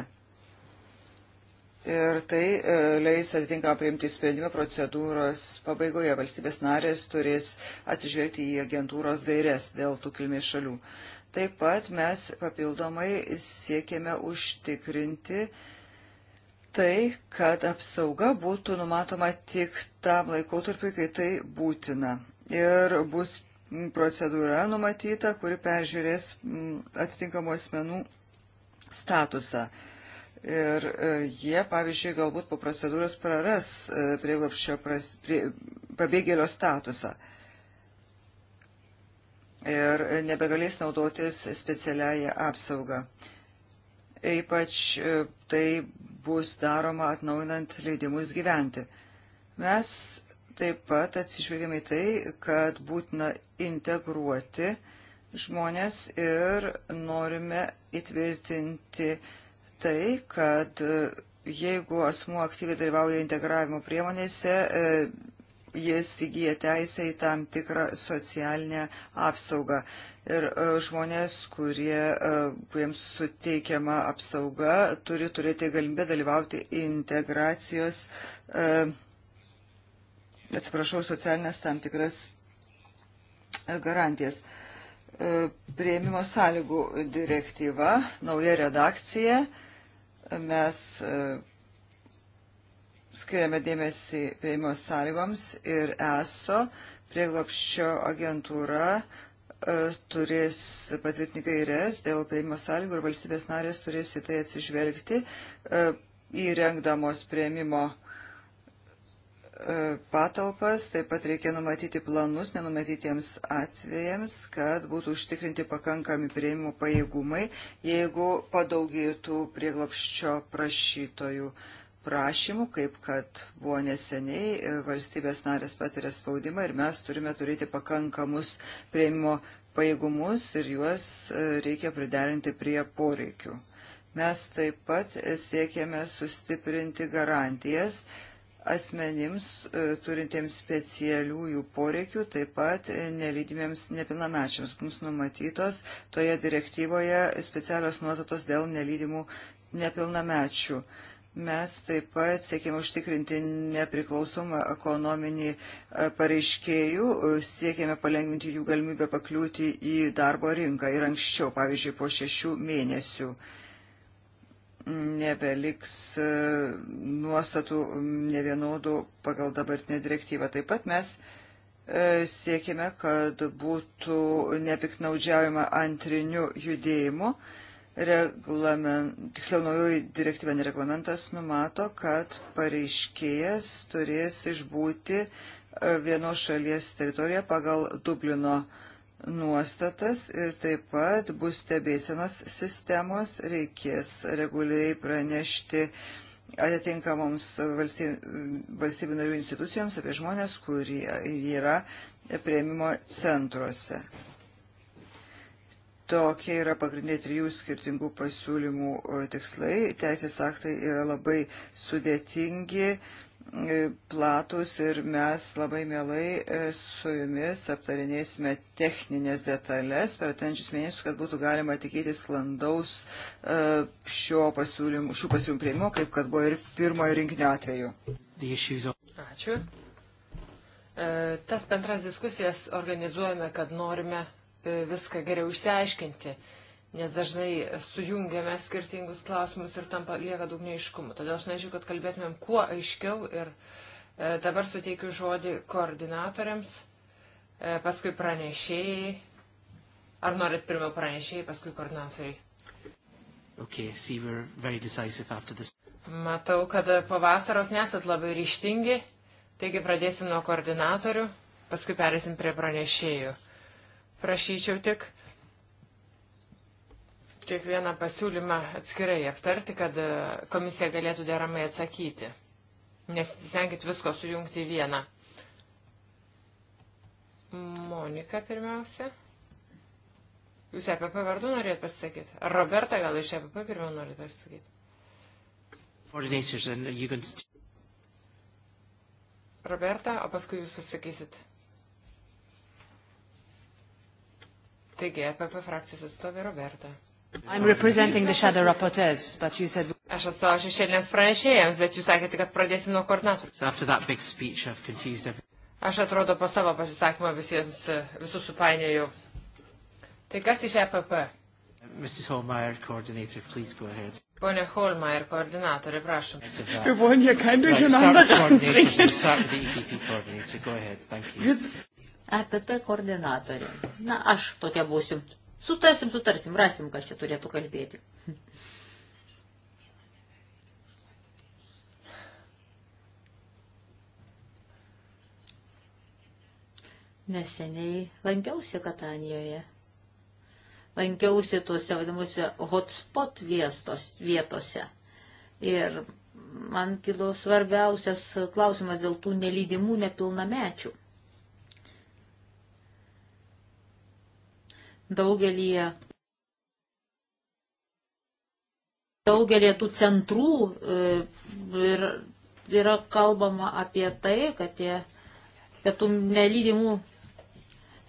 Ir tai e, leis atitinkamą priimti sprendimą procedūros pabaigoje. Valstybės narės turės atsižvelgti į agentūros gairias dėl tų kilmės šalių. Taip pat mes papildomai siekėme užtikrinti tai, kad apsauga būtų numatoma tik tam laikotarpiu, kai tai būtina. Ir bus procedūra numatyta, kuri peržiūrės mm, atitinkamų asmenų statusą. Ir e, jie, pavyzdžiui, galbūt po procedūros praras e, prieglopščio prie, pabėgėlio statusą ir nebegalės naudotis specialiąją apsaugą. Ypač e, tai bus daroma atnaujinant leidimus gyventi. Mes taip pat atsižvelgiame į tai, kad būtina integruoti žmonės ir norime įtvirtinti uh, tai, kad e, jeigu asmuo aktyviai dalyvauja integravimo priemonėse, e, jis įgyja teisę į tam tikrą socialinę apsaugą. Ir e, žmonės, kurie, kuriems suteikiama apsauga, turi turėti galimybę dalyvauti integracijos, atsiprašau, socialinės tam tikras garantijas. Prieimimo sąlygų direktyva, nauja redakcija mes e, skiriame dėmesį prieimimo sąlygoms ir ESO, prieglopščio agentūra, e, turės patvirtinti gairias dėl prieimimo sąlygų ir valstybės narės turės į tai atsižvelgti e, įrengdamos prieimimo sąlygos E, patalpas, taip pat reikia numatyti planus nenumatytiems atvejams, kad būtų užtikrinti pakankami prieimimo pajėgumai, jeigu padaugėtų prieglapščio prašytojų prašymų, kaip kad buvo neseniai, e, valstybės narės patiria spaudimą ir mes turime turėti pakankamus prieimimo pajėgumus ir juos e, reikia priderinti prie poreikių. Mes taip pat siekėme sustiprinti garantijas, asmenims e, turintiems specialiųjų poreikių, taip pat e, nelydimiems nepilnamečiams. Mums numatytos toje direktyvoje specialios nuotatos dėl nelydimų nepilnamečių. Mes taip pat siekėme užtikrinti nepriklausomą ekonominį e, pareiškėjų, siekėme palengvinti jų galimybę pakliūti į darbo rinką ir anksčiau, pavyzdžiui, po šešių mėnesių nebeliks e, nuostatų nevienodų pagal dabartinę direktyvą. Taip pat mes e, siekime, kad būtų nepiknaudžiaujama antriniu judėjimu. Reglament, tiksliau, naujoji direktyva nereglamentas numato, kad pareiškėjas turės išbūti e, vienos šalies teritoriją pagal Dublino uh, nuostatas ir taip pat bus stebėsenos sistemos, reikės reguliariai pranešti atitinkamoms valstybių narių institucijoms apie žmonės, kurie yra prieimimo centruose. Tokie yra pagrindiniai trijų skirtingų pasiūlymų tikslai. Teisės aktai yra labai sudėtingi E, platus ir mes labai mielai e, su jumis aptarinėsime techninės detalės per atenčius mėnesius, kad būtų galima tikėtis sklandaus e, šio pasiūlymų, šių pasiūlymų prieimimo, kaip kad buvo ir pirmojo rinkinio atveju. Ačiū. Tas bendras diskusijas organizuojame, kad norime viską geriau išsiaiškinti nes dažnai sujungiame skirtingus klausimus ir tam lieka daug neiškumų. Todėl aš nežinau, kad kalbėtumėm kuo aiškiau ir e, dabar suteikiu žodį koordinatoriams, e, paskui pranešėjai. Ar norit pirmiau pranešėjai, paskui koordinatoriai? Okay, see, we're very decisive after this. Matau, kad po vasaros nesat labai ryštingi, taigi pradėsim nuo koordinatorių, paskui perėsim prie pranešėjų. Prašyčiau tik kiekvieną pasiūlymą atskirai aptarti, kad e, komisija galėtų deramai atsakyti. Nesitenkit visko sujungti į vieną. Monika pirmiausia. Jūs EPP vardu norėt pasakyti? Roberta gal iš EPP pirmiau norėt pasakyti? Roberta, o paskui jūs pasakysit. Taigi, EPP frakcijos atstovė Roberta. Said... Aš atstovauju šešėlinės pranešėjams, bet jūs sakėte, kad pradėsim nuo koordinatorių. Aš atrodo po savo pasisakymą visiems, visus supainėjau. Tai kas iš EPP? Mrs. Holmeyer, coordinator, please go ahead. Pone Holmeyer, koordinatorė, prašom. Wir wollen hier kein Durcheinander EPP koordinatorė. Na, aš tokia būsiu. Sutarsim, sutarsim, rasim, kas čia turėtų kalbėti. Neseniai lankiausi Katanijoje. Lankiausi tuose vadinamuose hotspot viestos, vietose. Ir man kilo svarbiausias klausimas dėl tų nelydimų nepilnamečių. daugelį, daugelį tų centrų e, ir yra kalbama apie tai, kad, tie, kad tų nelydimų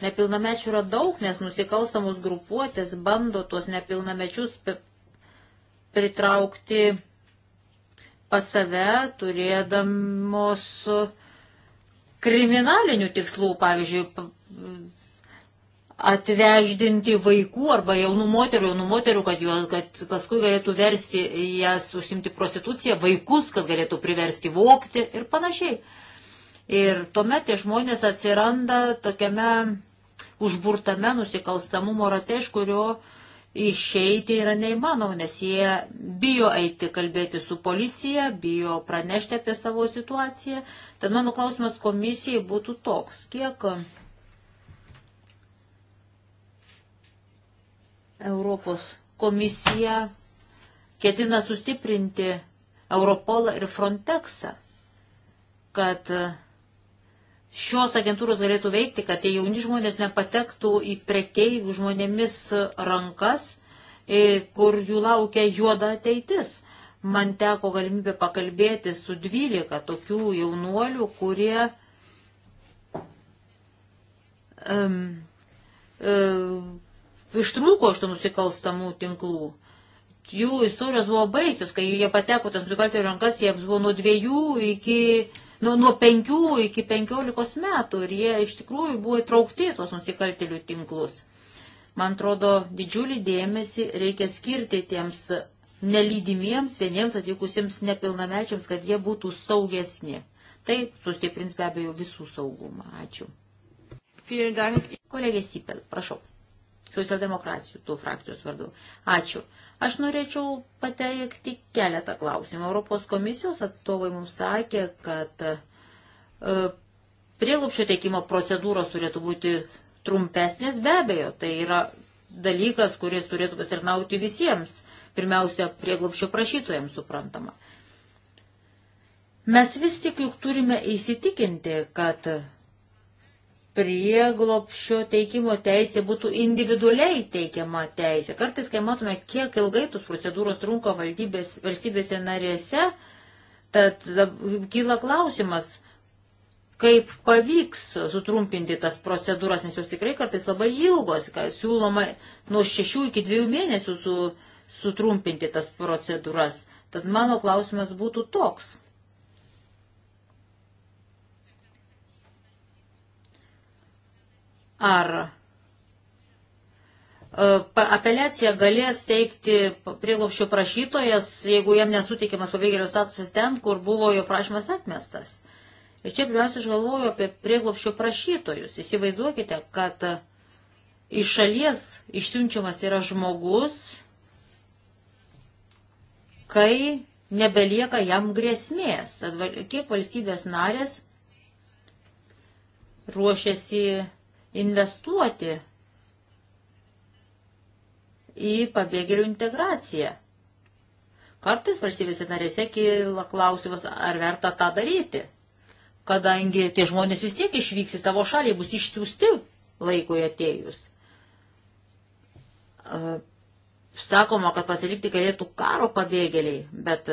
nepilnamečių yra daug, nes nusikalstamos grupuotės bando tuos nepilnamečius pritraukti pas save, turėdamos kriminalinių tikslų, pavyzdžiui, atveždinti vaikų arba jaunų moterų, jaunų moterų, kad, juos, kad paskui galėtų versti jas užsimti prostituciją, vaikus, kad galėtų priversti vokti ir panašiai. Ir tuomet tie žmonės atsiranda tokiame užburtame nusikalstamumo rate, iš kurio išeiti yra neįmanoma, nes jie bijo eiti kalbėti su policija, bijo pranešti apie savo situaciją. Tad mano klausimas komisijai būtų toks, kiek Europos komisija ketina sustiprinti Europolą ir Frontexą, kad šios agentūros galėtų veikti, kad tie jauni žmonės nepatektų į prekeivių žmonėmis rankas, e, kur jų laukia juoda ateitis. Man teko galimybė pakalbėti su 12 tokių jaunuolių, kurie um, um, ištrūko iš tų nusikalstamų tinklų. Jų istorijos buvo baisios, kai jie pateko tas nusikaltėlių rankas, jiems buvo nuo dviejų iki, nuo, nuo penkių iki penkiolikos metų ir jie iš tikrųjų buvo įtraukti tos nusikaltėlių tinklus. Man atrodo, didžiulį dėmesį reikia skirti tiems nelydimiems, vieniems atvykusiems nepilnamečiams, kad jie būtų saugesni. Tai sustiprins be abejo visų saugumą. Ačiū. Kolegė Sipel, prašau socialdemokratų frakcijos vardu. Ačiū. Aš norėčiau pateikti keletą klausimų. Europos komisijos atstovai mums sakė, kad e, prielupščio teikimo procedūros turėtų būti trumpesnės, be abejo, tai yra dalykas, kuris turėtų pasirnauti visiems, pirmiausia, prieglopščio prašytojams suprantama. Mes vis tik juk turime įsitikinti, kad prieglopšio teikimo teisė būtų individualiai teikiama teisė. Kartais, kai matome, kiek ilgai tos procedūros trunka valdybės, valstybėse narėse, tad kyla klausimas, kaip pavyks sutrumpinti tas procedūras, nes jos tikrai kartais labai ilgos, kad siūloma nuo šešių iki dviejų mėnesių su, sutrumpinti tas procedūras. Tad mano klausimas būtų toks. ar e, apeliaciją galės teikti prieglopščio prašytojas, jeigu jam nesutikimas pabėgėlio statusas ten, kur buvo jo prašymas atmestas. Ir čia pirmiausia, aš galvoju apie prieglopščio prašytojus. Įsivaizduokite, kad e, iš šalies išsiunčiamas yra žmogus, kai nebelieka jam grėsmės. Kiek valstybės narės ruošiasi investuoti į pabėgėlių integraciją. Kartais valstybėse narėse kyla klausimas, ar verta tą daryti, kadangi tie žmonės vis tiek išvyks į savo šalį, bus išsiųsti laikui atėjus. Sakoma, kad pasilikti galėtų karo pabėgėliai, bet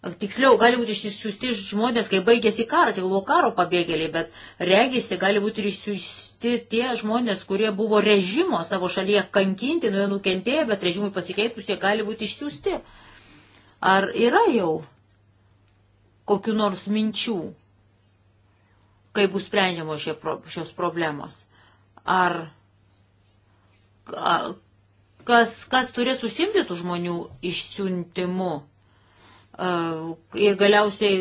Tiksliau, gali būti išsiųsti žmonės, kai baigėsi karas, jau buvo karo pabėgėliai, bet regisi, gali būti išsiųsti tie žmonės, kurie buvo režimo savo šalyje kankinti, nuo jo nukentėję, bet režimui pasikeitus jie gali būti išsiųsti. Ar yra jau kokiu nors minčių, kaip bus sprendžiamos šie, šios problemos? Ar kas, kas turės užsimti tų žmonių išsiuntimu? ir galiausiai,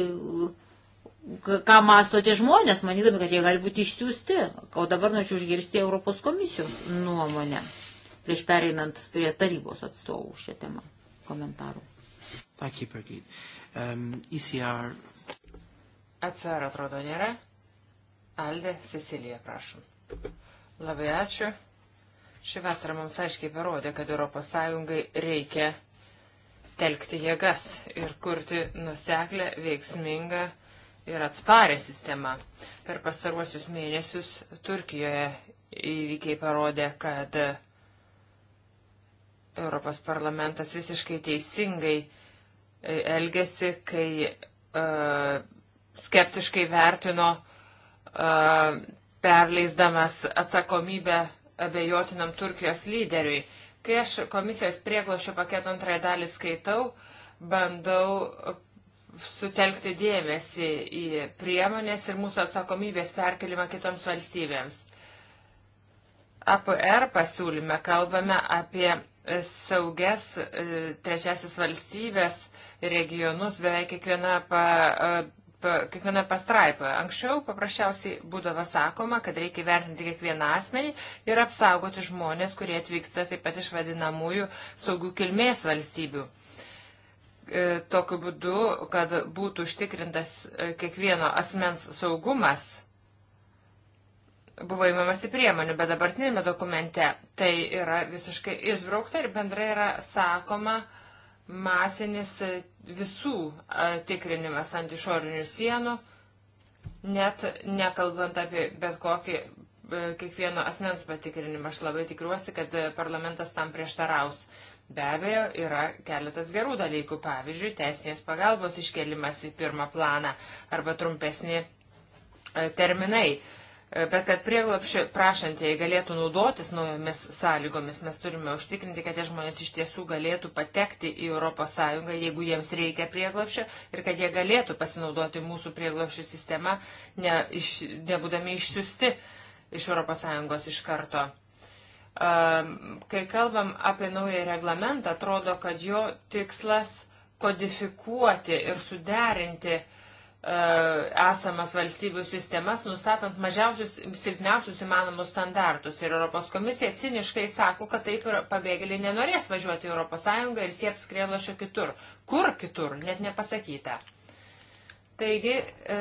ką masto tie žmonės, manydami, kad jie gali būti išsiųsti. O dabar norėčiau išgirsti Europos komisijos nuomonę, prieš pereinant prie tarybos atstovų šią temą komentarų. Ačiū, Brigit. Um, ECR. Atsar e atrodo nėra. Aldė, Cecilija, prašom. Labai ačiū. Ši vasara mums aiškiai parodė, kad ES reikia telkti jėgas ir kurti nuseklę, veiksmingą ir atsparę sistemą. Per pastaruosius mėnesius Turkijoje įvykiai parodė, kad Europos parlamentas visiškai teisingai e, elgesi, kai uh, skeptiškai vertino uh, perleisdamas atsakomybę abejotinam Turkijos lyderiui. Uh, Kai aš komisijos prieglošio paketo antrąją dalį skaitau, bandau sutelkti dėmesį į priemonės ir mūsų atsakomybės perkelimą kitoms valstybėms. APR pasiūlyme kalbame apie saugias e, trečiasis valstybės regionus beveik kiekviena pa, e, kiekvienoje pastraipoje. Anksčiau paprasčiausiai būdavo sakoma, kad reikia vertinti kiekvieną asmenį ir apsaugoti žmonės, kurie atvyksta taip pat iš vadinamųjų saugių kilmės valstybių. E, tokiu būdu, kad būtų užtikrintas e, kiekvieno asmens saugumas, buvo įmamasi priemonių, bet dabartinėme dokumente tai yra visiškai išbraukta ir bendrai yra sakoma, uh, masinis e, visų e, tikrinimas ant išorinių sienų, net nekalbant apie bet kokį e, kiekvieno asmens patikrinimą. Aš labai tikiuosi, kad parlamentas tam prieštaraus. Be abejo, yra keletas gerų dalykų, pavyzdžiui, teisinės pagalbos iškelimas į pirmą planą arba trumpesni terminai. E, bet kad prieglapšį prašantieji galėtų naudotis naujomis sąlygomis, mes turime užtikrinti, kad tie žmonės iš tiesų galėtų patekti į ES, jeigu jiems reikia prieglapšio ir kad jie galėtų pasinaudoti mūsų prieglapšio sistema, ne, iš, nebūdami išsiusti iš ES iš karto. E, kai kalbam apie naują reglamentą, atrodo, kad jo tikslas kodifikuoti ir suderinti uh, Uh, esamas valstybių sistemas, nustatant mažiausius, silpniausius įmanomus standartus. Ir Europos komisija ciniškai sako, kad taip pabėgėliai nenorės važiuoti į ES ir sieks skrėlošio kitur. Kur kitur, net nepasakyta. Taigi, e,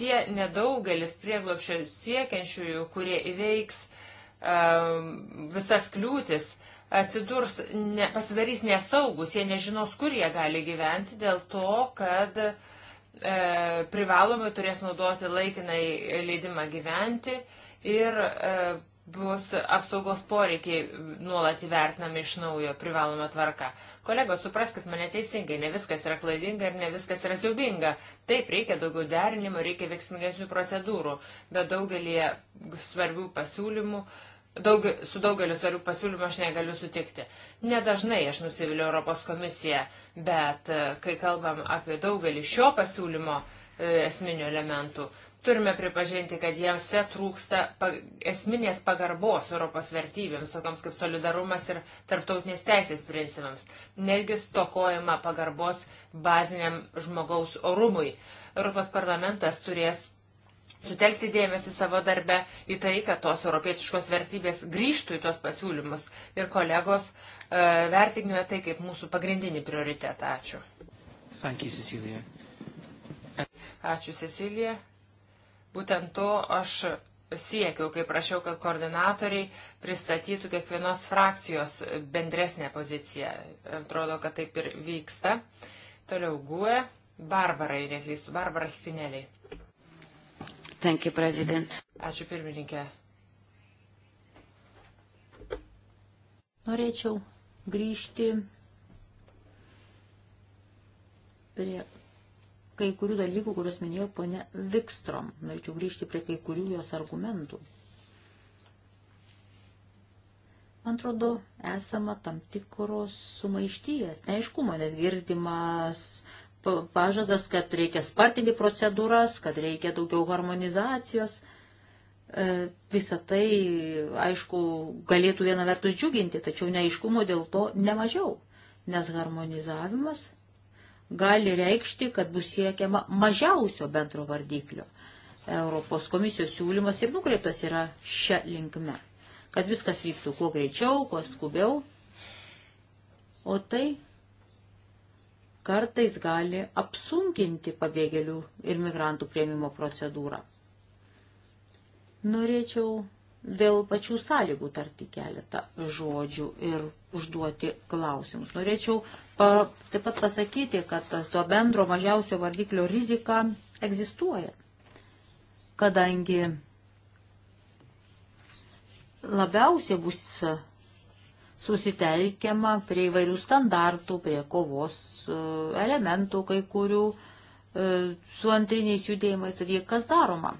tie nedaugelis prieglopšio siekiančiųjų, kurie įveiks e, visas kliūtis, atsidurs, ne, pasidarys nesaugus, jie nežinos, kur jie gali gyventi dėl to, kad e, e, privalomai turės naudoti laikinai leidimą gyventi ir e, bus apsaugos poreikiai nuolat įvertinami iš naujo privaloma tvarka. Kolegos, supraskit mane teisingai, ne viskas yra klaidinga ir ne viskas yra siubinga. Taip, reikia daugiau derinimo, reikia veiksmingesnių procedūrų, bet daugelį svarbių pasiūlymų uh, daug, su daugeliu svarbių pasiūlymų aš negaliu sutikti. Nedažnai aš nusiviliu Europos komisiją, bet e, kai kalbam apie daugelį šio pasiūlymo e, esminių elementų, turime pripažinti, kad jiems trūksta esminės pagarbos Europos vertybėms, tokiams kaip solidarumas ir tarptautinės teisės principams. Netgi stokojama pagarbos baziniam žmogaus orumui. Europos parlamentas turės sutelkti dėmesį savo darbę į tai, kad tos europietiškos vertybės grįžtų į tos pasiūlymus ir kolegos e, vertinioja tai kaip mūsų pagrindinį prioritetą. Ačiū. Thank you, Cecilija. Ačiū, Cecilija. Būtent to aš siekiau, kai prašiau, kad koordinatoriai pristatytų kiekvienos frakcijos bendresnę poziciją. Atrodo, kad taip ir vyksta. Toliau guė. Barbarai, neklystu, Barbaras Spineliai. Thank you, President. Ačiū pirmininkė. Norėčiau grįžti prie kai kurių dalykų, kuriuos minėjo ponė Vikstrom. Norėčiau grįžti prie kai kurių jos argumentų. Man atrodo, esama tam tikros sumaišties, neaiškumo, nes girdimas pažadas, kad reikia spartinti procedūras, kad reikia daugiau harmonizacijos. E, Visą tai, aišku, galėtų viena vertus džiuginti, tačiau neaiškumo dėl to nemažiau, nes harmonizavimas gali reikšti, kad bus siekiama mažiausio bendro vardiklio. Europos komisijos siūlymas ir nukreiptas yra šią linkme, kad viskas vyktų kuo greičiau, kuo skubiau. O tai kartais gali apsunkinti pabėgėlių ir migrantų prieimimo procedūrą. Norėčiau dėl pačių sąlygų tarti keletą žodžių ir užduoti klausimus. Norėčiau pa, taip pat pasakyti, kad tas to bendro mažiausio vardiklio rizika egzistuoja, kadangi labiausiai bus susitelkiama prie įvairių standartų, prie kovos e, elementų kai kurių e, su antriniais judėjimais ir kas daroma.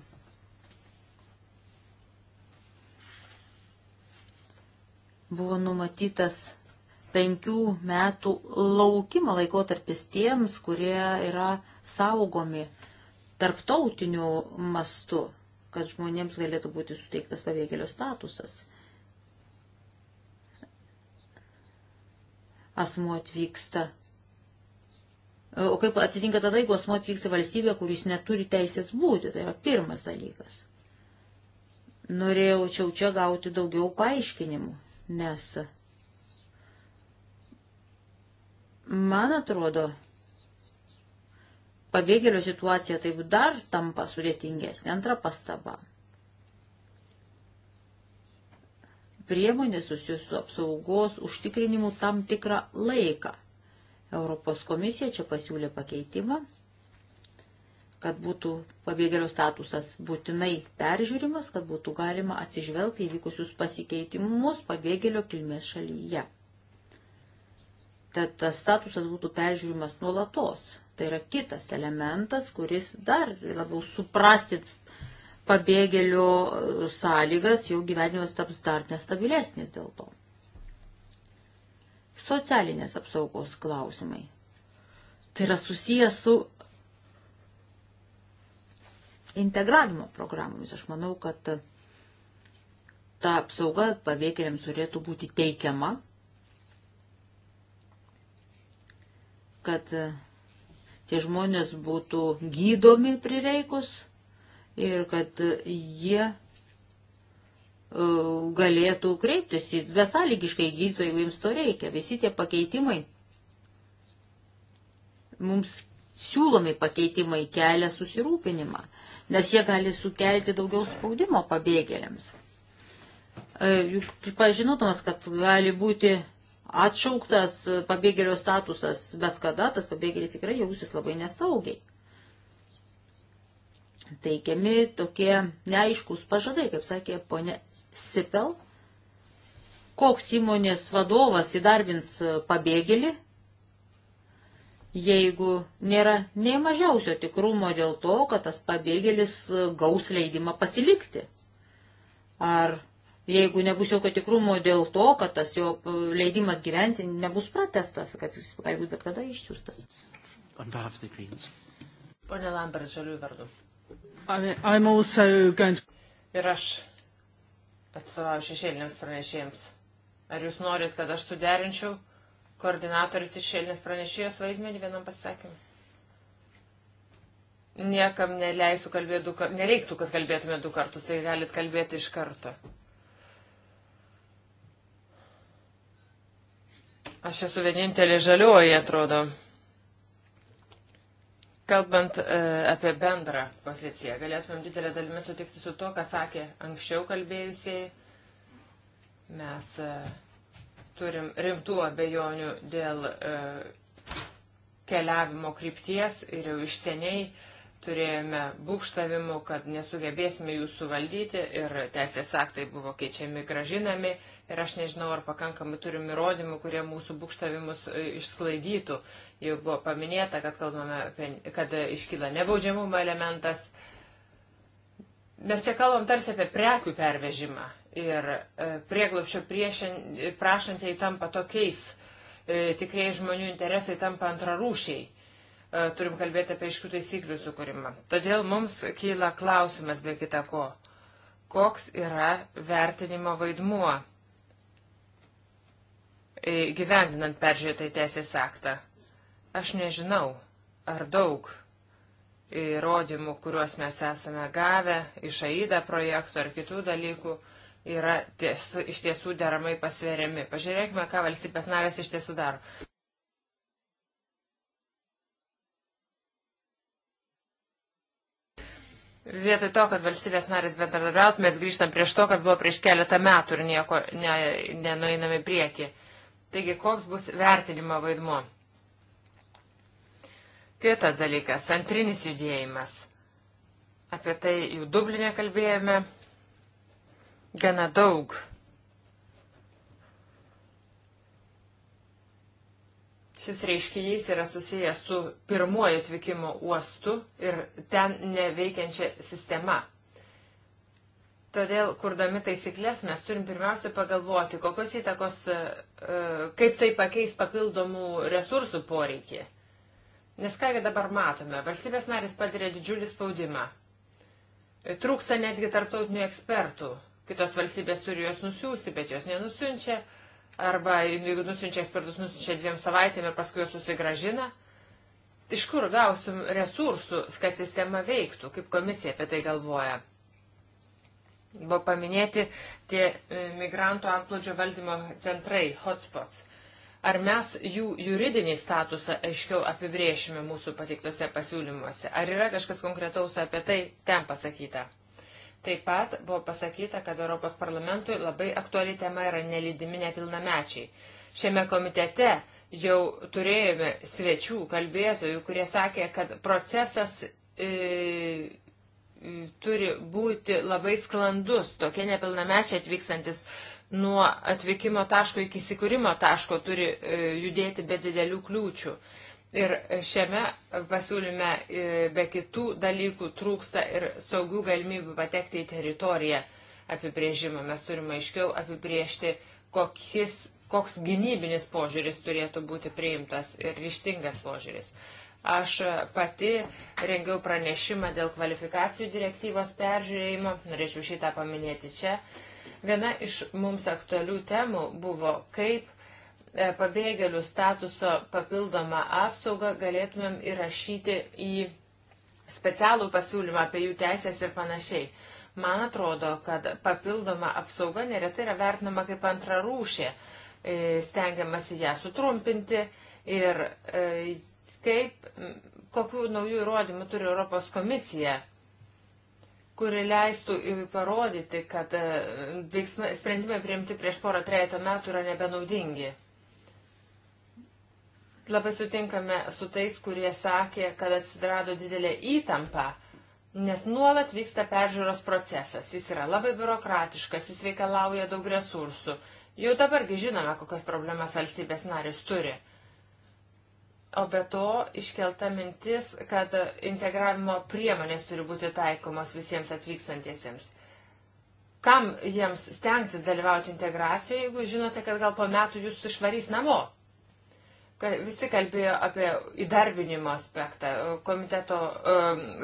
Buvo numatytas penkių metų laukimo laikotarpis tiems, kurie yra saugomi tarptautiniu mastu, kad žmonėms galėtų būti suteiktas pabėgėlio statusas. asmuo atvyksta. O kaip atsitinka tada, jeigu asmuo atvyksta valstybė, kur jis neturi teisės būti, tai yra pirmas dalykas. Norėjau čia, čia gauti daugiau paaiškinimų, nes man atrodo, pabėgėlio situacija taip dar tampa sudėtingesnė. Antra pastaba. priemonė susijusių apsaugos užtikrinimu tam tikrą laiką. Europos komisija čia pasiūlė pakeitimą, kad būtų pabėgėlio statusas būtinai peržiūrimas, kad būtų galima atsižvelgti įvykusius pasikeitimus pabėgėlio kilmės šalyje. Tad tas statusas būtų peržiūrimas nuolatos. Tai yra kitas elementas, kuris dar labiau suprastins pabėgėlių sąlygas, jų gyvenimas taps dar nestabilesnis dėl to. Socialinės apsaugos klausimai. Tai yra susijęs su integravimo programomis. Aš manau, kad ta apsauga pabėgėliams turėtų būti teikiama, kad tie žmonės būtų gydomi prireikus ir kad jie e, galėtų kreiptis į besąlygiškai gydytoją, jeigu jums to reikia. Visi tie pakeitimai, mums siūlomi pakeitimai kelia susirūpinimą, nes jie gali sukelti daugiau spaudimo pabėgėliams. E, juk pažinotumas, kad gali būti atšauktas pabėgėlio statusas, bet kada tas pabėgėlis tikrai jausis labai nesaugiai teikiami tokie neaiškus pažadai, kaip sakė ponė Sipel, koks įmonės vadovas įdarbins pabėgėlį, jeigu nėra nei mažiausio tikrumo dėl to, kad tas pabėgėlis gaus leidimą pasilikti. Ar jeigu nebus jokio tikrumo dėl to, kad tas jo leidimas gyventi nebus pratestas, kad jis gali būti bet kada išsiųstas. Pone Lambert, žaliųjų vardu. I'm also going to... Ir aš atstovauju šešėliniams pranešėjams. Ar jūs norit, kad aš suderinčiau koordinatorius ir šešėlinis pranešėjas vaidmenį vienam pasakymui? Niekam neleisiu kalbėti du kartus, nereiktų, kad kalbėtume du kartus, tai galit kalbėti iš karto. Aš esu vienintelė žalioji, atrodo. Kalbant e, apie bendrą poziciją, galėtumėm didelę dalimi sutikti su to, ką sakė anksčiau kalbėjusiai. Mes e, turim rimtų abejonių dėl e, keliavimo krypties ir jau iš seniai uh, turėjome būkštavimų, kad nesugebėsime jų suvaldyti ir teisės aktai buvo keičiami, gražinami ir aš nežinau, ar pakankamai turim įrodymų, kurie mūsų būkštavimus e, išsklaidytų. Jau buvo paminėta, kad, kalbame apie, kad iškyla nebaudžiamumo elementas. Mes čia kalbam tarsi apie prekių pervežimą ir e, prieglopšio prašantieji tampa tokiais, e, tikrai žmonių interesai tampa antrarūšiai E, turim kalbėti apie iškių taisyklių sukūrimą. Todėl mums kyla klausimas be kita ko, koks yra vertinimo vaidmuo e, gyvendinant peržiūrėtai teisės aktą. Aš nežinau, ar daug įrodymų, kuriuos mes esame gavę iš AIDA projektų ar kitų dalykų, yra ties, iš tiesų deramai pasveriami. Pažiūrėkime, ką valstybės narės iš tiesų daro. Vietoj to, kad valstybės narės bendradarbiautų, mes grįžtam prieš to, kas buvo prieš keletą metų ir nieko ne, nenuiname prieki. Taigi, koks bus vertinimo vaidmuo? Kitas dalykas - antrinis judėjimas. Apie tai jau Dublinė kalbėjome gana daug Šis reiškinys yra susijęs su pirmuoju atvykimo uostu ir ten neveikiančia sistema. Todėl, kurdami taisyklės, mes turim pirmiausia pagalvoti, kokios įtakos, e, e, kaip tai pakeis papildomų resursų poreikį. Nes kągi dabar matome, valstybės narys patiria didžiulį spaudimą. E, trūksta netgi tarptautinių ekspertų. Kitos valstybės turi juos nusiųsti, bet jos nenusiunčia arba jeigu nusinčia ekspertus, nusinčia dviem savaitėm ir paskui juos susigražina. Iš kur gausim resursų, kad sistema veiktų, kaip komisija apie tai galvoja? Buvo paminėti tie e, migrantų antplūdžio valdymo centrai, hotspots. Ar mes jų juridinį statusą aiškiau apibrėšime mūsų pateiktose pasiūlymuose? Ar yra kažkas konkretaus apie tai ten pasakyta? Taip pat buvo pasakyta, kad Europos parlamentui labai aktuali tema yra nelydimi nepilnamečiai. Šiame komitete jau turėjome svečių kalbėtojų, kurie sakė, kad procesas e, turi būti labai sklandus. Tokie nepilnamečiai atvykstantis nuo atvykimo taško iki įsikūrimo taško turi e, judėti be didelių kliūčių. E, Ir šiame pasiūlyme e, be kitų dalykų trūksta ir saugių galimybių patekti į teritoriją apibrėžimą. Mes turime aiškiau apibriežti, kokis, koks gynybinis požiūris turėtų būti priimtas ir ryštingas požiūris. Aš pati rengiau pranešimą dėl kvalifikacijų direktyvos peržiūrėjimo, norėčiau šitą paminėti čia. Viena iš mums aktualių temų buvo, kaip E, pabėgėlių statuso papildomą apsaugą galėtumėm įrašyti į specialų pasiūlymą apie jų teisės ir panašiai. Man atrodo, kad papildoma apsauga neretai yra vertinama kaip antra rūšė, e, stengiamasi ją sutrumpinti ir e, kaip, kokių naujų įrodymų turi Europos komisija kuri leistų parodyti, kad veiksma, sprendimai priimti prieš porą trejetą metų yra nebenaudingi labai sutinkame su tais, kurie sakė, kad atsidrado didelė įtampa, nes nuolat vyksta peržiūros procesas. Jis yra labai biurokratiškas, jis reikalauja daug resursų. Jau dabargi žinome, kokias problemas valstybės narės turi. O be to iškelta mintis, kad integravimo priemonės turi būti taikomos visiems atvykstantiesiems. Kam jiems stengtis dalyvauti integracijoje, jeigu žinote, kad gal po metų jūs išvarys namo? Visi kalbėjo apie įdarbinimo aspektą. Komiteto,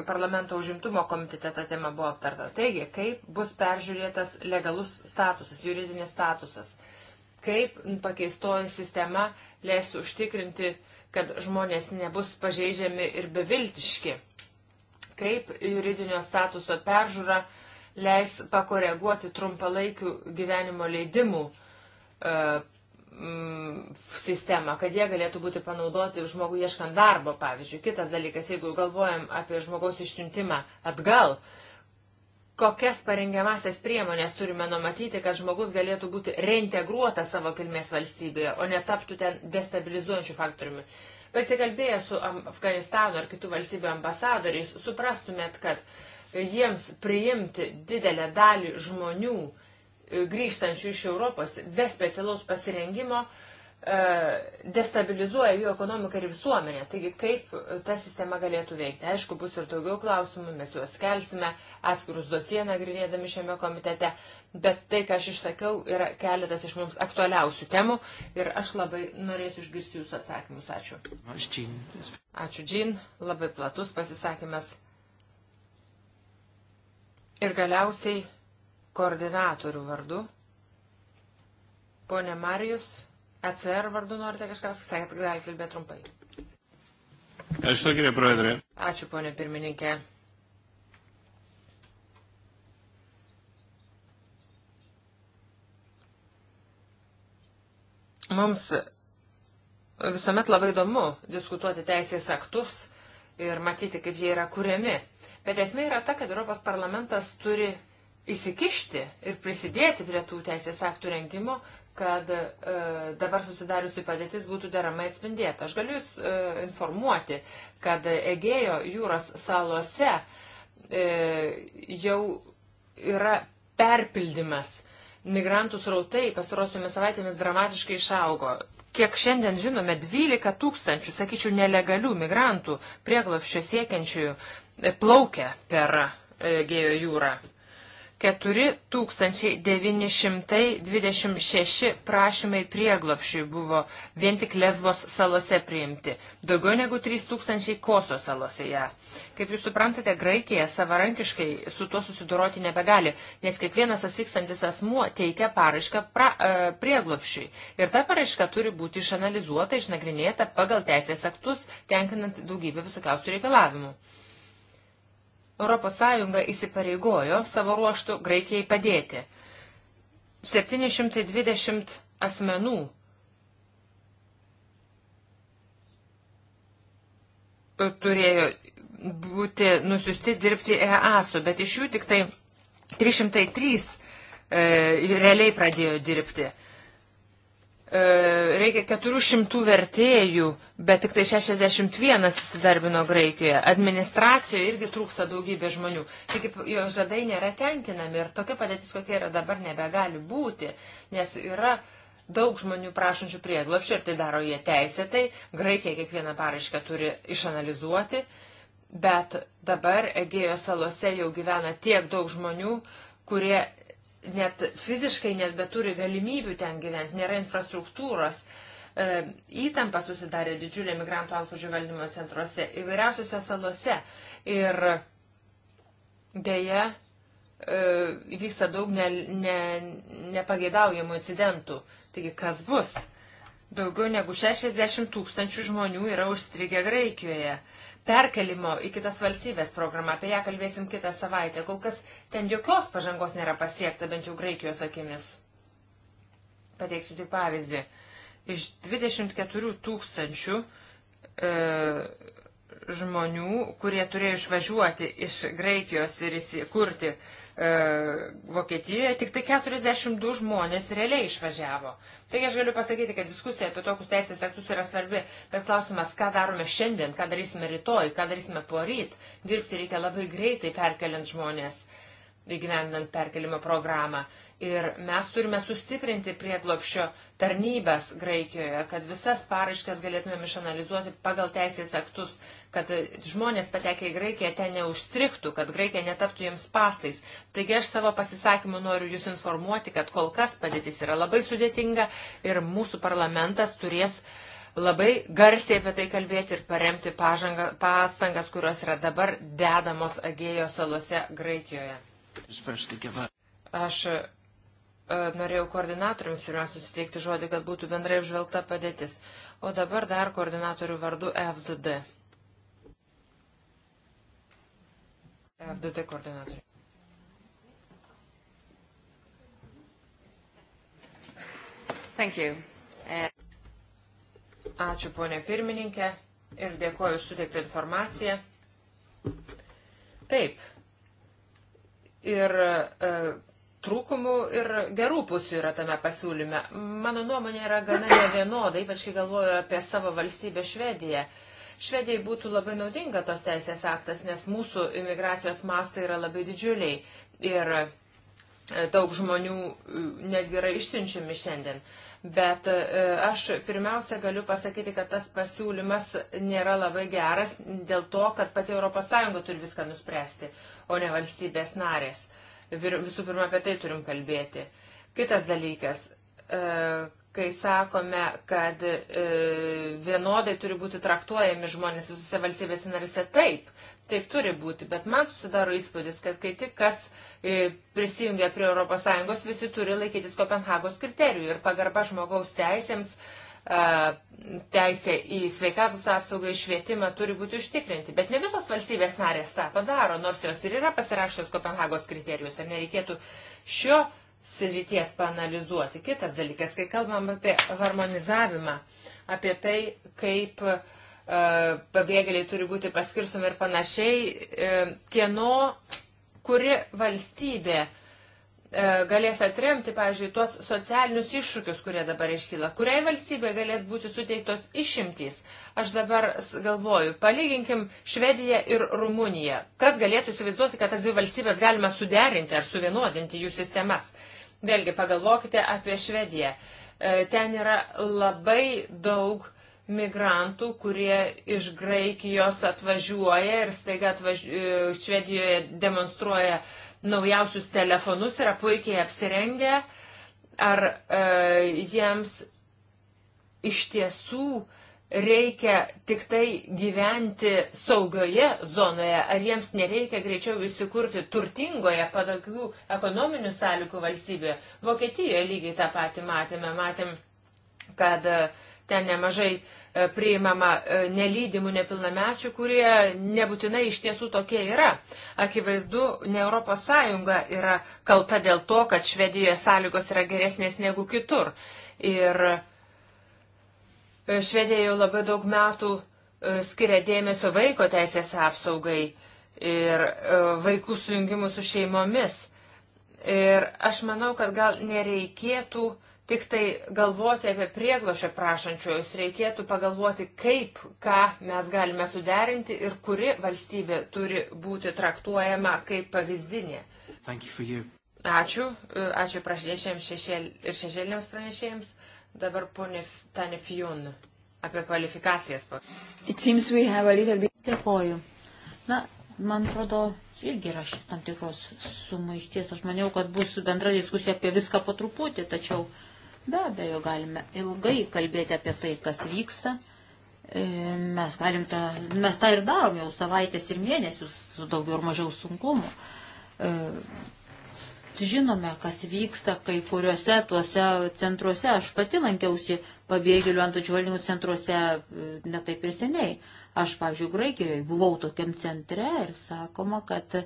parlamento užimtumo komitete ta tema buvo aptarta. Taigi, kaip bus peržiūrėtas legalus statusas, juridinis statusas. Kaip pakeistoji sistema leis užtikrinti, kad žmonės nebus pažeidžiami ir beviltiški. Kaip juridinio statuso peržiūra leis pakoreguoti trumpalaikių gyvenimo leidimų e, Mm, sistemą, kad jie galėtų būti panaudoti žmogų ieškant darbo, pavyzdžiui. Kitas dalykas, jeigu galvojam apie žmogaus išsiuntimą atgal, kokias parengiamasias priemonės turime numatyti, kad žmogus galėtų būti reintegruotas savo kilmės valstybėje, o netaptų ten destabilizuojančių faktoriumi. Pasikalbėję su Afganistano ar kitų valstybių ambasadoriais, suprastumėt, kad jiems priimti didelę dalį žmonių, E, grįžtančių iš Europos be specialaus pasirengimo e, destabilizuoja jų ekonomiką ir visuomenę. Taigi, kaip e, ta sistema galėtų veikti? Aišku, bus ir daugiau klausimų, mes juos kelsime, atskirus dosie nagrinėdami šiame komitete, bet tai, ką aš išsakiau, yra keletas iš mums aktualiausių temų ir aš labai norėsiu išgirsti jūsų atsakymus. Ačiū. Aš Džin. Ačiū, Džin. Labai platus pasisakymas. Ir galiausiai koordinatorių vardu. Pone Marijus, ECR vardu norite kažką pasakyti, galite kalbėti trumpai. Aš to gerai, proedrė. Ačiū, ponė pirmininkė. Mums visuomet labai įdomu diskutuoti teisės aktus ir matyti, kaip jie yra kuriami. Bet esmė yra ta, kad Europos parlamentas turi įsikišti ir prisidėti prie tų teisės aktų rengimo, kad e, dabar susidariusi padėtis būtų deramai atspindėta. Aš galiu Jūs e, informuoti, kad Egėjo jūros salose e, jau yra perpildymas. Migrantų srautai pastarosiomis savaitėmis dramatiškai išaugo. Kiek šiandien žinome, 12 tūkstančių, sakyčiau, nelegalių migrantų prieglopščio siekiančiųjų e, plaukia per e, Egėjo jūrą. 4926 prašymai prieglopšiui buvo vien tik lesbos salose priimti, daugiau negu 3000 koso salose. Kaip jūs suprantate, Graikija savarankiškai su tuo susidoroti nebegali, nes kiekvienas atvykstantis asmuo teikia paraišką pra, e, prieglopšiui. Ir ta paraiška turi būti išanalizuota, išnagrinėta pagal teisės aktus, tenkinant daugybę visokiausių reikalavimų. ES įsipareigojo savo ruoštų Graikijai padėti. 720 asmenų turėjo būti nusiusti dirbti EASU, bet iš jų tik tai 303 e, realiai pradėjo dirbti. E, reikia 400 vertėjų, bet tik tai 61 įsidarbino Graikijoje. Administracijoje irgi trūksta daugybė žmonių. Taigi jo žadai nėra tenkinami ir tokia padėtis, kokia yra dabar, nebegali būti, nes yra daug žmonių prašančių prieglopšio ir tai daro jie teisėtai. Graikija kiekvieną paraišką turi išanalizuoti, bet dabar Egėjo salose jau gyvena tiek daug žmonių, kurie net fiziškai nebeturi galimybių ten gyventi, nėra infrastruktūros. E, įtampa susidarė didžiulė migrantų antplūdžio valdymo centruose, įvairiausiose salose. Ir dėja, e, vyksta daug ne, ne, nepageidaujamų incidentų. Taigi, kas bus? Daugiau negu 60 tūkstančių žmonių yra užstrigę Graikijoje perkelimo į kitas valstybės programą. Apie ją kalbėsim kitą savaitę. Kol kas ten jokios pažangos nėra pasiekta, bent jau Graikijos akimis. Pateiksiu tik pavyzdį. Iš 24 tūkstančių e, žmonių, kurie turėjo išvažiuoti iš Graikijos ir įsikurti, e, E, Vokietijoje tik tai 42 žmonės realiai išvažiavo. Taigi aš galiu pasakyti, kad diskusija apie tokius teisės aktus yra svarbi, bet klausimas, ką darome šiandien, ką darysime rytoj, ką darysime poryt, dirbti reikia labai greitai perkeliant žmonės įgyvendant perkelimo programą. Ir mes turime sustiprinti prieglopščio uh, tarnybas Graikijoje, kad visas paraiškas galėtumėm išanalizuoti pagal teisės aktus, kad žmonės patekę į Graikiją ten neužstriktų, kad Graikija netaptų jiems pastais. Taigi aš savo pasisakymu noriu Jūs informuoti, kad kol kas padėtis yra labai sudėtinga ir mūsų parlamentas turės labai garsiai apie tai kalbėti ir paremti pažanga, pastangas, kurios yra dabar dedamos Agėjo salose Graikijoje. Aš E, norėjau koordinatoriams pirmiausia suteikti žodį, kad būtų bendrai apžvelgta padėtis. O dabar dar koordinatorių vardu FDD. FDD koordinatoriai. Thank you. E, Ačiū ponė pirmininkė ir dėkoju už suteiktą informaciją. Taip. Ir uh, trūkumų ir gerų pusių yra tame pasiūlyme. Mano nuomonė yra gana nevienoda, ypač kai galvoju apie savo valstybę Švediją. Švedijai būtų labai naudinga tos teisės aktas, nes mūsų imigracijos mastai yra labai didžiuliai ir e, daug žmonių e, netgi yra išsiunčiami šiandien. Bet e, aš pirmiausia galiu pasakyti, kad tas pasiūlymas nėra labai geras dėl to, kad pati ES turi viską nuspręsti, o ne valstybės narės. Visų pirma, apie tai turim kalbėti. Kitas dalykas, e, kai sakome, kad e, vienodai turi būti traktuojami žmonės visose valstybėse narise, taip, taip turi būti, bet man susidaro įspūdis, kad kai tik kas e, prisijungia prie ES, visi turi laikytis Kopenhagos kriterijų ir pagarba žmogaus teisėms teisė į sveikatos apsaugą, į švietimą turi būti užtikrinti. Bet ne visos valstybės narės tą padaro, nors jos ir yra pasirašęs Kopenhagos kriterijus. Ar nereikėtų šio srities panalizuoti? Kitas dalykas, kai kalbam apie harmonizavimą, apie tai, kaip pabėgėliai turi būti paskirstomi ir panašiai, e, kieno, kuri valstybė uh, E, galės atremti, pavyzdžiui, tuos socialinius iššūkius, kurie dabar iškyla. Kuriai valstybė galės būti suteiktos išimtys? Aš dabar galvoju, palyginkim Švediją ir Rumuniją. Kas galėtų įsivaizduoti, kad tas dvi valstybės galima suderinti ar suvienodinti jų sistemas? Vėlgi, pagalvokite apie Švediją. E, ten yra labai daug migrantų, kurie iš Graikijos atvažiuoja ir staiga atvaž... E, Švedijoje demonstruoja uh, naujausius telefonus, yra puikiai apsirengę, ar e, jiems iš tiesų reikia tik tai gyventi saugioje zonoje, ar jiems nereikia greičiau įsikurti turtingoje, patogių ekonominių sąlygų valstybėje. Vokietijoje lygiai tą patį matėme, matėm, kad e, ten nemažai uh, E, priimama e, nelydimų nepilnamečių, kurie nebūtinai iš tiesų tokie yra. Akivaizdu, ne ES yra kalta dėl to, kad Švedijoje sąlygos yra geresnės negu kitur. Ir e, Švedija jau labai daug metų skiria dėmesio vaiko teisės apsaugai ir vaikų sujungimu su šeimomis. Ir aš manau, kad gal nereikėtų uh, tik tai galvoti apie prieglošę prašančiojus, reikėtų pagalvoti, kaip, ką mes galime suderinti ir kuri valstybė turi būti traktuojama kaip pavyzdinė. You you. Ačiū, ačiū prašėšėms šešėl, ir šešėlėms pranešėjams. Dabar ponė Tanefjun apie kvalifikacijas. Bit... Dėkoju. Na, man atrodo, irgi yra tam tikros sumaišties. Aš maniau, kad bus bendra diskusija apie viską po truputį, tačiau Be abejo, galime ilgai kalbėti apie tai, kas vyksta. E, mes, tą, mes tą ir darom jau savaitės ir mėnesius su daugiau ir mažiau sunkumu. E, žinome, kas vyksta kai kuriuose tuose centruose. Aš pati lankiausi pabėgėlių ant atžvalgymų centruose e, netaip ir seniai. Aš, pavyzdžiui, Graikijoje buvau tokiam centre ir sakoma, kad uh,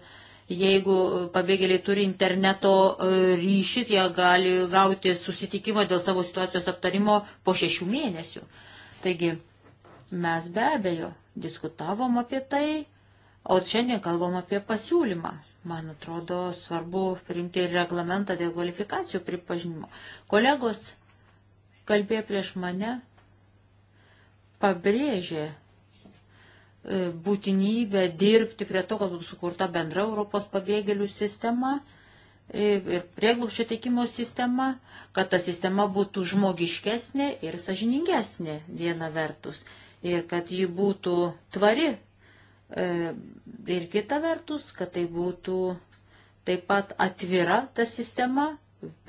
Jeigu pabėgėliai turi interneto e, ryšį, tai jie gali gauti susitikimą dėl savo situacijos aptarimo po šešių mėnesių. Taigi mes be abejo diskutavom apie tai, o šiandien kalbam apie pasiūlymą. Man atrodo svarbu priimti ir reglamentą dėl kvalifikacijų pripažinimo. Kolegos kalbėjo prieš mane, pabrėžė E, būtinybę dirbti prie to, kad būtų sukurta bendra Europos pabėgėlių sistema e, ir prieglupščio teikimo sistema, kad ta sistema būtų žmogiškesnė ir sažiningesnė viena vertus ir kad ji būtų tvari e, ir kita vertus, kad tai būtų taip pat atvira ta sistema,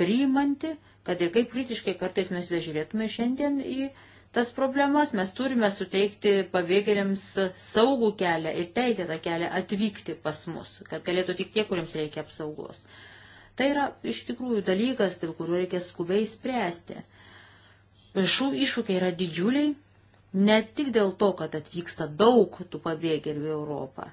priimanti, kad ir kaip kritiškai kartais mes vežiūrėtume šiandien į tas problemas, mes turime suteikti pabėgėliams saugų kelią ir teisėtą kelią atvykti pas mus, kad galėtų tik tie, kuriems reikia apsaugos. Tai yra iš tikrųjų dalykas, dėl kurio reikia skubiai spręsti. Šių iššūkiai yra didžiuliai Ne tik dėl to, kad atvyksta daug tų pabėgėlių į Europą,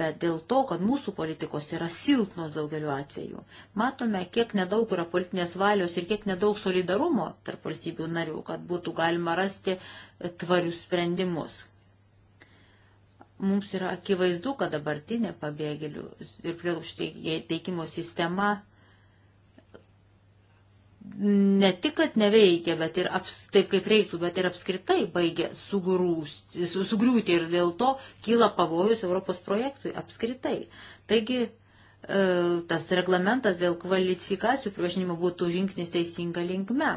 bet dėl to, kad mūsų politikos yra silpnos daugeliu atveju. Matome, kiek nedaug yra politinės valios ir kiek nedaug solidarumo tarp valstybių narių, kad būtų galima rasti tvarius sprendimus. Mums yra akivaizdu, kad dabartinė pabėgėlių ir prielušteikimo sistema ne tik, kad neveikia, bet ir aps, taip kaip reiktų, bet ir apskritai baigia sugrūsti, sugriūti ir dėl to kyla pavojus Europos projektui apskritai. Taigi e, tas reglamentas dėl kvalifikacijų pripažinimo būtų žingsnis teisinga linkme,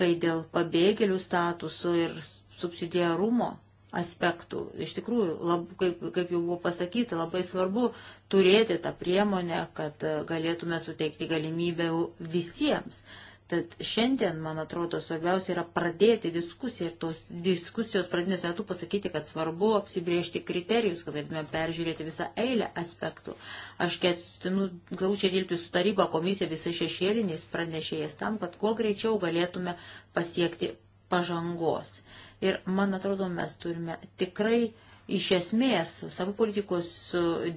kai dėl pabėgėlių statuso ir subsidiarumo aspektų. Iš tikrųjų, lab, kaip, kaip jau buvo pasakyta, labai svarbu turėti tą priemonę, kad galėtume suteikti galimybę visiems. Tad šiandien, man atrodo, svarbiausia yra pradėti diskusiją ir tos diskusijos pradinės metu pasakyti, kad svarbu apsibriežti kriterijus, kad galėtume peržiūrėti visą eilę aspektų. Aš ketinu glaučiai dirbti su taryba komisija visai šešėliniais pranešėjais tam, kad kuo greičiau galėtume pasiekti pažangos. Ir man atrodo, mes turime tikrai iš esmės savo politikos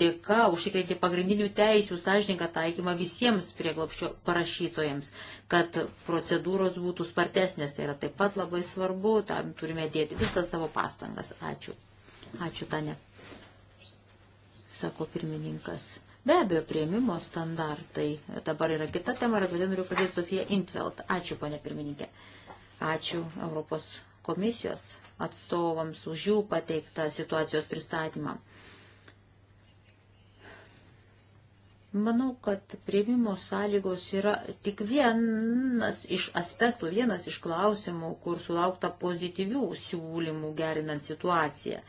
dėka užtikrinti pagrindinių teisių sąžininką taikymą visiems prieglopščio parašytojams, kad procedūros būtų spartesnės. Tai yra taip pat labai svarbu, tam turime dėti visas savo pastangas. Ačiū. Ačiū, Tane. Sako pirmininkas. Be abejo, prieimimo standartai. Dabar yra kita tema ir apie tai noriu pradėti Sofija Intveld. Ačiū, ponė pirmininkė. Ačiū Europos komisijos atstovams už jų pateiktą situacijos pristatymą. Manau, kad prieimimo sąlygos yra tik vienas iš aspektų, vienas iš klausimų, kur sulaukta pozityvių siūlymų gerinant situaciją.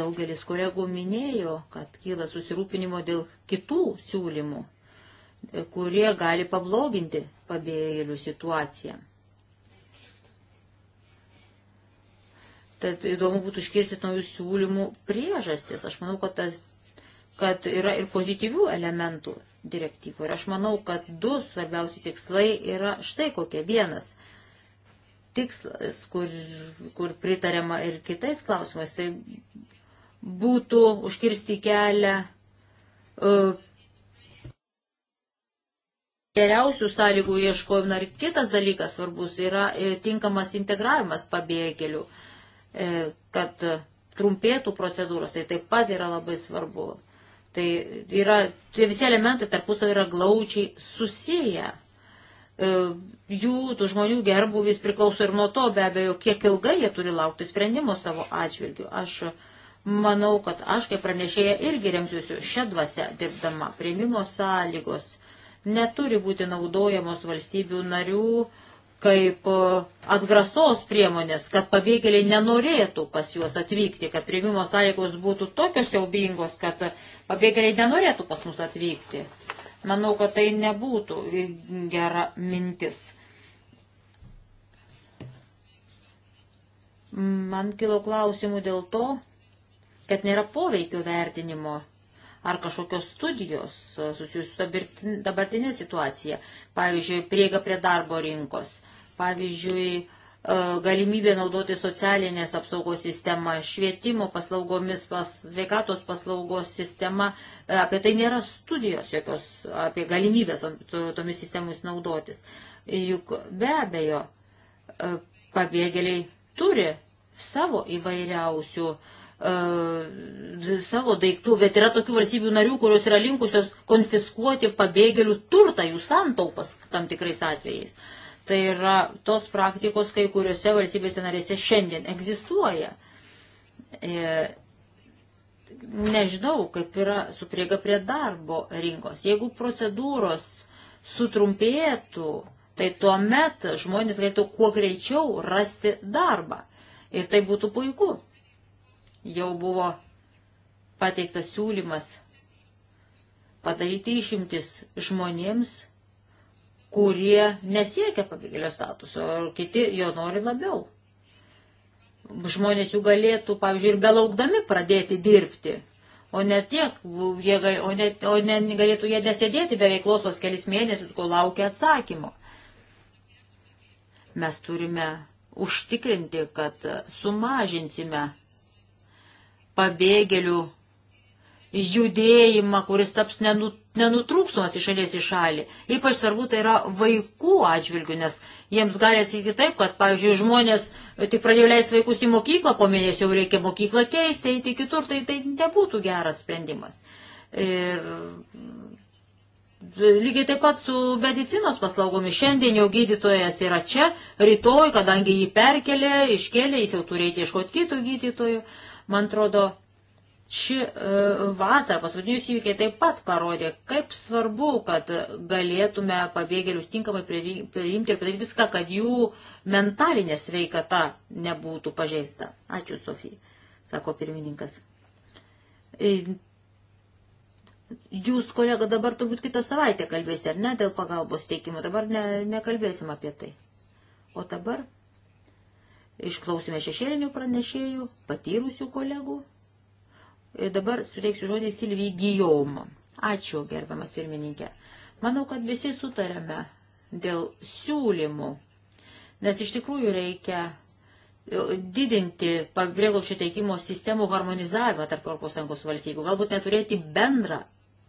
Daugelis kolegų minėjo, kad kyla susirūpinimo dėl kitų siūlymų, kurie gali pabloginti pabėgėlių situaciją. Tad įdomu būtų iškirsti naujų siūlymų priežastis. Aš manau, kad, tas, kad yra ir pozityvių elementų direktyvų. Ir aš manau, kad du svarbiausi tikslai yra štai kokie. Vienas tikslas, kur, kur pritarėma ir kitais klausimais, tai būtų užkirsti kelią uh, geriausių sąlygų ieškojimą. Ir kitas dalykas svarbus yra e, tinkamas integravimas pabėgėlių. Uh, E, kad trumpėtų procedūros, tai taip pat yra labai svarbu. Tai yra, tie visi elementai tarpusavį yra glaučiai susiję. E, jų, tų žmonių gerbuvis priklauso ir nuo to, be abejo, kiek ilgai jie turi laukti sprendimo savo atžvilgiu. Aš manau, kad aš kaip pranešėja irgi remsiuosiu šią dvasę dirbdama. Prieimimo sąlygos neturi būti naudojamos valstybių narių kaip e, atgrasos priemonės, kad pabėgėliai nenorėtų pas juos atvykti, kad prieimimo sąlygos būtų tokios siaubingos, kad pabėgėliai nenorėtų pas mus atvykti. Manau, kad tai nebūtų gera mintis. Man kilo klausimų dėl to, kad nėra poveikio vertinimo ar kažkokios studijos susijusios su dabartinė situacija, pavyzdžiui, prieiga prie darbo rinkos. Pavyzdžiui, e, galimybė naudoti socialinės apsaugos sistemą, švietimo paslaugomis, pas, sveikatos paslaugos sistema. E, apie tai nėra studijos jokios, apie galimybės tomis sistemomis naudotis. Juk be abejo, e, pabėgėliai turi savo įvairiausių savo daiktų, bet yra tokių valstybių narių, kurios yra linkusios konfiskuoti pabėgėlių turtą, jų santaupas tam tikrais atvejais. Uh, Tai yra tos praktikos kai kuriuose valstybėse narėse šiandien egzistuoja. E, nežinau, kaip yra su prieiga prie darbo rinkos. Jeigu procedūros sutrumpėtų, tai tuomet žmonės galėtų kuo greičiau rasti darbą. Ir tai būtų puiku. Jau buvo pateiktas siūlymas padaryti išimtis žmonėms, kurie nesiekia pabėgėlio statuso, o kiti jo nori labiau. Žmonės jų galėtų, pavyzdžiui, ir belaukdami pradėti dirbti, o ne tiek, jie, o ne, o ne galėtų jie nesėdėti be veiklos tos kelis mėnesius, kol laukia atsakymo. Mes turime užtikrinti, kad sumažinsime pabėgėlių judėjimą, kuris taps nenut nenutrūkstamas iš šalies į šalį. Ypač svarbu tai yra vaikų atžvilgių, nes jiems gali atsitikti taip, kad, pavyzdžiui, žmonės e, tik pradėjo leisti vaikus į mokyklą, po mėnesio jau reikia mokyklą keisti, eiti kitur, tai tai nebūtų geras sprendimas. Ir e, lygiai taip pat su medicinos paslaugomis. Šiandien jau gydytojas yra čia, rytoj, kadangi jį perkelė, iškėlė, jis jau turėjo ieškoti kitų gydytojų. Man atrodo, ši e, vasara, paskutinius įvykiai taip pat parodė, kaip svarbu, kad galėtume pabėgėlius tinkamai priimti ir padaryti viską, kad jų mentalinė sveikata nebūtų pažeista. Ačiū, Sofija, sako pirmininkas. E, jūs, kolega, dabar turbūt kitą savaitę kalbėsite, ar ne, dėl pagalbos teikimo, dabar ne, nekalbėsim apie tai. O dabar išklausime šešėlinių pranešėjų, patyrusių kolegų E, dabar suteiksiu žodį Silvijai Gijom. Ačiū, gerbiamas pirmininkė. Manau, kad visi sutarėme dėl siūlymų, nes iš tikrųjų reikia e, didinti prieglobščio teikimo sistemų harmonizavimą tarp ES valstybių, galbūt neturėti bendrą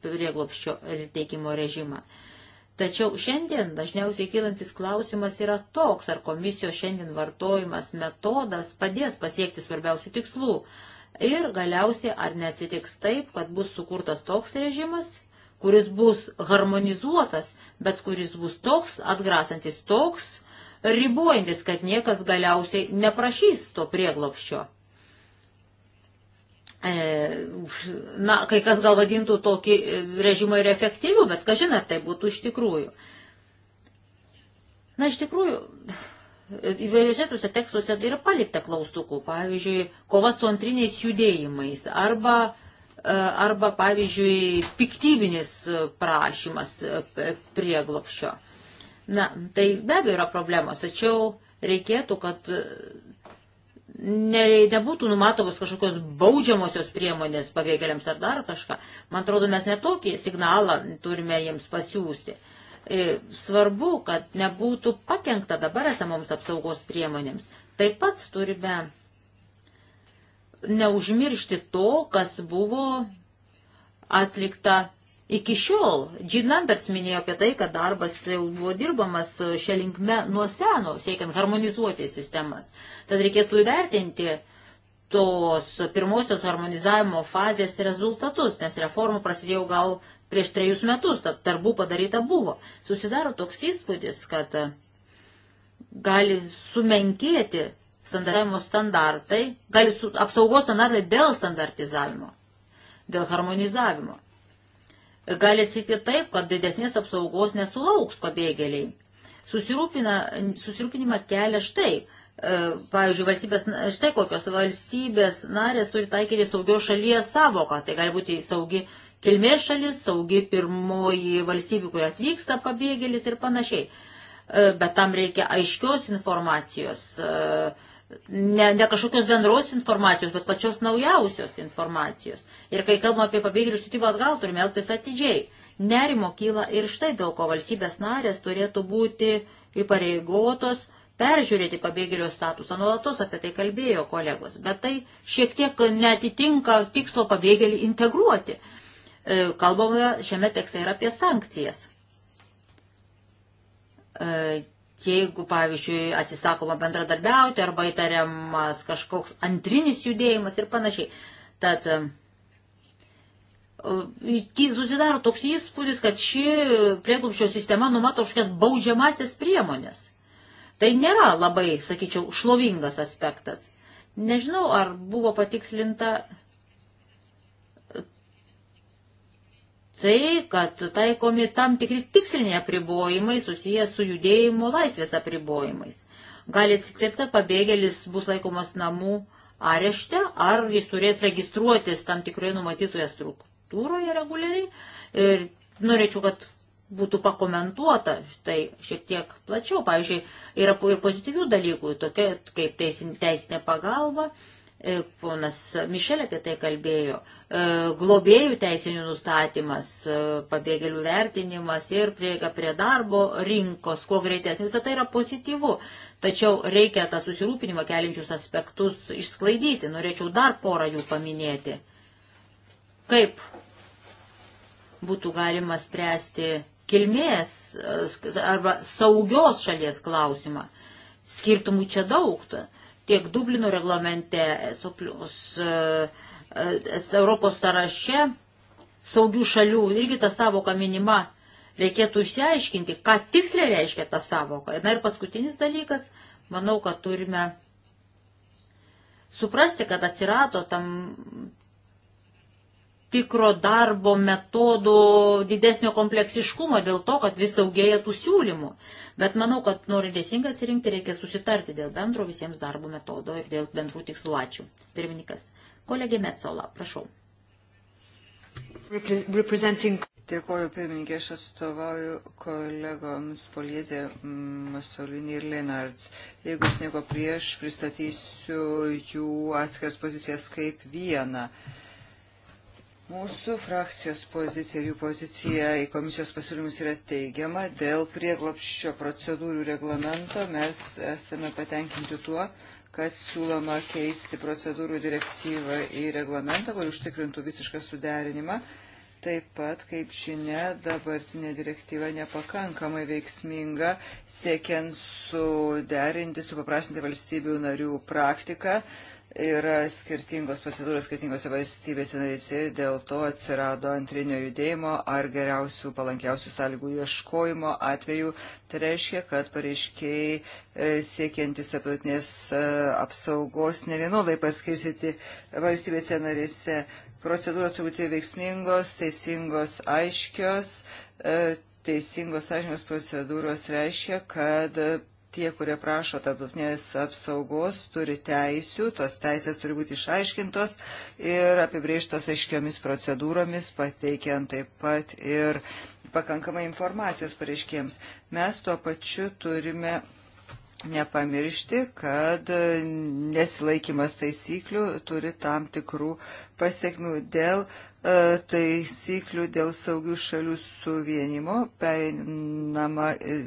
prieglobščio teikimo režimą. Tačiau šiandien dažniausiai kylantis klausimas yra toks, ar komisijos šiandien vartojimas metodas padės pasiekti svarbiausių tikslų, Ir galiausiai, ar neatsitiks taip, kad bus sukurtas toks režimas, kuris bus harmonizuotas, bet kuris bus toks, atgrasantis toks, ribojantis, kad niekas galiausiai neprašys to prieglopščio. E, na, kai kas gal vadintų tokį e, režimą ir efektyvių, bet kažin ar tai būtų iš tikrųjų. Na, iš tikrųjų, įvairiuose tuose tekstuose tai yra palikta klaustukų, pavyzdžiui, kova su antriniais judėjimais arba, e, arba pavyzdžiui, piktybinis e, prašymas e, prieglopščio. Na, tai be abejo yra problemos, tačiau reikėtų, kad nebūtų numatomos kažkokios baudžiamosios priemonės pabėgėliams ar dar kažką. Man atrodo, mes netokį signalą turime jiems pasiūsti. Uh, E, svarbu, kad nebūtų pakengta dabar esamoms apsaugos priemonėms. Taip pat turime neužmiršti to, kas buvo atlikta iki šiol. Jean Lamberts minėjo apie tai, kad darbas jau buvo dirbamas šią linkme nuo seno, siekiant harmonizuoti sistemas. Tad reikėtų įvertinti tos pirmosios harmonizavimo fazės rezultatus, nes reforma prasidėjo gal prieš trejus metus, tad darbų padaryta buvo. Susidaro toks įspūdis, kad e, gali sumenkėti standartizavimo standartai, gali su, apsaugos standartai dėl standartizavimo, dėl harmonizavimo. Gali atsitikti taip, kad didesnės apsaugos nesulauks pabėgėliai. Susirūpinimą kelia štai, e, pavyzdžiui, valstybės, štai kokios valstybės narės turi taikyti saugios šalies savoką, tai gali būti saugi kilmės šalis, saugi pirmoji valstybė, kur atvyksta pabėgėlis ir panašiai. E, bet tam reikia aiškios informacijos, e, ne, ne kažkokios bendros informacijos, bet pačios naujausios informacijos. Ir kai kalbame apie pabėgėlių sutikimą atgal, turime elgtis atidžiai. Nerimo kyla ir štai dėl ko valstybės narės turėtų būti įpareigotos peržiūrėti pabėgėlio statusą. Nuolatos apie tai kalbėjo kolegos, bet tai šiek tiek netitinka tikslo pabėgėlį integruoti. E, kalbame šiame tekste ir apie sankcijas. E, jeigu, pavyzdžiui, atsisakoma bendradarbiauti arba įtariamas kažkoks antrinis judėjimas ir panašiai. Tad e, susidaro toks įspūdis, kad ši prieglupščio sistema numato kažkokias baudžiamasias priemonės. Tai nėra labai, sakyčiau, šlovingas aspektas. Nežinau, ar buvo patikslinta tai, kad taikomi tam tikri tiksliniai apribojimai susiję su judėjimo laisvės apribojimais. Gali atsitikti, kad pabėgėlis bus laikomas namų arešte, ar jis turės registruotis tam tikroje numatytoje struktūroje reguliariai. Ir norėčiau, kad būtų pakomentuota tai šiek tiek plačiau. Pavyzdžiui, yra ir pozityvių dalykų, tokia kaip teisinė pagalba. Uh, E, ponas Mišelė apie tai kalbėjo, e, globėjų teisinių nustatymas, e, pabėgėlių vertinimas ir prieiga prie darbo rinkos, kuo greitesnis, visą tai yra pozityvu. Tačiau reikia tą susirūpinimą keliančius aspektus išsklaidyti. Norėčiau dar porą jų paminėti. Kaip būtų galima spręsti kilmės arba saugios šalies klausimą. Skirtumų čia daug. Ta tiek Dublino reglamente, ESO plus, ES e, Europos sąraše saugių šalių, irgi ta savoka minima, reikėtų išsiaiškinti, ką tiksliai reiškia ta savoka. Na ir paskutinis dalykas, manau, kad turime suprasti, kad atsirado tam tikro darbo metodo didesnio kompleksiškumo dėl to, kad vis daugėja tų siūlymų. Bet manau, kad norint teisingai atsirinkti, reikia susitarti dėl bendro visiems darbo metodo ir dėl bendrų tikslų. Ačiū. Pirmininkas. Kolegė Metsola, prašau. Representing... Dėkoju, pirmininkė, aš atstovauju kolegoms Poliezė Masolinį ir Lenards. Jeigu jūs nieko prieš, pristatysiu jų atskiras pozicijas kaip vieną. Uh, Mūsų frakcijos pozicija ir jų pozicija į komisijos pasiūlymus yra teigiama. Dėl prieglopščio procedūrų reglamento mes esame patenkinti tuo, kad siūloma keisti procedūrų direktyvą į reglamentą, kur užtikrintų visišką suderinimą. Taip pat, kaip žinia, dabartinė direktyva nepakankamai veiksminga, siekiant suderinti, supaprastinti valstybių narių praktiką, yra skirtingos procedūros skirtingose valstybėse narėse ir dėl to atsirado antrinio judėjimo ar geriausių palankiausių sąlygų ieškojimo atveju. Tai reiškia, kad pareiškiai e, siekiantis aptautinės e, apsaugos nevienodai paskirsyti valstybėse narėse. Procedūros turi būti veiksmingos, teisingos, aiškios. E, teisingos, aiškios procedūros reiškia, kad tie, kurie prašo tarptautinės apsaugos, turi teisių, tos teisės turi būti išaiškintos ir apibrėžtos aiškiomis procedūromis, pateikiant taip pat ir pakankamai informacijos pareiškiems. Mes tuo pačiu turime nepamiršti, kad nesilaikimas taisyklių turi tam tikrų pasiekmių dėl E, taisyklių dėl saugių šalių suvienimo, perinama, e,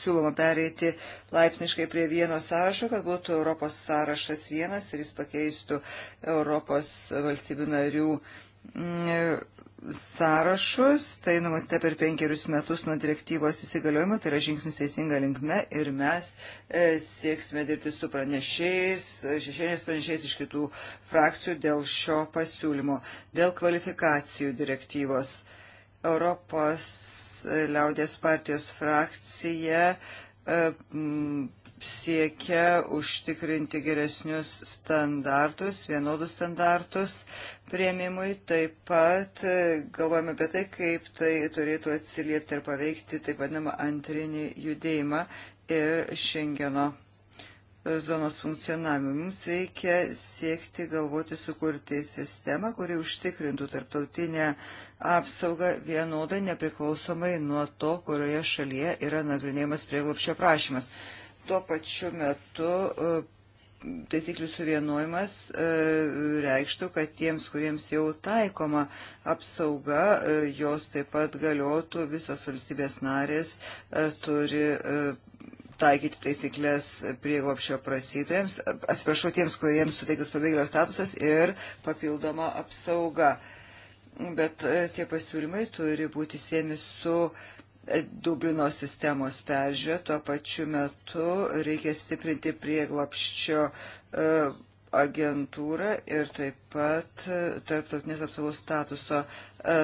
siūloma pereiti laipsniškai prie vieno sąrašo, kad būtų Europos sąrašas vienas ir jis pakeistų Europos valstybių narių sąrašus, tai numatyta per penkerius metus nuo direktyvos įsigaliojimo, tai yra žingsnis teisinga linkme ir mes e, sieksime dirbti su pranešėjais, šešėlės pranešėjais iš kitų frakcijų dėl šio pasiūlymo. Dėl kvalifikacijų direktyvos Europos e, liaudės partijos frakcija e, m, siekia užtikrinti geresnius standartus, vienodus standartus prieimimui. Taip pat e, galvojame apie tai, kaip tai turėtų atsiliepti ir paveikti taip vadinamą antrinį judėjimą ir Šengeno e, zonos funkcionavimui. Mums reikia siekti galvoti sukurti sistemą, kuri užtikrintų tarptautinę apsaugą vienodai nepriklausomai nuo to, kurioje šalyje yra nagrinėjimas prieglopščio prašymas tuo pačiu metu e, taisyklių suvienojimas e, reikštų, kad tiems, kuriems jau taikoma apsauga, e, jos taip pat galiotų, visos valstybės narės turi taikyti taisyklės prieglopšio prasytojams, atsiprašau, tiems, kuriems suteiktas pabėgėlio statusas ir papildoma apsauga. Bet tie pasiūlymai turi būti siemi su uh, Dublino sistemos peržiūrė, tuo pačiu metu reikia stiprinti prieglapščio e, agentūrą ir taip pat e, tarptautinės apsaugos statuso e,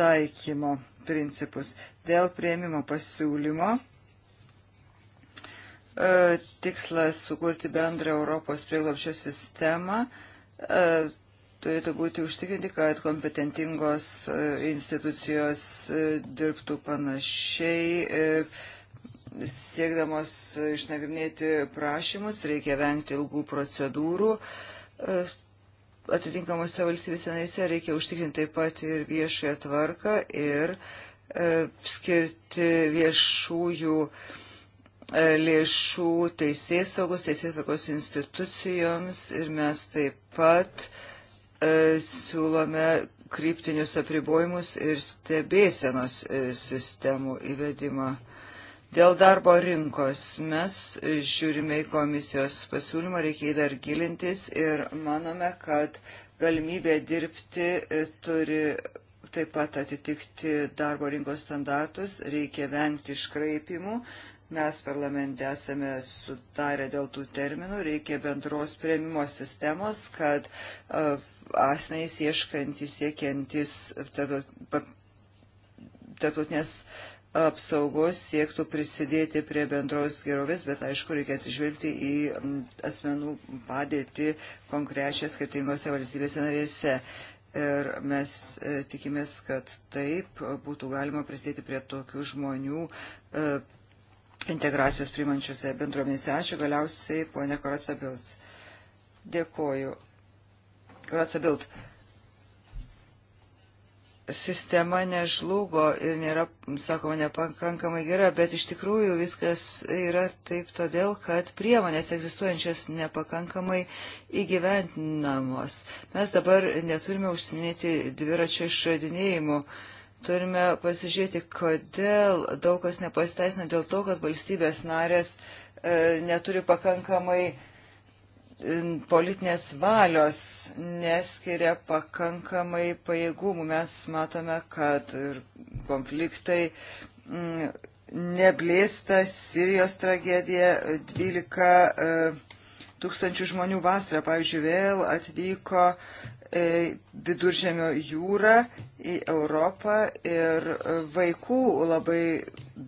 taikymo principus. Dėl prieimimo pasiūlymo tikslas sukurti bendrą Europos prieglapščio sistemą turėtų būti užtikrinti, kad kompetentingos e, institucijos e, dirbtų panašiai. E, siekdamos išnagrinėti prašymus, reikia vengti ilgų procedūrų. Atitinkamuose valstybėse naise reikia užtikrinti taip pat ir viešąją tvarką ir skirti viešųjų lėšų teisės saugos, teisės tvarkos institucijoms ir mes taip pat uh, E, siūlome kryptinius apribojimus ir stebėsenos e, sistemų įvedimą. Dėl darbo rinkos mes žiūrime į komisijos pasiūlymą, reikia į dar gilintis ir manome, kad galimybė dirbti e, turi taip pat atitikti darbo rinkos standartus, reikia vengti iškraipimų. Mes parlamente esame sutarę dėl tų terminų, reikia bendros prieimimo sistemos, kad uh, asmenys ieškantis, siekiantis tarptautinės apsaugos siektų prisidėti prie bendros gerovės, bet aišku, reikia atsižvelgti į asmenų padėtį konkrečią skirtingose valstybėse narėse. Ir mes e, tikimės, kad taip būtų galima prisidėti prie tokių žmonių e, integracijos primančiose bendruomenėse. Ačiū galiausiai, ponė Koracabils. Dėkoju. Kratsa Bild. Sistema nežlugo ir nėra, sakoma, nepakankamai gera, bet iš tikrųjų viskas yra taip todėl, kad priemonės egzistuojančios nepakankamai įgyventinamos. Mes dabar neturime užsiminėti dviračio išradinėjimu turime pasižiūrėti, kodėl daug kas nepasteisina dėl to, kad valstybės narės e, neturi pakankamai politinės valios neskiria pakankamai pajėgumų. Mes matome, kad ir konfliktai neblėsta, Sirijos tragedija 12 e, tūkstančių žmonių vasarą, pavyzdžiui, vėl atvyko viduržėmio jūrą į Europą ir vaikų labai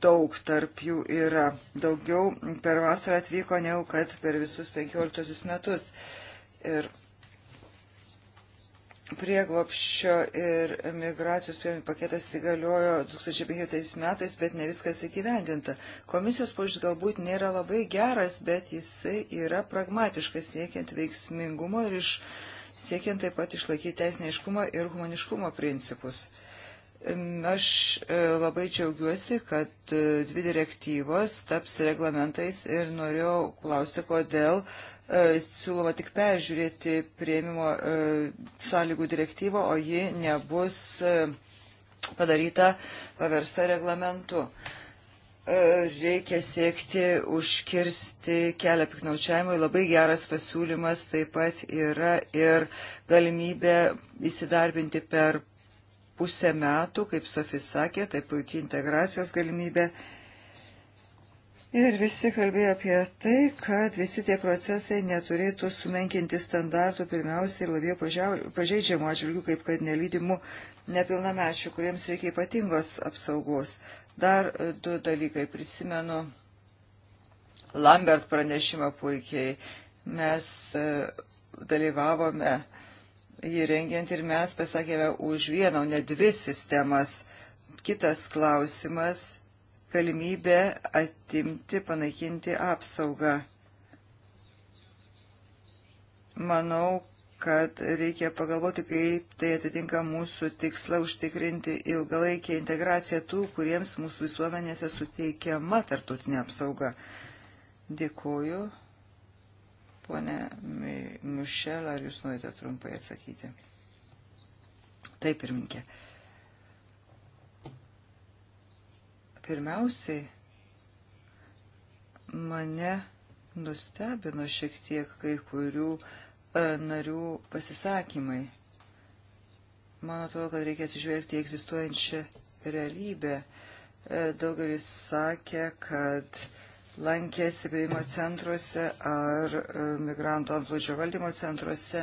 daug tarp jų yra. Daugiau per vasarą atvyko negu kad per visus 15 metus. Ir prieglopščio ir migracijos priemonių paketas įgaliojo 2015 metais, bet ne viskas įgyvendinta. Komisijos požiūris galbūt nėra labai geras, bet jisai yra pragmatiškas siekiant veiksmingumo ir iš uh, siekiant taip pat išlaikyti teisinėiškumą ir humaniškumo principus. Aš e, labai džiaugiuosi, kad e, dvi direktyvos taps reglamentais ir norėjau klausti, kodėl e, siūloma tik peržiūrėti prieimimo sąlygų direktyvą, o ji nebus padaryta paversta reglamentu. E, reikia siekti užkirsti kelią piknaučiavimui. Labai geras pasiūlymas taip pat yra ir galimybė įsidarbinti per pusę metų, kaip Sofis sakė, tai puikiai integracijos galimybė. Ir visi kalbėjo apie tai, kad visi tie procesai neturėtų sumenkinti standartų pirmiausiai labiau pažeidžiamų atžvilgių, kaip kad nelydimų nepilnamečių, kuriems reikia ypatingos apsaugos. Dar e, du dalykai prisimenu. Lambert pranešimą puikiai. Mes e, dalyvavome jį rengiant ir mes pasakėme už vieną, o ne dvi sistemas. Kitas klausimas - galimybė atimti, panaikinti apsaugą. Manau, kad reikia pagalvoti, kaip tai atitinka mūsų tikslą užtikrinti ilgalaikę integraciją tų, kuriems mūsų visuomenėse suteikiama tartutinė apsauga. Dėkuoju. Pone Mišel, ar jūs norite trumpai atsakyti? Taip, pirminkė. Pirmiausiai, mane nustebino šiek tiek kai kurių uh, E, narių pasisakymai. Man atrodo, kad reikia atsižvelgti į egzistuojančią realybę. E, daugelis sakė, kad lankėsi priimo centruose ar e, migrantų antplūdžio valdymo centruose.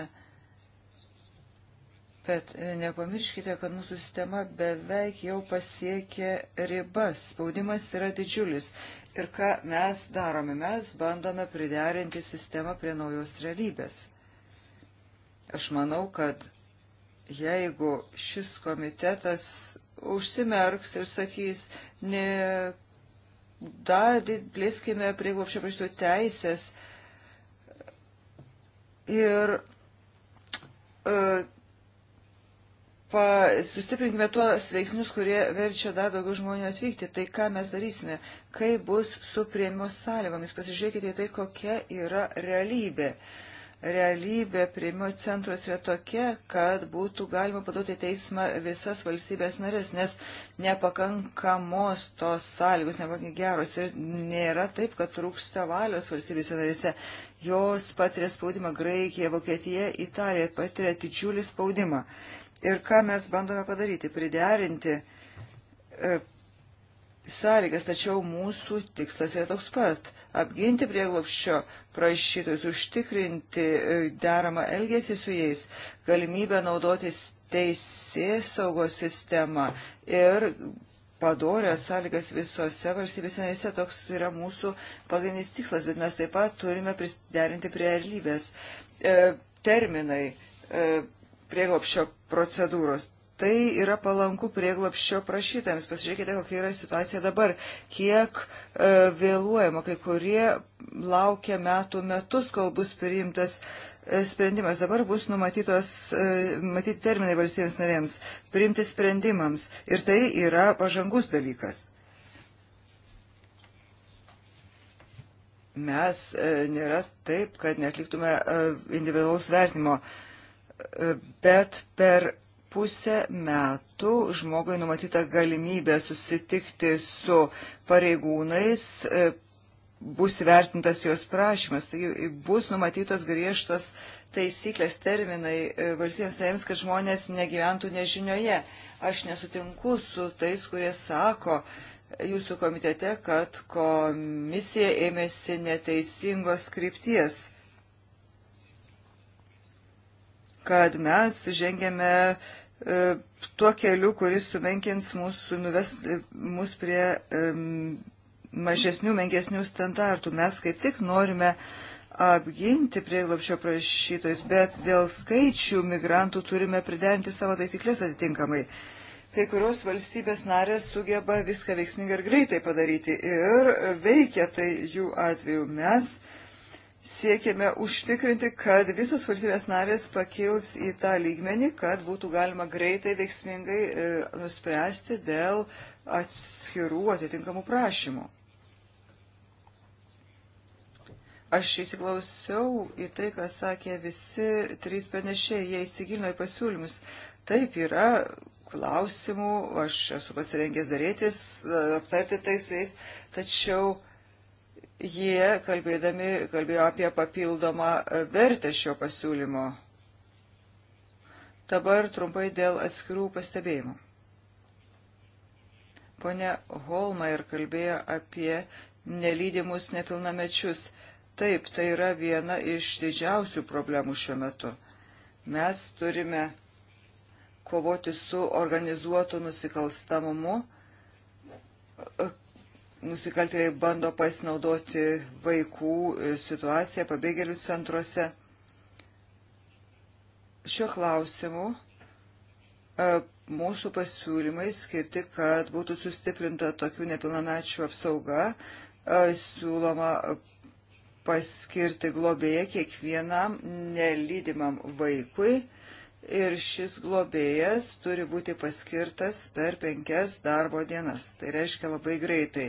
Bet nepamirškite, kad mūsų sistema beveik jau pasiekė ribas. Spaudimas yra didžiulis. Ir ką mes darome? Mes bandome priderinti sistemą prie naujos realybės. Aš manau, kad jeigu šis komitetas užsimerks ir sakys, ne, dar plėskime prieglopščio prašytų teisės ir uh, pa, sustiprinkime tuos veiksnius, kurie verčia dar daugiau žmonių atvykti. Tai ką mes darysime, kai bus su prieimimo sąlygomis. Pasižiūrėkite į tai, kokia yra realybė. Uh, realybė prieimimo centras yra tokia, kad būtų galima paduoti teismą visas valstybės narės, nes nepakankamos tos sąlygos, nepakankamai geros ir nėra taip, kad trūksta valios valstybėse narėse. Jos patiria spaudimą Graikija, Vokietija, Italija patiria didžiulį spaudimą. Ir ką mes bandome padaryti? Priderinti e, sąlygas, tačiau mūsų tikslas yra toks pat apginti prieglopščio prašytojus, užtikrinti e, deramą elgesį su jais, galimybę naudotis teisės saugos sistemą ir padorę sąlygas visose valstybėse narėse. Toks yra mūsų pagrindinis tikslas, bet mes taip pat turime prisiderinti prie realybės. E, terminai e, prieglopščio procedūros tai yra palanku prieglapščio prašytams. Pasižiūrėkite, kokia yra situacija dabar, kiek e, vėluojama, kai kurie laukia metų metus, kol bus priimtas e, sprendimas. Dabar bus numatytos, e, matyti terminai valstybės narėms, priimti sprendimams. Ir tai yra pažangus dalykas. Mes e, nėra taip, kad netliktume individualaus vertimo, bet per pusę metų žmogui numatyta galimybė susitikti su pareigūnais, e, bus vertintas jos prašymas, taigi e, bus numatytos griežtos taisyklės, terminai e, valstybėms narėms, kad žmonės negyventų nežinioje. Aš nesutinku su tais, kurie sako jūsų komitete, kad komisija ėmėsi neteisingos skripties kad mes žengėme e, tuo keliu, kuris sumenkins mūsų, nuves e, mus prie mažesnių, menkesnių standartų. Mes kaip tik norime apginti prieglopšio prašytojus, bet dėl skaičių migrantų turime priderinti savo taisyklės atitinkamai. Kai kurios valstybės narės sugeba viską veiksmingai ir greitai padaryti ir veikia tai jų atveju. Mes siekėme užtikrinti, kad visos valstybės narės pakils į tą lygmenį, kad būtų galima greitai, veiksmingai e, nuspręsti dėl atskirų atitinkamų prašymų. Aš įsiklausiau į tai, ką sakė visi trys pranešėjai, jie įsigilino į pasiūlymus. Taip yra klausimų, aš esu pasirengęs darytis, e, aptarti tai su jais, tačiau jie kalbėdami kalbėjo apie papildomą e, vertę šio pasiūlymo. Dabar trumpai dėl atskirų pastebėjimų. Pone Holmair kalbėjo apie nelydimus nepilnamečius. Taip, tai yra viena iš didžiausių problemų šiuo metu. Mes turime kovoti su organizuotu nusikalstamumu, nusikaltėliai bando pasinaudoti vaikų e, situaciją pabėgėlių centruose. Šiuo klausimu e, mūsų pasiūlymai skirti, kad būtų sustiprinta tokių nepilnamečių apsauga, e, siūloma paskirti globėje kiekvienam nelydimam vaikui ir šis globėjas turi būti paskirtas per penkias darbo dienas. Tai reiškia labai greitai.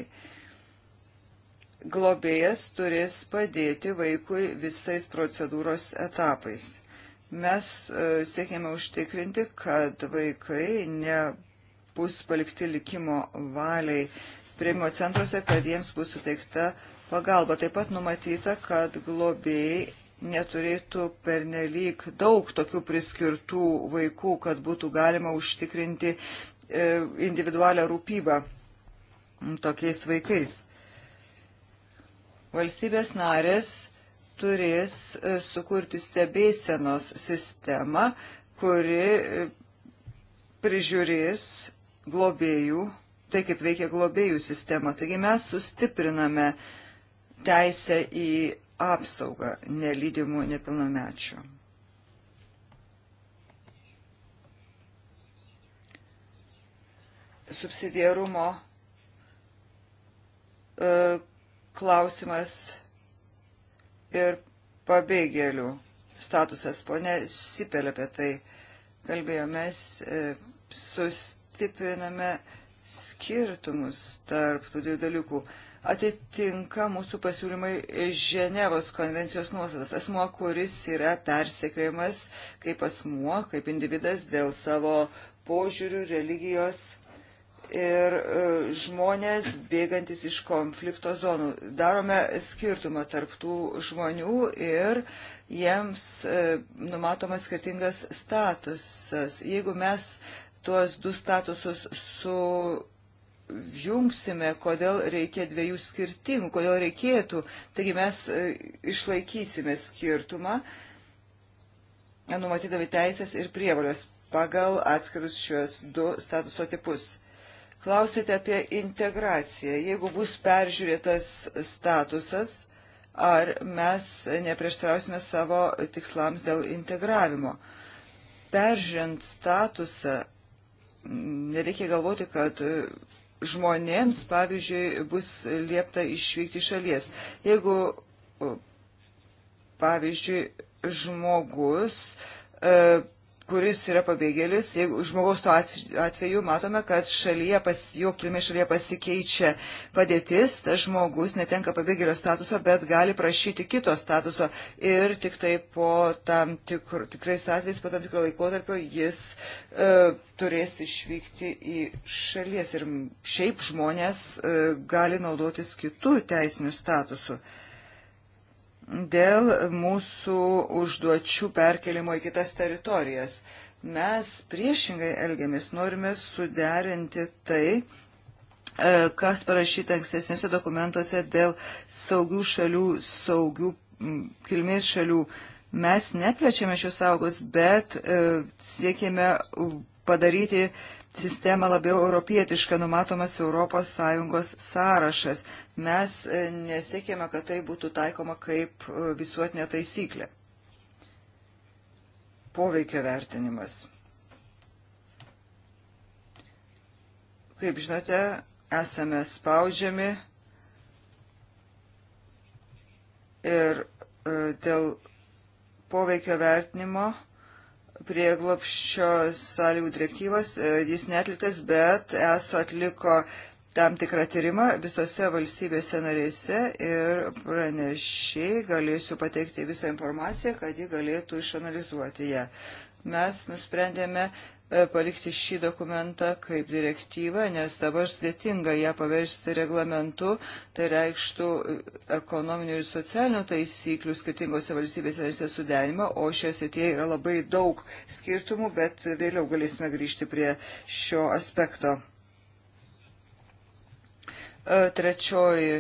Globėjas turės padėti vaikui visais procedūros etapais. Mes e, siekėme užtikrinti, kad vaikai nebus palikti likimo valiai prieimimo centruose, kad jiems bus suteikta pagalba. Taip pat numatyta, kad globėjai neturėtų pernelyg daug tokių priskirtų vaikų, kad būtų galima užtikrinti e, individualią rūpybą tokiais vaikais. Valstybės narės turės e, sukurti stebėsenos sistemą, kuri e, prižiūrės globėjų, tai kaip veikia globėjų sistema. Taigi mes sustipriname teisę į apsaugą nelydimų nepilnamečių. Subsidiarumo e, klausimas ir pabėgėlių statusas. Pone Sipelė apie tai kalbėjomės, e, sustipriname skirtumus tarp tų dviejų dalykų atitinka mūsų pasiūlymai Ženevos konvencijos nuostatas. Asmuo, kuris yra persekiojamas kaip asmuo, kaip individas dėl savo požiūrių, religijos ir e, žmonės bėgantis iš konflikto zonų. Darome skirtumą tarptų žmonių ir jiems e, numatomas skirtingas statusas. Jeigu mes tuos du statusus su jungsime, kodėl reikia dviejų skirtingų, kodėl reikėtų. Taigi mes e, išlaikysime skirtumą, numatydami teisės ir prievalios pagal atskirus šios du statuso tipus. Klausėte apie integraciją. Jeigu bus peržiūrėtas statusas, ar mes neprieštrausime savo tikslams dėl integravimo. Peržiūrint statusą, nereikia galvoti, kad žmonėms, pavyzdžiui, bus liepta išvykti šalies. Jeigu, pavyzdžiui, žmogus e, kuris yra pabėgėlis, jeigu žmogaus to atveju matome, kad šalyje, pas, jo kilmė šalyje pasikeičia padėtis, tas žmogus netenka pabėgėlio statuso, bet gali prašyti kito statuso ir tik tai po tam tikr, tikrais atvejais, po tam tikro laikotarpio jis e, turės išvykti į šalies ir šiaip žmonės e, gali naudotis kitų teisinių statusų. E, dėl mūsų užduočių perkelimo į kitas teritorijas. Mes priešingai elgiamės, norime suderinti tai, e, kas parašyta ankstesniuose dokumentuose dėl saugių šalių, saugių kilmės šalių. Mes neplečiame šios saugos, bet e, siekime padaryti uh, sistemą labiau europietišką, numatomas ES sąrašas. Mes e, nesiekėme, kad tai būtų taikoma kaip e, visuotinė taisyklė. Poveikio vertinimas. Kaip žinote, esame spaudžiami ir e, dėl poveikio vertinimo prieglopščio sąlygų direktyvos, e, jis netliktas, bet esu atliko tam tikrą tyrimą visose valstybėse narėse ir pranešiai galėsiu pateikti visą informaciją, kad ji galėtų išanalizuoti ją. Mes nusprendėme E, palikti šį dokumentą kaip direktyvą, nes dabar sudėtinga ją paversti reglamentu, tai reikštų ekonominių ir socialinių taisyklių skirtingose valstybėse narėse sudenimą, o šios srityje yra labai daug skirtumų, bet vėliau galėsime grįžti prie šio aspekto. E, trečioji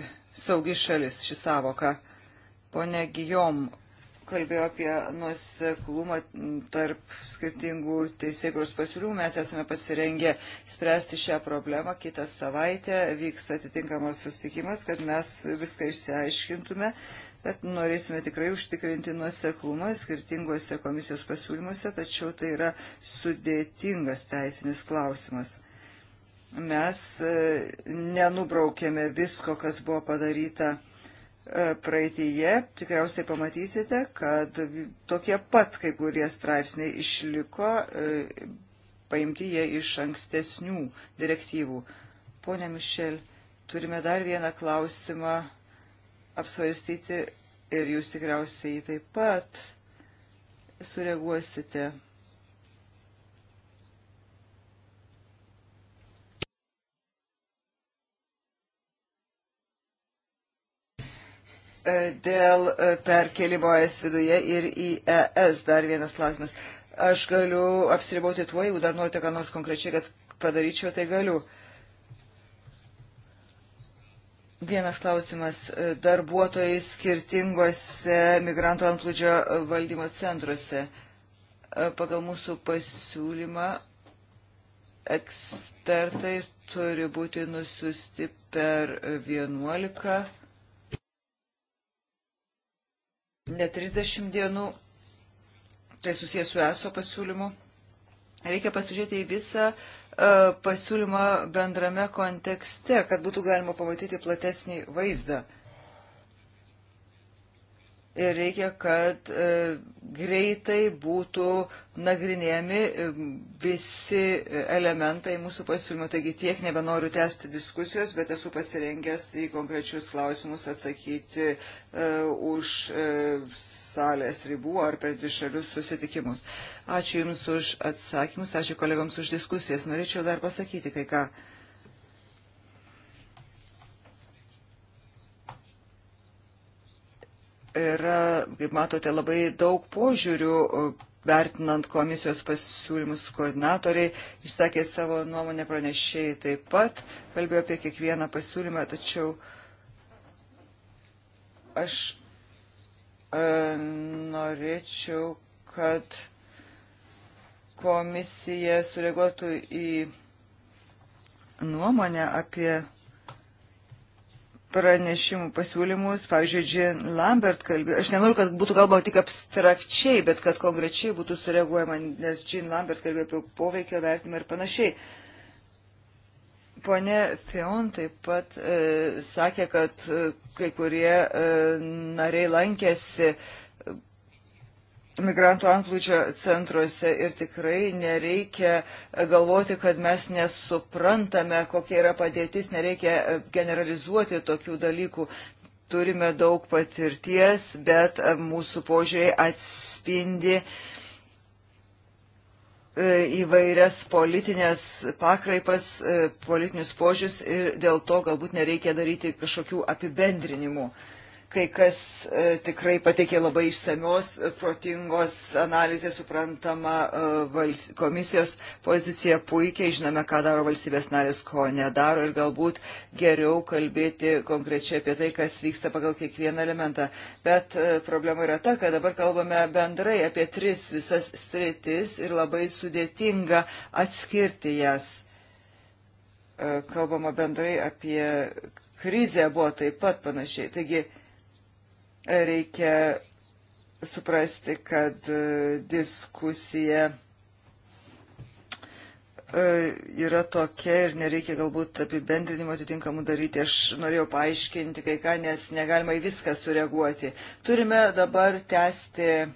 saugi šalis, ši savoka. Pone Gijom kalbėjo apie nuoseklumą tarp skirtingų teisėgros pasiūlymų. Mes esame pasirengę spręsti šią problemą. Kitą savaitę vyks atitinkamas sustikimas, kad mes viską išsiaiškintume, bet norėsime tikrai užtikrinti nuoseklumą skirtingose komisijos pasiūlymuose, tačiau tai yra sudėtingas teisinis klausimas mes e, nenubraukėme visko, kas buvo padaryta E, praeitįje, tikriausiai pamatysite, kad tokie pat kai kurie straipsniai išliko, e, paimti jie iš ankstesnių direktyvų. Pone Mišel, turime dar vieną klausimą apsvarstyti ir jūs tikriausiai taip pat sureaguosite. E, dėl e, perkelimo ES viduje ir į ES dar vienas klausimas. Aš galiu apsiribauti tuo, jeigu dar norite ką nors konkrečiai, kad padaryčiau, tai galiu. Vienas klausimas. E, darbuotojai skirtingose migrantų antplūdžio valdymo centruose. Pagal mūsų pasiūlymą ekspertai turi būti nusiusti per 11 ne 30 dienų, tai susijęs su ESO pasiūlymu. Reikia pasižiūrėti į visą e, pasiūlymą bendrame kontekste, kad būtų galima pamatyti platesnį vaizdą ir reikia, kad e, greitai būtų nagrinėjami e, visi elementai mūsų pasiūlymo. Taigi tiek nebenoriu tęsti diskusijos, bet esu pasirengęs į konkrečius klausimus atsakyti e, už salės ribų ar per dvišalius susitikimus. Ačiū Jums už atsakymus, ačiū kolegams už diskusijas. Norėčiau dar pasakyti kai ką. yra, kaip matote, labai daug požiūrių vertinant komisijos pasiūlymus koordinatoriai, išsakė savo nuomonę pranešėjai taip pat, kalbėjo apie kiekvieną pasiūlymą, tačiau aš e, norėčiau, kad komisija sureaguotų į nuomonę apie pranešimų pasiūlymus, pavyzdžiui, Jean Lambert kalbėjo, aš nenoriu, kad būtų kalbama tik abstrakčiai, bet kad konkrečiai būtų sureaguojama, nes Jean Lambert kalbėjo apie poveikio vertimą ir panašiai. Pone Fion taip pat e, sakė, kad e, kai kurie e, nariai lankėsi e, migrantų antplūdžio centruose ir tikrai nereikia galvoti, kad mes nesuprantame, kokia yra padėtis, nereikia generalizuoti tokių dalykų. Turime daug patirties, bet mūsų požiūriai atspindi e, įvairias politinės pakraipas, e, politinius požiūrius ir dėl to galbūt nereikia daryti kažkokių apibendrinimų. Kai kas e, tikrai pateikė labai išsamios, e, protingos analizės, suprantama e, komisijos pozicija puikiai, žinome, ką daro valstybės narės, ko nedaro ir galbūt geriau kalbėti konkrečiai apie tai, kas vyksta pagal kiekvieną elementą. Bet problema yra ta, kad dabar kalbame bendrai apie tris visas stritis ir labai sudėtinga atskirti jas kalbama bendrai apie krizę buvo taip pat panašiai. Taigi Reikia suprasti, kad e, diskusija e, yra tokia ir nereikia galbūt apibendrinimo atitinkamų daryti. Aš norėjau paaiškinti kai ką, nes negalima į viską sureaguoti. Turime dabar tęsti e,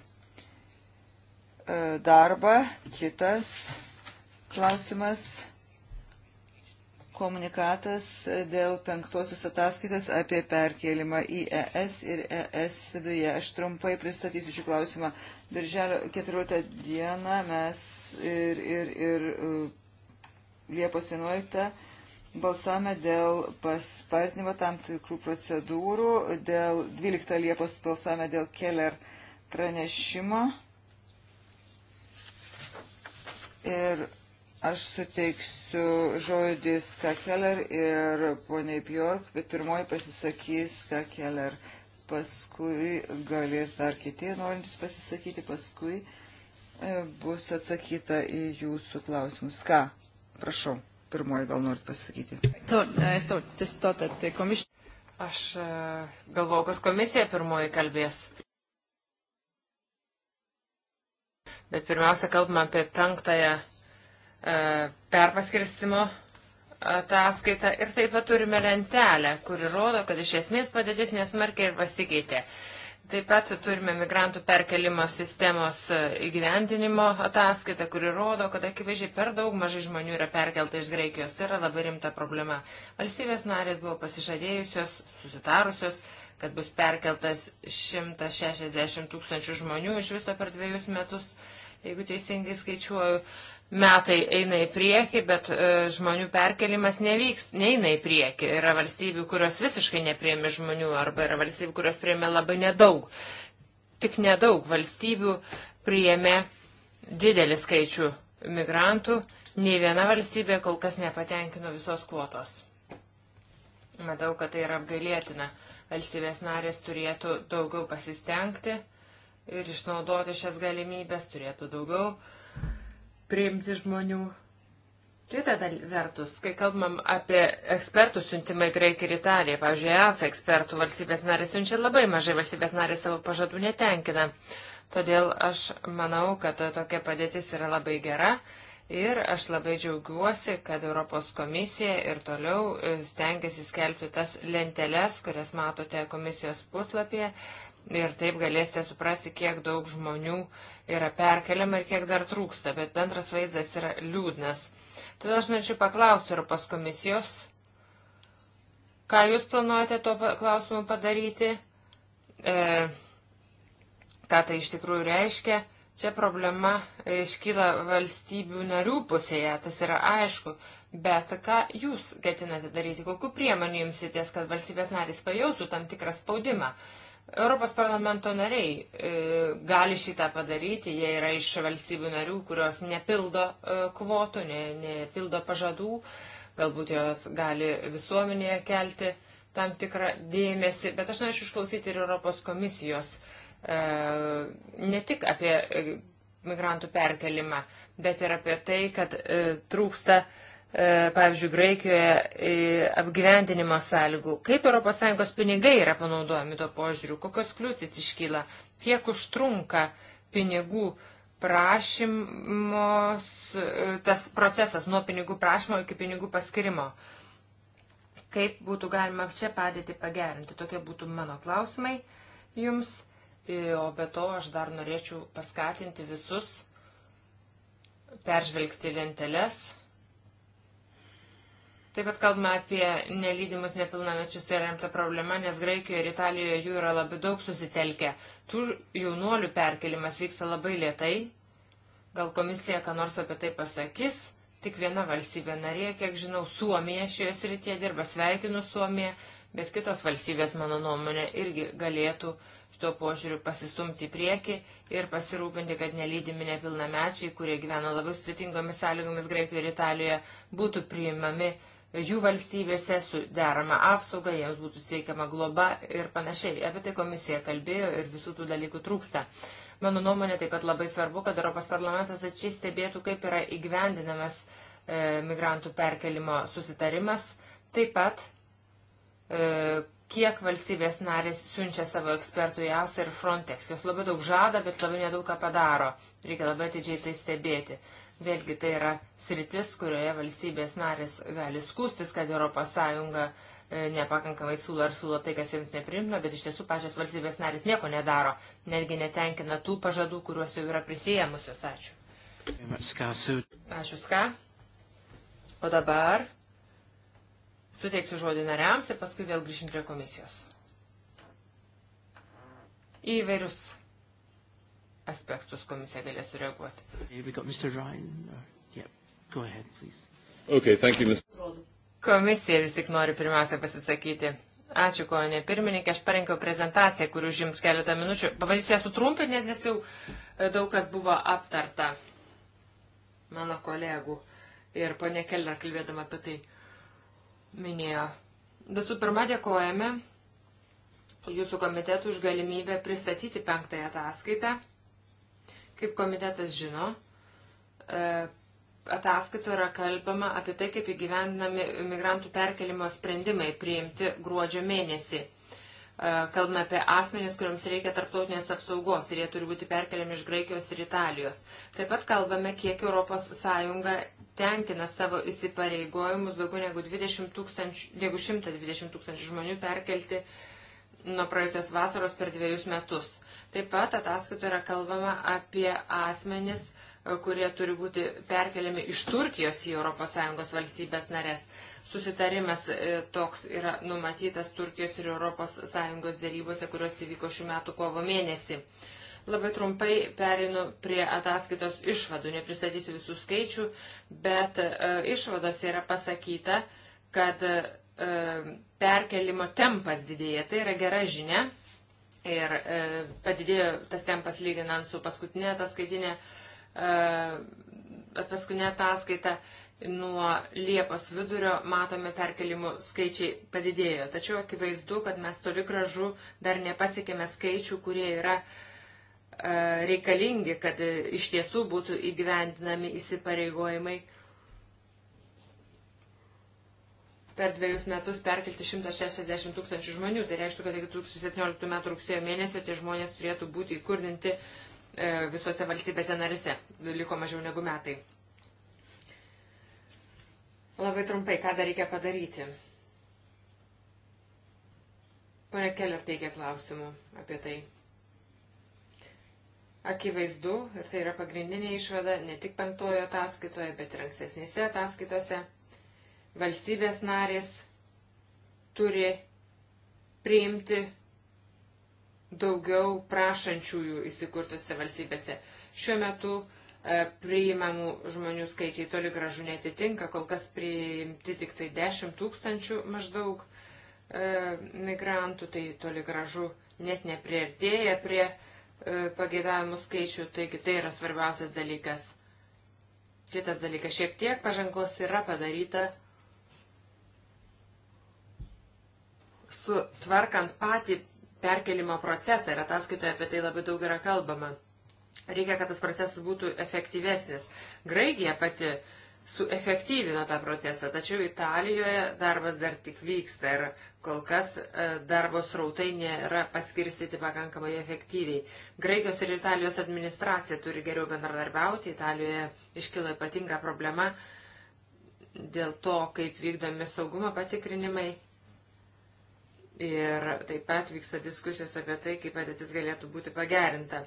darbą. Kitas klausimas komunikatas e, dėl penktosios ataskaitos apie perkėlimą į ES ir ES viduje. Aš trumpai pristatysiu šį klausimą. Birželio 14 dieną mes ir, ir, ir e, Liepos 11 balsavome dėl paspartinimo tam tikrų procedūrų, dėl 12 Liepos balsavome dėl Keller pranešimo. Ir Aš suteiksiu žodį Skakeller ir poniai Bjork, bet pirmoji pasisakys Skakeller. Paskui galės dar kiti norintys pasisakyti, paskui e, bus atsakyta į jūsų klausimus. Ką? Prašau, pirmoji gal norit pasisakyti. Aš e, galvau, kad komisija pirmoji kalbės. Bet pirmiausia, kalbame apie penktąją E, perpaskirstimo ataskaitą ir taip pat turime lentelę, kuri rodo, kad iš esmės padėtis nesmarkiai ir pasikeitė. Taip pat turime migrantų perkelimo sistemos e, įgyvendinimo ataskaitą, kuri rodo, kad akivaizdžiai per daug mažai žmonių yra perkelta iš Graikijos. Tai yra labai rimta problema. Valstybės narės buvo pasižadėjusios, susitarusios, kad bus perkeltas 160 tūkstančių žmonių iš viso per dviejus metus, jeigu teisingai skaičiuoju metai eina į priekį, bet e, žmonių perkelimas nevyks, neina į priekį. Yra valstybių, kurios visiškai nepriemi žmonių arba yra valstybių, kurios priemi labai nedaug. Tik nedaug valstybių priėmė didelį skaičių migrantų, nei viena valstybė kol kas nepatenkino visos kvotos. Matau, kad tai yra apgailėtina. Valstybės narės turėtų daugiau pasistengti ir išnaudoti šias galimybės, turėtų daugiau uh, priimti žmonių. Kita vertus, kai kalbam apie ekspertų siuntimą į Graikiją ir Italiją, pavyzdžiui, ES ekspertų valstybės narės siunčia labai mažai, valstybės narės savo pažadų netenkina. Todėl aš manau, kad tokia padėtis yra labai gera ir aš labai džiaugiuosi, kad Europos komisija ir toliau e, stengiasi skelbti tas lenteles, kurias matote komisijos puslapyje Ir taip galėsite suprasti, kiek daug žmonių yra perkeliama ir kiek dar trūksta, bet bendras vaizdas yra liūdnas. Todėl aš norėčiau paklausti Europos komisijos, ką jūs planuojate tuo klausimu padaryti, e, ką tai iš tikrųjų reiškia. Čia problema e, iškyla valstybių narių pusėje, tas yra aišku, bet ką jūs ketinate daryti, kokiu priemoniu jums įties, kad valstybės narys pajausų tam tikrą spaudimą. E, Europos parlamento nariai e, gali šitą padaryti, jie yra iš valstybių narių, kurios nepildo e, kvotų, ne, nepildo pažadų, galbūt jos gali visuomenėje kelti tam tikrą dėmesį, bet aš norėčiau išklausyti ir Europos komisijos e, ne tik apie e, migrantų perkelimą, bet ir apie tai, kad e, trūksta e, E, pavyzdžiui, Graikijoje e, apgyvendinimo sąlygų. Kaip ES pinigai yra panaudojami to požiūriu, kokios kliūtis iškyla, kiek užtrunka pinigų prašymos, e, tas procesas nuo pinigų prašymo iki pinigų paskirimo. Kaip būtų galima čia padėti pagerinti? Tokie būtų mano klausimai jums. O be to aš dar norėčiau paskatinti visus peržvelgti lenteles Taip pat kalbame apie nelydimus nepilnamečius ir tai rimta problema, nes Graikijoje ir Italijoje jų yra labai daug susitelkę. Tų jaunuolių perkelimas vyksta labai lietai. Gal komisija ką nors apie tai pasakys? Tik viena valstybė narė, kiek žinau, Suomija šioje srityje dirba, sveikinu Suomiją, bet kitos valstybės, mano nuomonė, irgi galėtų šito požiūriu pasistumti į priekį ir pasirūpinti, kad nelydimi nepilnamečiai, kurie gyvena labai sudėtingomis sąlygomis Graikijoje ir Italijoje, būtų priimami jų valstybėse su derama apsauga, jiems būtų sveikiama globa ir panašiai. Apie tai komisija kalbėjo ir visų tų dalykų trūksta. Mano nuomonė taip pat labai svarbu, kad Europos parlamentas atšiai stebėtų, kaip yra įgyvendinamas e, migrantų perkelimo susitarimas. Taip pat, e, kiek valstybės narės siunčia savo ekspertų į ASA ir Frontex. Jos labai daug žada, bet labai nedaug ką padaro. Reikia labai atidžiai tai stebėti. Vėlgi tai yra sritis, kurioje valstybės narės gali skūstis, kad ES e, nepakankamai siūlo ar siūlo tai, kas jiems neprimtina, bet iš tiesų pačios valstybės narės nieko nedaro, netgi netenkina tų pažadų, kuriuos jau yra prisijėmusios. Ačiū. Ačiū, Ska. O dabar suteiksiu žodį nariams ir paskui vėl grįšim prie komisijos. Į vairius aspektus komisija galės sureaguoti. Uh, yeah. Ahead, okay, you, komisija vis tik nori pirmiausia pasisakyti. Ačiū, kojonė pirmininkė, aš parenkiau prezentaciją, kuri užims keletą minučių. Pavadysiu ją sutrumpinti, nes jau e, daug kas buvo aptarta mano kolegų ir ponė Keller kalbėdama apie tai minėjo. Visų pirma, dėkojame jūsų komitetų už galimybę pristatyti penktąją ataskaitą. Kaip komitetas žino, e, ataskaitoje yra kalbama apie tai, kaip įgyvendinami migrantų perkelimo sprendimai priimti gruodžio mėnesį. E, kalbame apie asmenis, kuriams reikia tarptautinės apsaugos ir jie turi būti perkeliami iš Graikijos ir Italijos. Taip pat kalbame, kiek ES tenkina savo įsipareigojimus daugiau negu, 20 tūkstančių, negu 120 tūkstančių žmonių perkelti uh, nuo praėjusios vasaros per dviejus metus. Taip pat ataskaitoje yra kalbama apie asmenis, e, kurie turi būti perkeliami iš Turkijos į ES valstybės narės. Susitarimas e, toks yra numatytas Turkijos ir ES dėrybose, kurios įvyko šių metų kovo mėnesį. Labai trumpai perinu prie ataskaitos išvadų, nepristatysiu visų skaičių, bet e, išvadose yra pasakyta, kad e, perkelimo tempas didėja. Tai yra gera žinia. Ir e, padidėjo tas tempas lyginant su paskutinė ataskaitinė, e, paskutinė ataskaita. Nuo Liepos vidurio matome perkelimų skaičiai padidėjo. Tačiau akivaizdu, kad mes toli gražu dar nepasiekėme skaičių, kurie yra e, reikalingi, kad e, iš tiesų būtų įgyvendinami įsipareigojimai per dviejus metus perkelti 160 tūkstančių žmonių. Tai reiškia, kad iki 2017 metų rugsėjo mėnesio tie žmonės turėtų būti įkurdinti e, visose valstybėse narise. Liko mažiau negu metai. Labai trumpai, ką dar reikia padaryti? Pone Keller teikia klausimų apie tai. Akivaizdu, ir tai yra pagrindinė išvada ne tik penktojo ataskaitoje, bet ir ankstesnėse ataskaitose valstybės narės turi priimti daugiau prašančiųjų įsikurtose valstybėse. Šiuo metu e, priimamų žmonių skaičiai toli gražu netitinka, kol kas priimti tik tai 10 tūkstančių maždaug e, migrantų, tai toli gražu net neprieartėja prie e, pageidavimų skaičių, taigi tai yra svarbiausias dalykas. Kitas dalykas, šiek tiek pažangos yra padaryta sutvarkant patį perkelimo procesą ir ataskaitoje apie tai labai daug yra kalbama. Reikia, kad tas procesas būtų efektyvesnis. Graikija pati suefektyvino tą procesą, tačiau Italijoje darbas dar tik vyksta ir kol kas e, darbo srautai nėra paskirstyti pakankamai efektyviai. Graikijos ir Italijos administracija turi geriau bendradarbiauti, Italijoje iškilo ypatinga problema dėl to, kaip vykdomi saugumo patikrinimai Ir taip pat vyksta diskusijos apie tai, kaip padėtis galėtų būti pagerinta.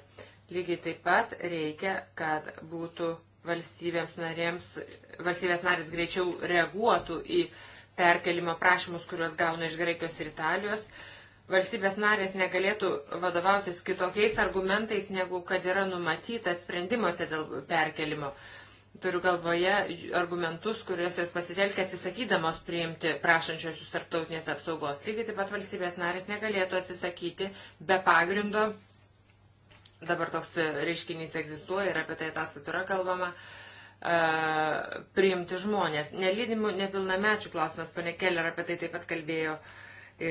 Lygiai taip pat reikia, kad būtų valstybėms narėms, valstybės narės greičiau reaguotų į perkelimo prašymus, kuriuos gauna iš Graikijos ir Italijos. Valstybės narės negalėtų vadovautis kitokiais argumentais, negu kad yra numatyta sprendimuose dėl perkelimo. Uh, Turiu galvoje argumentus, kuriuos jos pasitelkia atsisakydamos priimti prašančiosius tarptautinės apsaugos. Lygiai taip pat valstybės narės negalėtų atsisakyti be pagrindo. Dabar toks reiškinys egzistuoja ir apie tai ataskaitura kalbama. Uh, priimti žmonės. Nelydimų nepilnamečių klausimas, pane Keller apie tai taip pat kalbėjo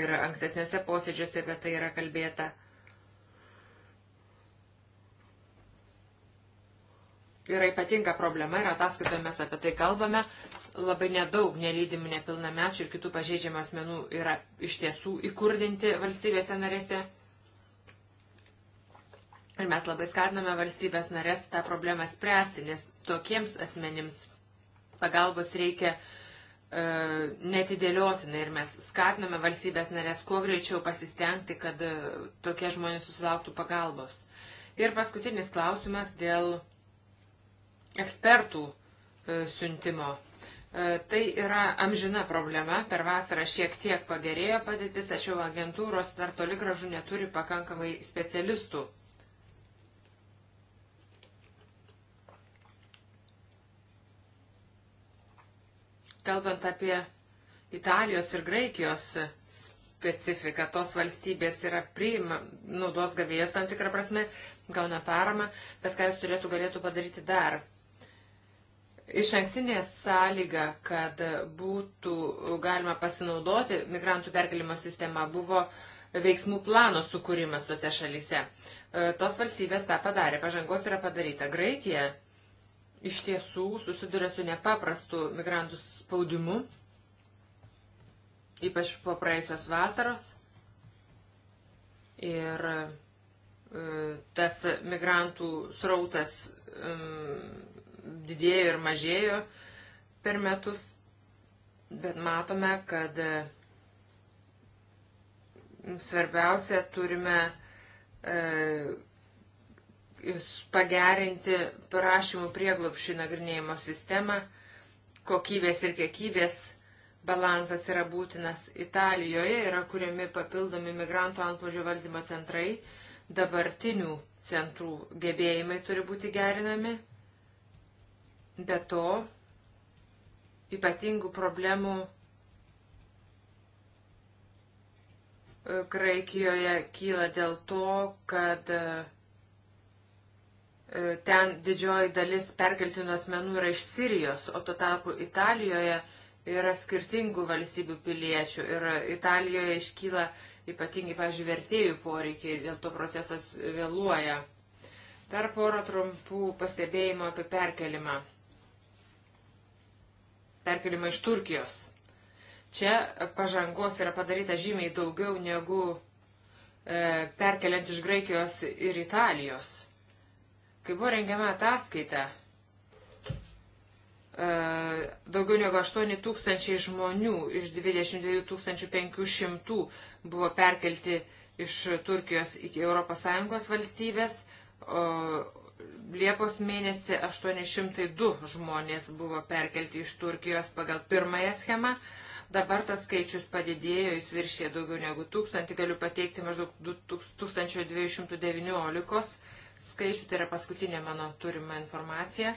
ir ankstesnėse posėdžiuose apie tai yra kalbėta. Uh, yra ypatinga problema ir ataskaitoje mes apie tai kalbame. Labai nedaug nelydimų nepilnamečių ir kitų pažeidžiamų asmenų yra iš tiesų įkurdinti valstybėse narėse. Ir mes labai skatiname valstybės narės tą problemą spręsti, nes tokiems asmenims pagalbos reikia e, netidėliotinai ir mes skatiname valstybės narės kuo greičiau pasistengti, kad e, tokie žmonės susilauktų pagalbos. Ir paskutinis klausimas dėl ekspertų e, siuntimo. E, tai yra amžina problema. Per vasarą šiek tiek pagerėjo padėtis, tačiau agentūros dar toli gražu neturi pakankamai specialistų. Kalbant apie Italijos ir Graikijos specifika. Tos valstybės yra priima naudos gavėjos tam tikrą prasme, gauna paramą, bet ką jis turėtų galėtų padaryti dar. Iš ankstinė sąlyga, kad būtų galima pasinaudoti migrantų perkelimo sistema, buvo veiksmų plano sukūrimas tose šalyse. E, tos valstybės tą padarė, pažangos yra padaryta. Graikija iš tiesų susiduria su nepaprastu migrantų spaudimu, ypač po praėjusios vasaros. Ir e, tas migrantų srautas um, didėjo ir mažėjo per metus, bet matome, kad e, svarbiausia turime e, pagerinti prašymų prieglopšį nagrinėjimo sistemą, kokybės ir kiekybės balansas yra būtinas. Italijoje yra kuriami papildomi migrantų antplūdžio valdymo centrai, dabartinių centrų gebėjimai turi būti gerinami. Be to, ypatingų problemų e, Graikijoje kyla dėl to, kad e, e, ten didžioji dalis perkeltinų asmenų yra iš Sirijos, o tuo tarpu Italijoje yra skirtingų valstybių piliečių ir Italijoje iškyla ypatingai, pažiūrėjau, vertėjų poreikiai, dėl to procesas vėluoja. Dar porą trumpų pastebėjimų apie perkelimą perkelimą iš Turkijos. Čia pažangos yra padaryta žymiai daugiau negu e, perkeliant iš Graikijos ir Italijos. Kai buvo rengiama ataskaita, e, daugiau negu 8 tūkstančiai žmonių iš 22 500 buvo perkelti iš Turkijos iki ES valstybės, Liepos mėnesį 802 žmonės buvo perkelti iš Turkijos pagal pirmąją schemą. Dabar tas skaičius padidėjo, jis viršė daugiau negu 1000, galiu pateikti maždaug 1219 skaičių, tai yra paskutinė mano turima informacija.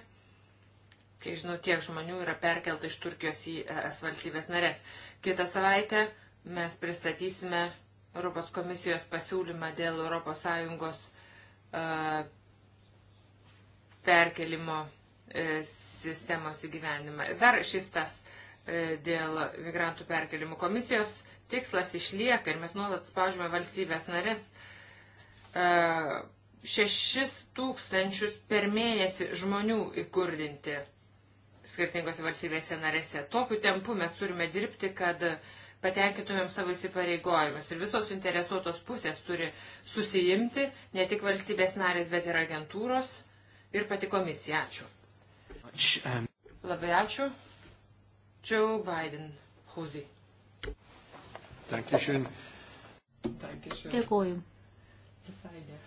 Kai žinau, tiek žmonių yra perkelta iš Turkijos į ES valstybės narės. Kitą savaitę mes pristatysime Europos komisijos pasiūlymą dėl ES perkelimo e, sistemos įgyvenimą. Ir dar šis tas e, dėl migrantų perkelimų komisijos tikslas išlieka ir mes nuolat spaudžiame valstybės narės e, šešis tūkstančius per mėnesį žmonių įkurdinti skirtingose valstybėse narėse. Tokiu tempu mes turime dirbti, kad patenkintumėm savo įsipareigojimus. Ir visos interesuotos pusės turi susijimti, ne tik valstybės narės, bet ir agentūros ir pati komisija. Ačiū. ačiū. Um, Labai ačiū. Joe Biden, Huzi. Dankeschön. Dankeschön. Dėkoju. Visai ne.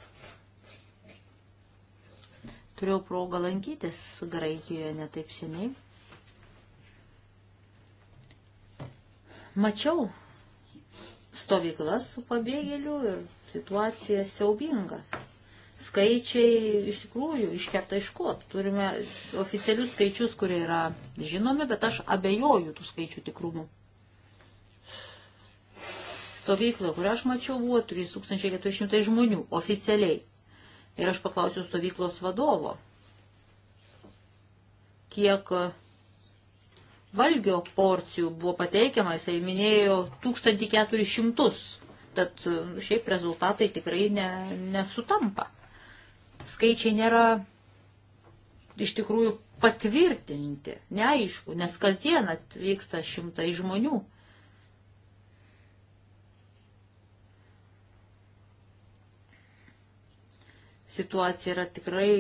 Turėjau progą lankytis Graikijoje netaip seniai. Mačiau stovyklas su pabėgėliu ir situacija siaubinga skaičiai iš tikrųjų iškerta iš ko. Turime oficialius skaičius, kurie yra žinomi, bet aš abejoju tų skaičių tikrumu. Stovykloje, kurią aš mačiau, buvo 3400 žmonių oficialiai. Ir aš paklausiau stovyklos vadovo, kiek valgio porcijų buvo pateikiama, jisai minėjo 1400 tad e, šiaip rezultatai tikrai ne, nesutampa skaičiai nėra iš tikrųjų patvirtinti, neaišku, nes kasdien atvyksta šimtai žmonių. Situacija yra tikrai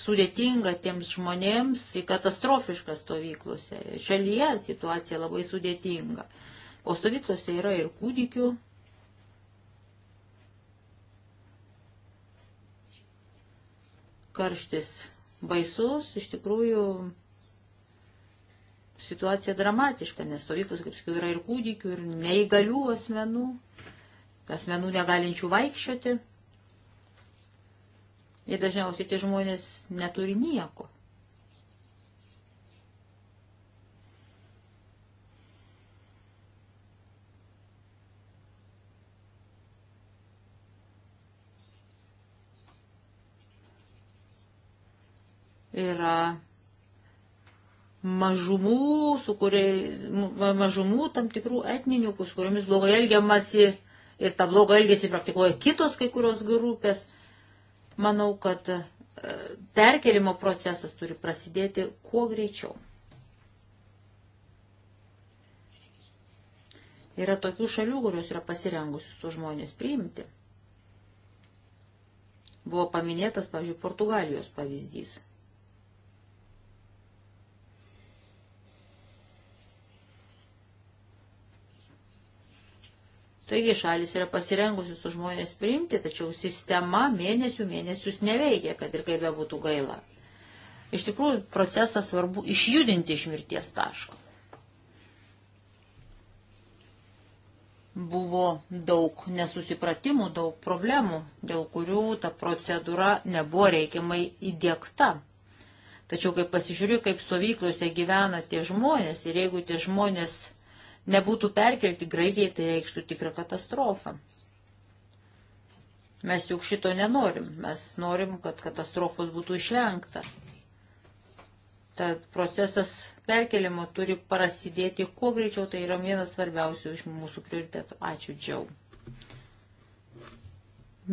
sudėtinga tiems žmonėms, į katastrofišką stovyklose. Šalyje situacija labai sudėtinga. O stovyklose yra ir kūdikių, karštis baisus, iš tikrųjų situacija dramatiška, nes stovyklos, kaip sakiau, yra ir kūdikių, ir neįgalių asmenų, asmenų negalinčių vaikščioti. Ir dažniausiai tie žmonės neturi nieko. yra mažumų, su kuriai, mažumų tam tikrų etninių, su kuriomis blogai elgiamasi ir tą blogą elgesį praktikuoja kitos kai kurios grupės. Manau, kad e, perkelimo procesas turi prasidėti kuo greičiau. Yra tokių šalių, kurios yra pasirengusius tuos žmonės priimti. Buvo paminėtas, pavyzdžiui, Portugalijos pavyzdys. Taigi šalis yra pasirengusius tų žmonės priimti, tačiau sistema mėnesių mėnesius neveikia, kad ir kaip be būtų gaila. Iš tikrųjų, procesą svarbu išjudinti iš mirties taško. Buvo daug nesusipratimų, daug problemų, dėl kurių ta procedūra nebuvo reikiamai įdėkta. Tačiau, kai pasižiūriu, kaip stovyklose gyvena tie žmonės ir jeigu tie žmonės nebūtų perkelti Graikijai, tai reikštų tikrą katastrofą. Mes juk šito nenorim, mes norim, kad katastrofos būtų išvengta. Tad procesas perkelimo turi prasidėti kuo greičiau, tai yra vienas svarbiausių iš mūsų prioritetų. Ačiū, Džiau.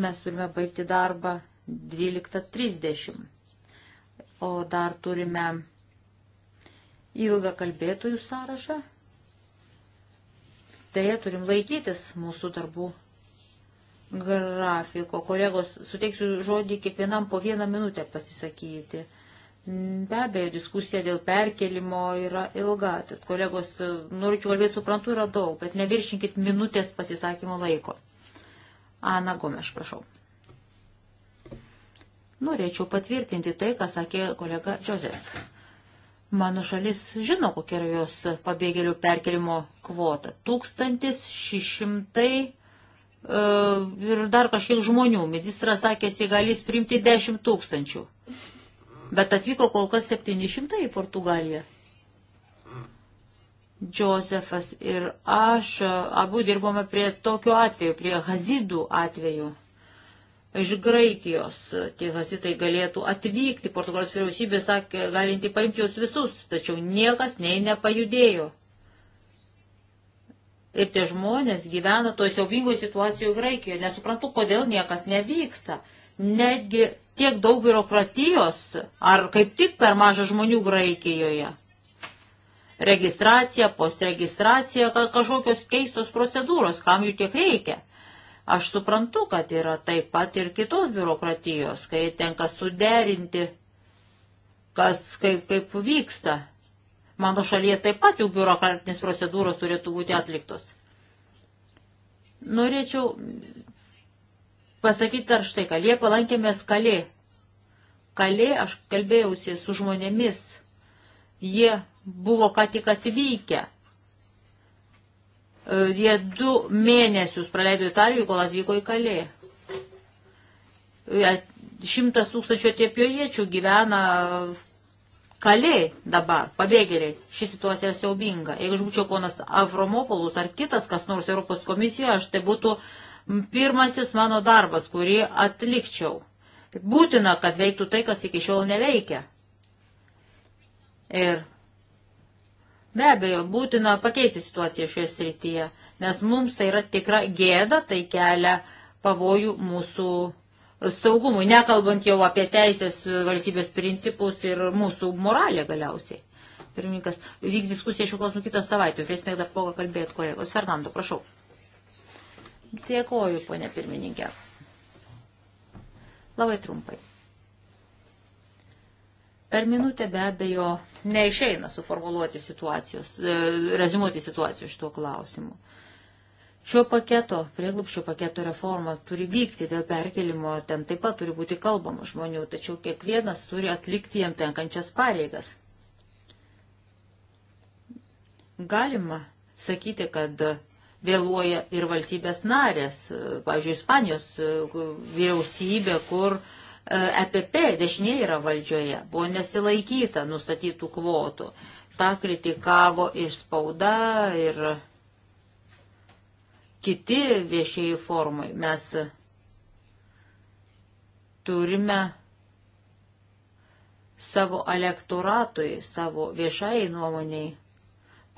Mes turime baigti darbą 12.30, o dar turime ilgą kalbėtojų sąrašą. Deja, turim laikytis mūsų darbų grafiko. Kolegos, suteiksiu žodį kiekvienam po vieną minutę pasisakyti. Be abejo, diskusija dėl perkelimo yra ilga. Tad, kolegos, norėčiau kalbėti, suprantu, yra daug, bet neviršinkit minutės pasisakymo laiko. Ana Gomeš, prašau. Norėčiau patvirtinti tai, ką sakė kolega Joseph. Mano šalis žino, kokia yra jos pabėgėlių perkelimo kvota. 1600 e, ir dar kažkiek žmonių. Ministras sakė, jis galės priimti 10 tūkstančių. Bet atvyko kol kas 700 į Portugaliją. Džozefas ir aš e, abu dirbome prie tokių atvejų, prie Hazidų atvejų iš Graikijos. Tie hasitai galėtų atvykti, Portugalijos vyriausybė sakė, galinti paimti juos visus, tačiau niekas nei nepajudėjo. Ir tie žmonės gyvena toje siaubingoje situacijoje Graikijoje. Nesuprantu, kodėl niekas nevyksta. Netgi tiek daug biurokratijos, ar kaip tik per mažą žmonių Graikijoje. Registracija, postregistracija, kažkokios keistos procedūros, kam jų tiek reikia. Aš suprantu, kad yra taip pat ir kitos biurokratijos, kai tenka suderinti, kas kaip, kaip vyksta. Mano šalyje taip pat jų biurokratinės procedūros turėtų būti atliktos. Norėčiau pasakyti dar štai, kad Liepą lankėmės kalė. Kalė aš kalbėjausi su žmonėmis. Jie buvo ką tik atvykę E, jie du mėnesius praleido Italijoje, kol atvyko į kalė. E, šimtas tūkstančių etiopiečių gyvena kalė dabar, pabėgėliai. Ši situacija yra siaubinga. Jeigu aš būčiau ponas Avromopolus ar kitas kas nors Europos komisijoje, aš tai būtų pirmasis mano darbas, kurį atlikčiau. Būtina, kad veiktų tai, kas iki šiol neveikia. Ir Be abejo, būtina pakeisti situaciją šioje srityje, nes mums tai yra tikra gėda, tai kelia pavojų mūsų saugumui, nekalbant jau apie teisės valstybės principus ir mūsų moralę galiausiai. Pirmininkas, vyks diskusija šiuo klausimu kitą savaitę, turėsime dar progą kalbėti, kolegos. Fernando, prašau. Dėkoju, ponė pirmininkė. Labai trumpai. Per minutę be abejo neišeina suformuoluoti situacijos, e, rezumuoti situacijos šituo klausimu. Šio paketo, prieglupščio paketo reforma turi vykti dėl perkelimo, ten taip pat turi būti kalbama žmonių, tačiau kiekvienas turi atlikti jam tenkančias pareigas. Galima sakyti, kad vėluoja ir valstybės narės, e, pavyzdžiui, Ispanijos e, vyriausybė, kur uh, EPP e dešinė yra valdžioje, buvo nesilaikyta nustatytų kvotų. Ta kritikavo ir spauda, ir kiti viešieji formai. Mes turime savo elektoratui, savo viešai nuomoniai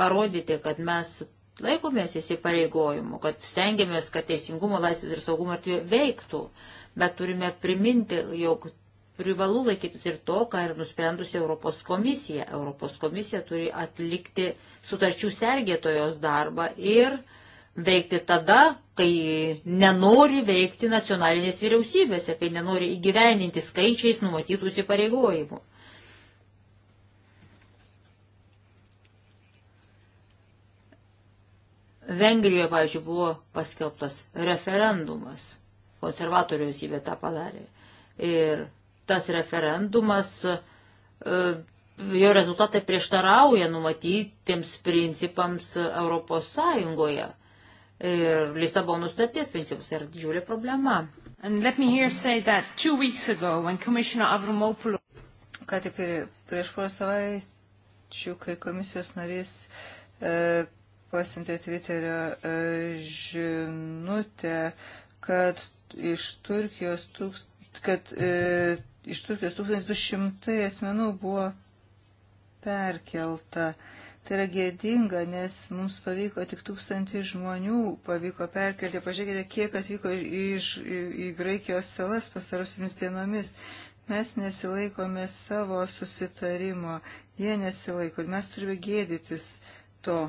parodyti, kad mes laikomės įsipareigojimų, kad stengiamės, kad teisingumo, laisvės ir saugumo artvė veiktų. Uh, bet turime priminti, jog privalu laikytis ir to, ką ir nusprendusi Europos komisija. Europos komisija turi atlikti sutarčių sergėtojos darbą ir veikti tada, kai nenori veikti nacionalinės vyriausybės ir kai nenori įgyveninti skaičiais numatytų įsipareigojimų. Vengrijoje, pavyzdžiui, buvo paskelbtas referendumas konservatorių vyriausybė tą padarė. Ir tas referendumas, e, jo rezultatai prieštarauja numatytiems principams Europos Sąjungoje. Ir Lisabonų sutarties principus yra didžiulė problema. Ago, Ką tik prieš porą savaičių, kai komisijos narys e, pasiuntė Twitterio e, žinutę, kad iš Turkijos, tūkst, kad e, iš Turkijos 1200 asmenų buvo perkelta. Tai yra gėdinga, nes mums pavyko tik tūkstantį žmonių pavyko perkelti. Pažiūrėkite, kiek atvyko iš, į, į Graikijos salas pastarosiomis dienomis. Mes nesilaikome savo susitarimo, jie nesilaiko ir mes turime gėdytis to.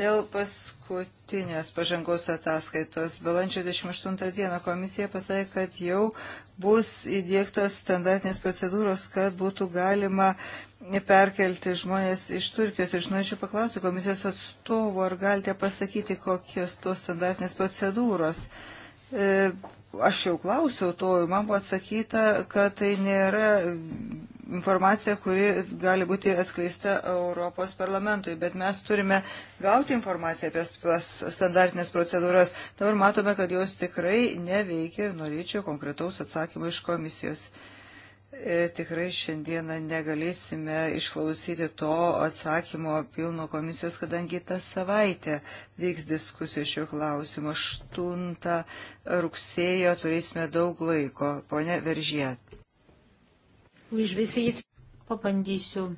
Dėl paskutinės pažangos ataskaitos balandžio 28 dieną komisija pasakė, kad jau bus įdėktos standartinės procedūros, kad būtų galima perkelti žmonės iš Turkijos. Ir žinau, čia paklausiu komisijos atstovų, ar galite pasakyti, kokios tos standartinės procedūros. E, aš jau klausiau to ir man buvo atsakyta, kad tai nėra informacija, kuri gali būti atskleista Europos parlamentui, bet mes turime gauti informaciją apie tas standartinės procedūras. Dabar matome, kad jos tikrai neveikia ir norėčiau konkretaus atsakymo iš komisijos. E, tikrai šiandieną negalėsime išklausyti to atsakymo pilno komisijos, kadangi tą savaitę vyks diskusija šiuo klausimu. 8 rugsėjo turėsime daug laiko. Pone Veržėt, Pabandysiu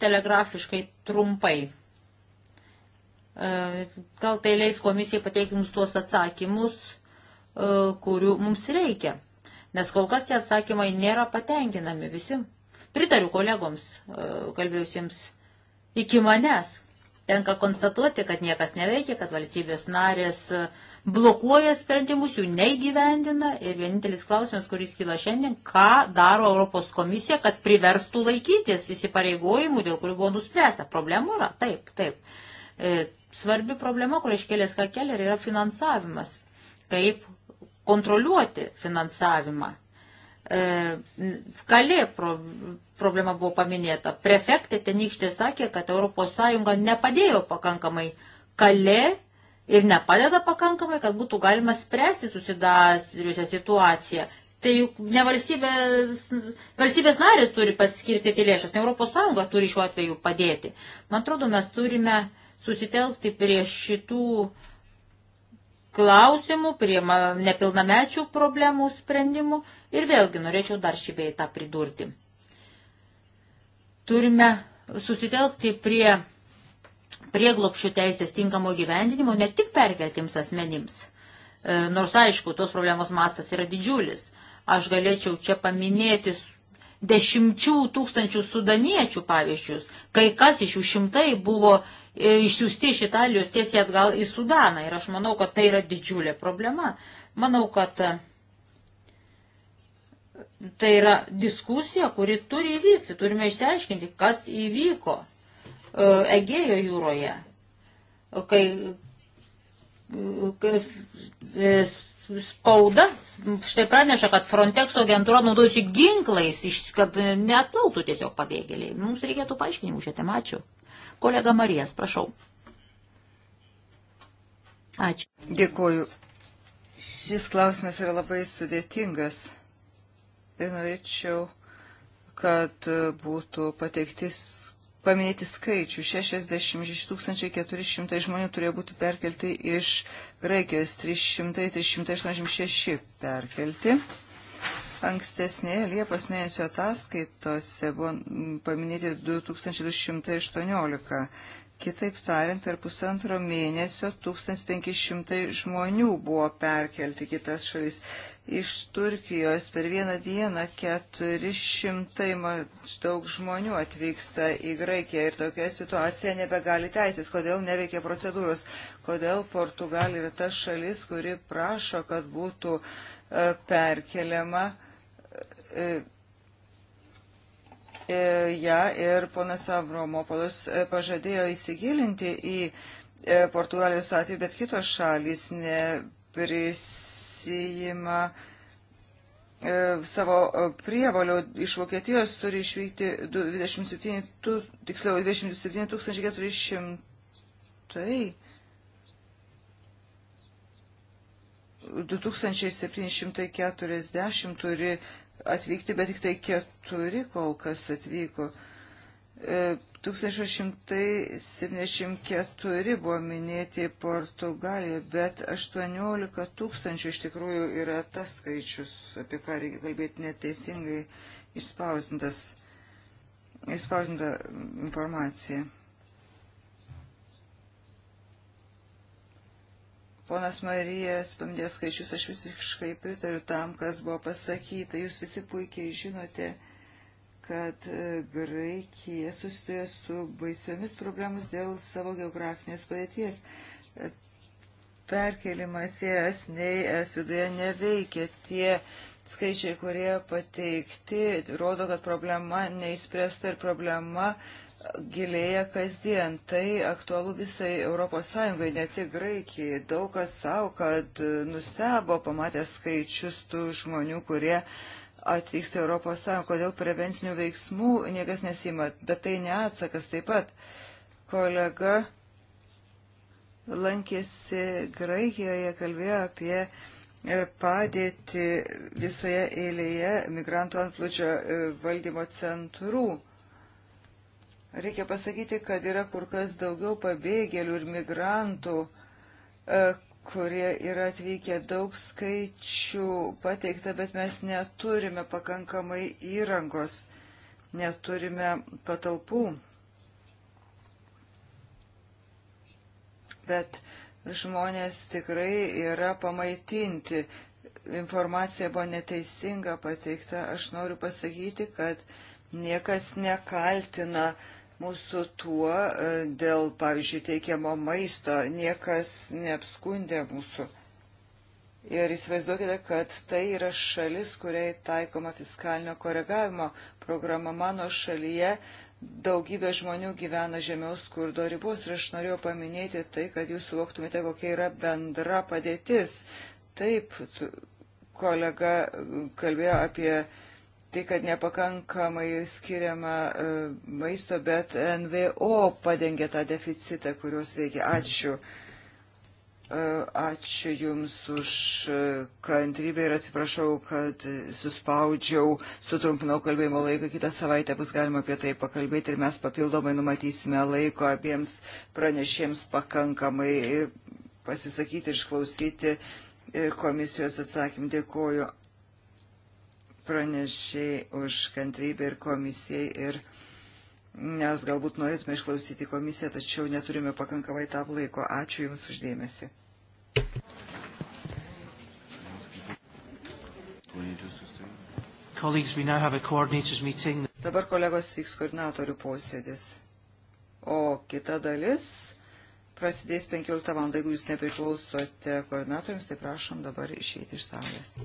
telegrafiškai trumpai. E, gal tai leis komisijai pateikti mums tuos atsakymus, e, kurių mums reikia. Nes kol kas tie atsakymai nėra patenkinami visi. Pritariu kolegoms, e, kalbėjusiems iki manęs tenka konstatuoti, kad niekas neveikia, kad valstybės narės blokuoja sprendimus, jų neįgyvendina ir vienintelis klausimas, kuris kyla šiandien, ką daro Europos komisija, kad priverstų laikytis įsipareigojimų, dėl kurių buvo nuspręsta. Problemų yra? Taip, taip. E, svarbi problema, kur iškėlė Skakeler, yra finansavimas. Kaip kontroliuoti finansavimą E, kalė problema buvo paminėta. Prefektė tenykštė sakė, kad ES nepadėjo pakankamai kalė ir nepadeda pakankamai, kad būtų galima spręsti susidariusią situaciją. Tai juk ne valstybės, valstybės narės turi paskirti lėšas, ne ES turi šiuo atveju padėti. Man atrodo, mes turime susitelkti prie šitų uh, klausimų, prie nepilnamečių problemų sprendimų ir vėlgi norėčiau dar šį bei tą pridurti. Turime susitelkti prie prieglopšių teisės tinkamo gyvendinimo ne tik perkeltiems asmenims, e, nors aišku, tos problemos mastas yra didžiulis. Aš galėčiau čia paminėti dešimčių tūkstančių sudaniečių pavyzdžius, kai kas iš jų šimtai buvo E, išsiųsti iš Italijos tiesiai atgal į Sudaną. Ir aš manau, kad tai yra didžiulė problema. Manau, kad e, tai yra diskusija, kuri turi įvykti. Turime išsiaiškinti, kas įvyko e, Egėjo jūroje, kai, kai spauda štai praneša, kad Frontex agentūra naudojasi ginklais, kad neatplauktų tiesiog pabėgėliai. Mums reikėtų paaiškinimų šią temą. Ačiū. Kolega Marijas, prašau. Ačiū. Dėkuoju. Šis klausimas yra labai sudėtingas ir norėčiau, kad būtų pateiktis paminėti skaičių. 66 400 žmonių turėjo būti perkelti iš Graikijos, 300-386 perkelti. Ankstesnėje Liepos mėnesio ataskaitose buvo paminėti 2218. Kitaip tariant, per pusantro mėnesio 1500 žmonių buvo perkelti kitas šalis. Iš Turkijos per vieną dieną 400 maždaug žmonių atvyksta į Graikiją ir tokia situacija nebegali teisės. Kodėl neveikia procedūros? Kodėl Portugalija yra ta šalis, kuri prašo, kad būtų e, perkeliama uh, ją e, ja, ir ponas Avromopolis e, pažadėjo įsigilinti į e, Portugalijos atveju, bet kitos šalys neprisijima savo prievalio iš Vokietijos turi išvykti 27, tu, tiksliau 27 400. Tai 2740 turi atvykti, bet tik tai keturi kol kas atvyko. 1674 e, buvo minėti Portugalija, bet 18 tūkstančių iš tikrųjų yra tas skaičius, apie ką reikia kalbėti neteisingai išspausintas, išspausinta informacija. Ponas Marijas paminėjo skaičius, aš visiškai pritariu tam, kas buvo pasakyta. Jūs visi puikiai žinote, kad e, Graikija susiduria su baisiomis problemus dėl savo geografinės padėties. E, perkelimas į es, nei es viduje neveikia. Tie skaičiai, kurie pateikti, rodo, kad problema neįspręsta ir problema uh, gilėja kasdien. Tai aktualu visai ES, ne tik Graikijai. Daug kas savo, kad nustebo pamatę skaičius tų žmonių, kurie atvyksta ES. Kodėl prevencinių veiksmų niekas nesima, bet tai ne atsakas taip pat. Kolega lankėsi Graikijoje, kalbėjo apie padėti visoje eilėje migrantų antplūdžio valdymo centrų Reikia pasakyti, kad yra kur kas daugiau pabėgėlių ir migrantų, e, kurie yra atvykę daug skaičių pateikta, bet mes neturime pakankamai įrangos, neturime patalpų. Bet žmonės tikrai yra pamaitinti. Informacija buvo neteisinga pateikta. Aš noriu pasakyti, kad niekas nekaltina uh, mūsų tuo e, dėl, pavyzdžiui, teikiamo maisto. Niekas neapskundė mūsų. Ir įsivaizduokite, kad tai yra šalis, kuriai taikoma fiskalinio koregavimo programa mano šalyje. Daugybė žmonių gyvena žemiaus skurdo ribos ir aš norėjau paminėti tai, kad jūs suvoktumėte, kokia yra bendra padėtis. Taip, kolega e, kalbėjo apie tai, kad nepakankamai skiriama e, maisto, bet NVO padengia tą deficitą, kurios reikia. Ačiū. E, ačiū Jums už e, kantrybę ir atsiprašau, kad suspaudžiau, sutrumpinau kalbėjimo laiką. Kitą savaitę bus galima apie tai pakalbėti ir mes papildomai numatysime laiko abiems pranešėms pakankamai pasisakyti ir išklausyti komisijos atsakymą. Dėkoju pranešiai už kantrybę ir komisijai ir nes galbūt norėtume išklausyti komisiją, tačiau neturime pakankamai tam laiko. Ačiū Jums uždėmesi. Dabar kolegos vyks koordinatorių posėdis. O kita dalis prasidės 15 val. Jeigu jūs nepriklausote koordinatoriams, tai prašom dabar išeiti iš salės.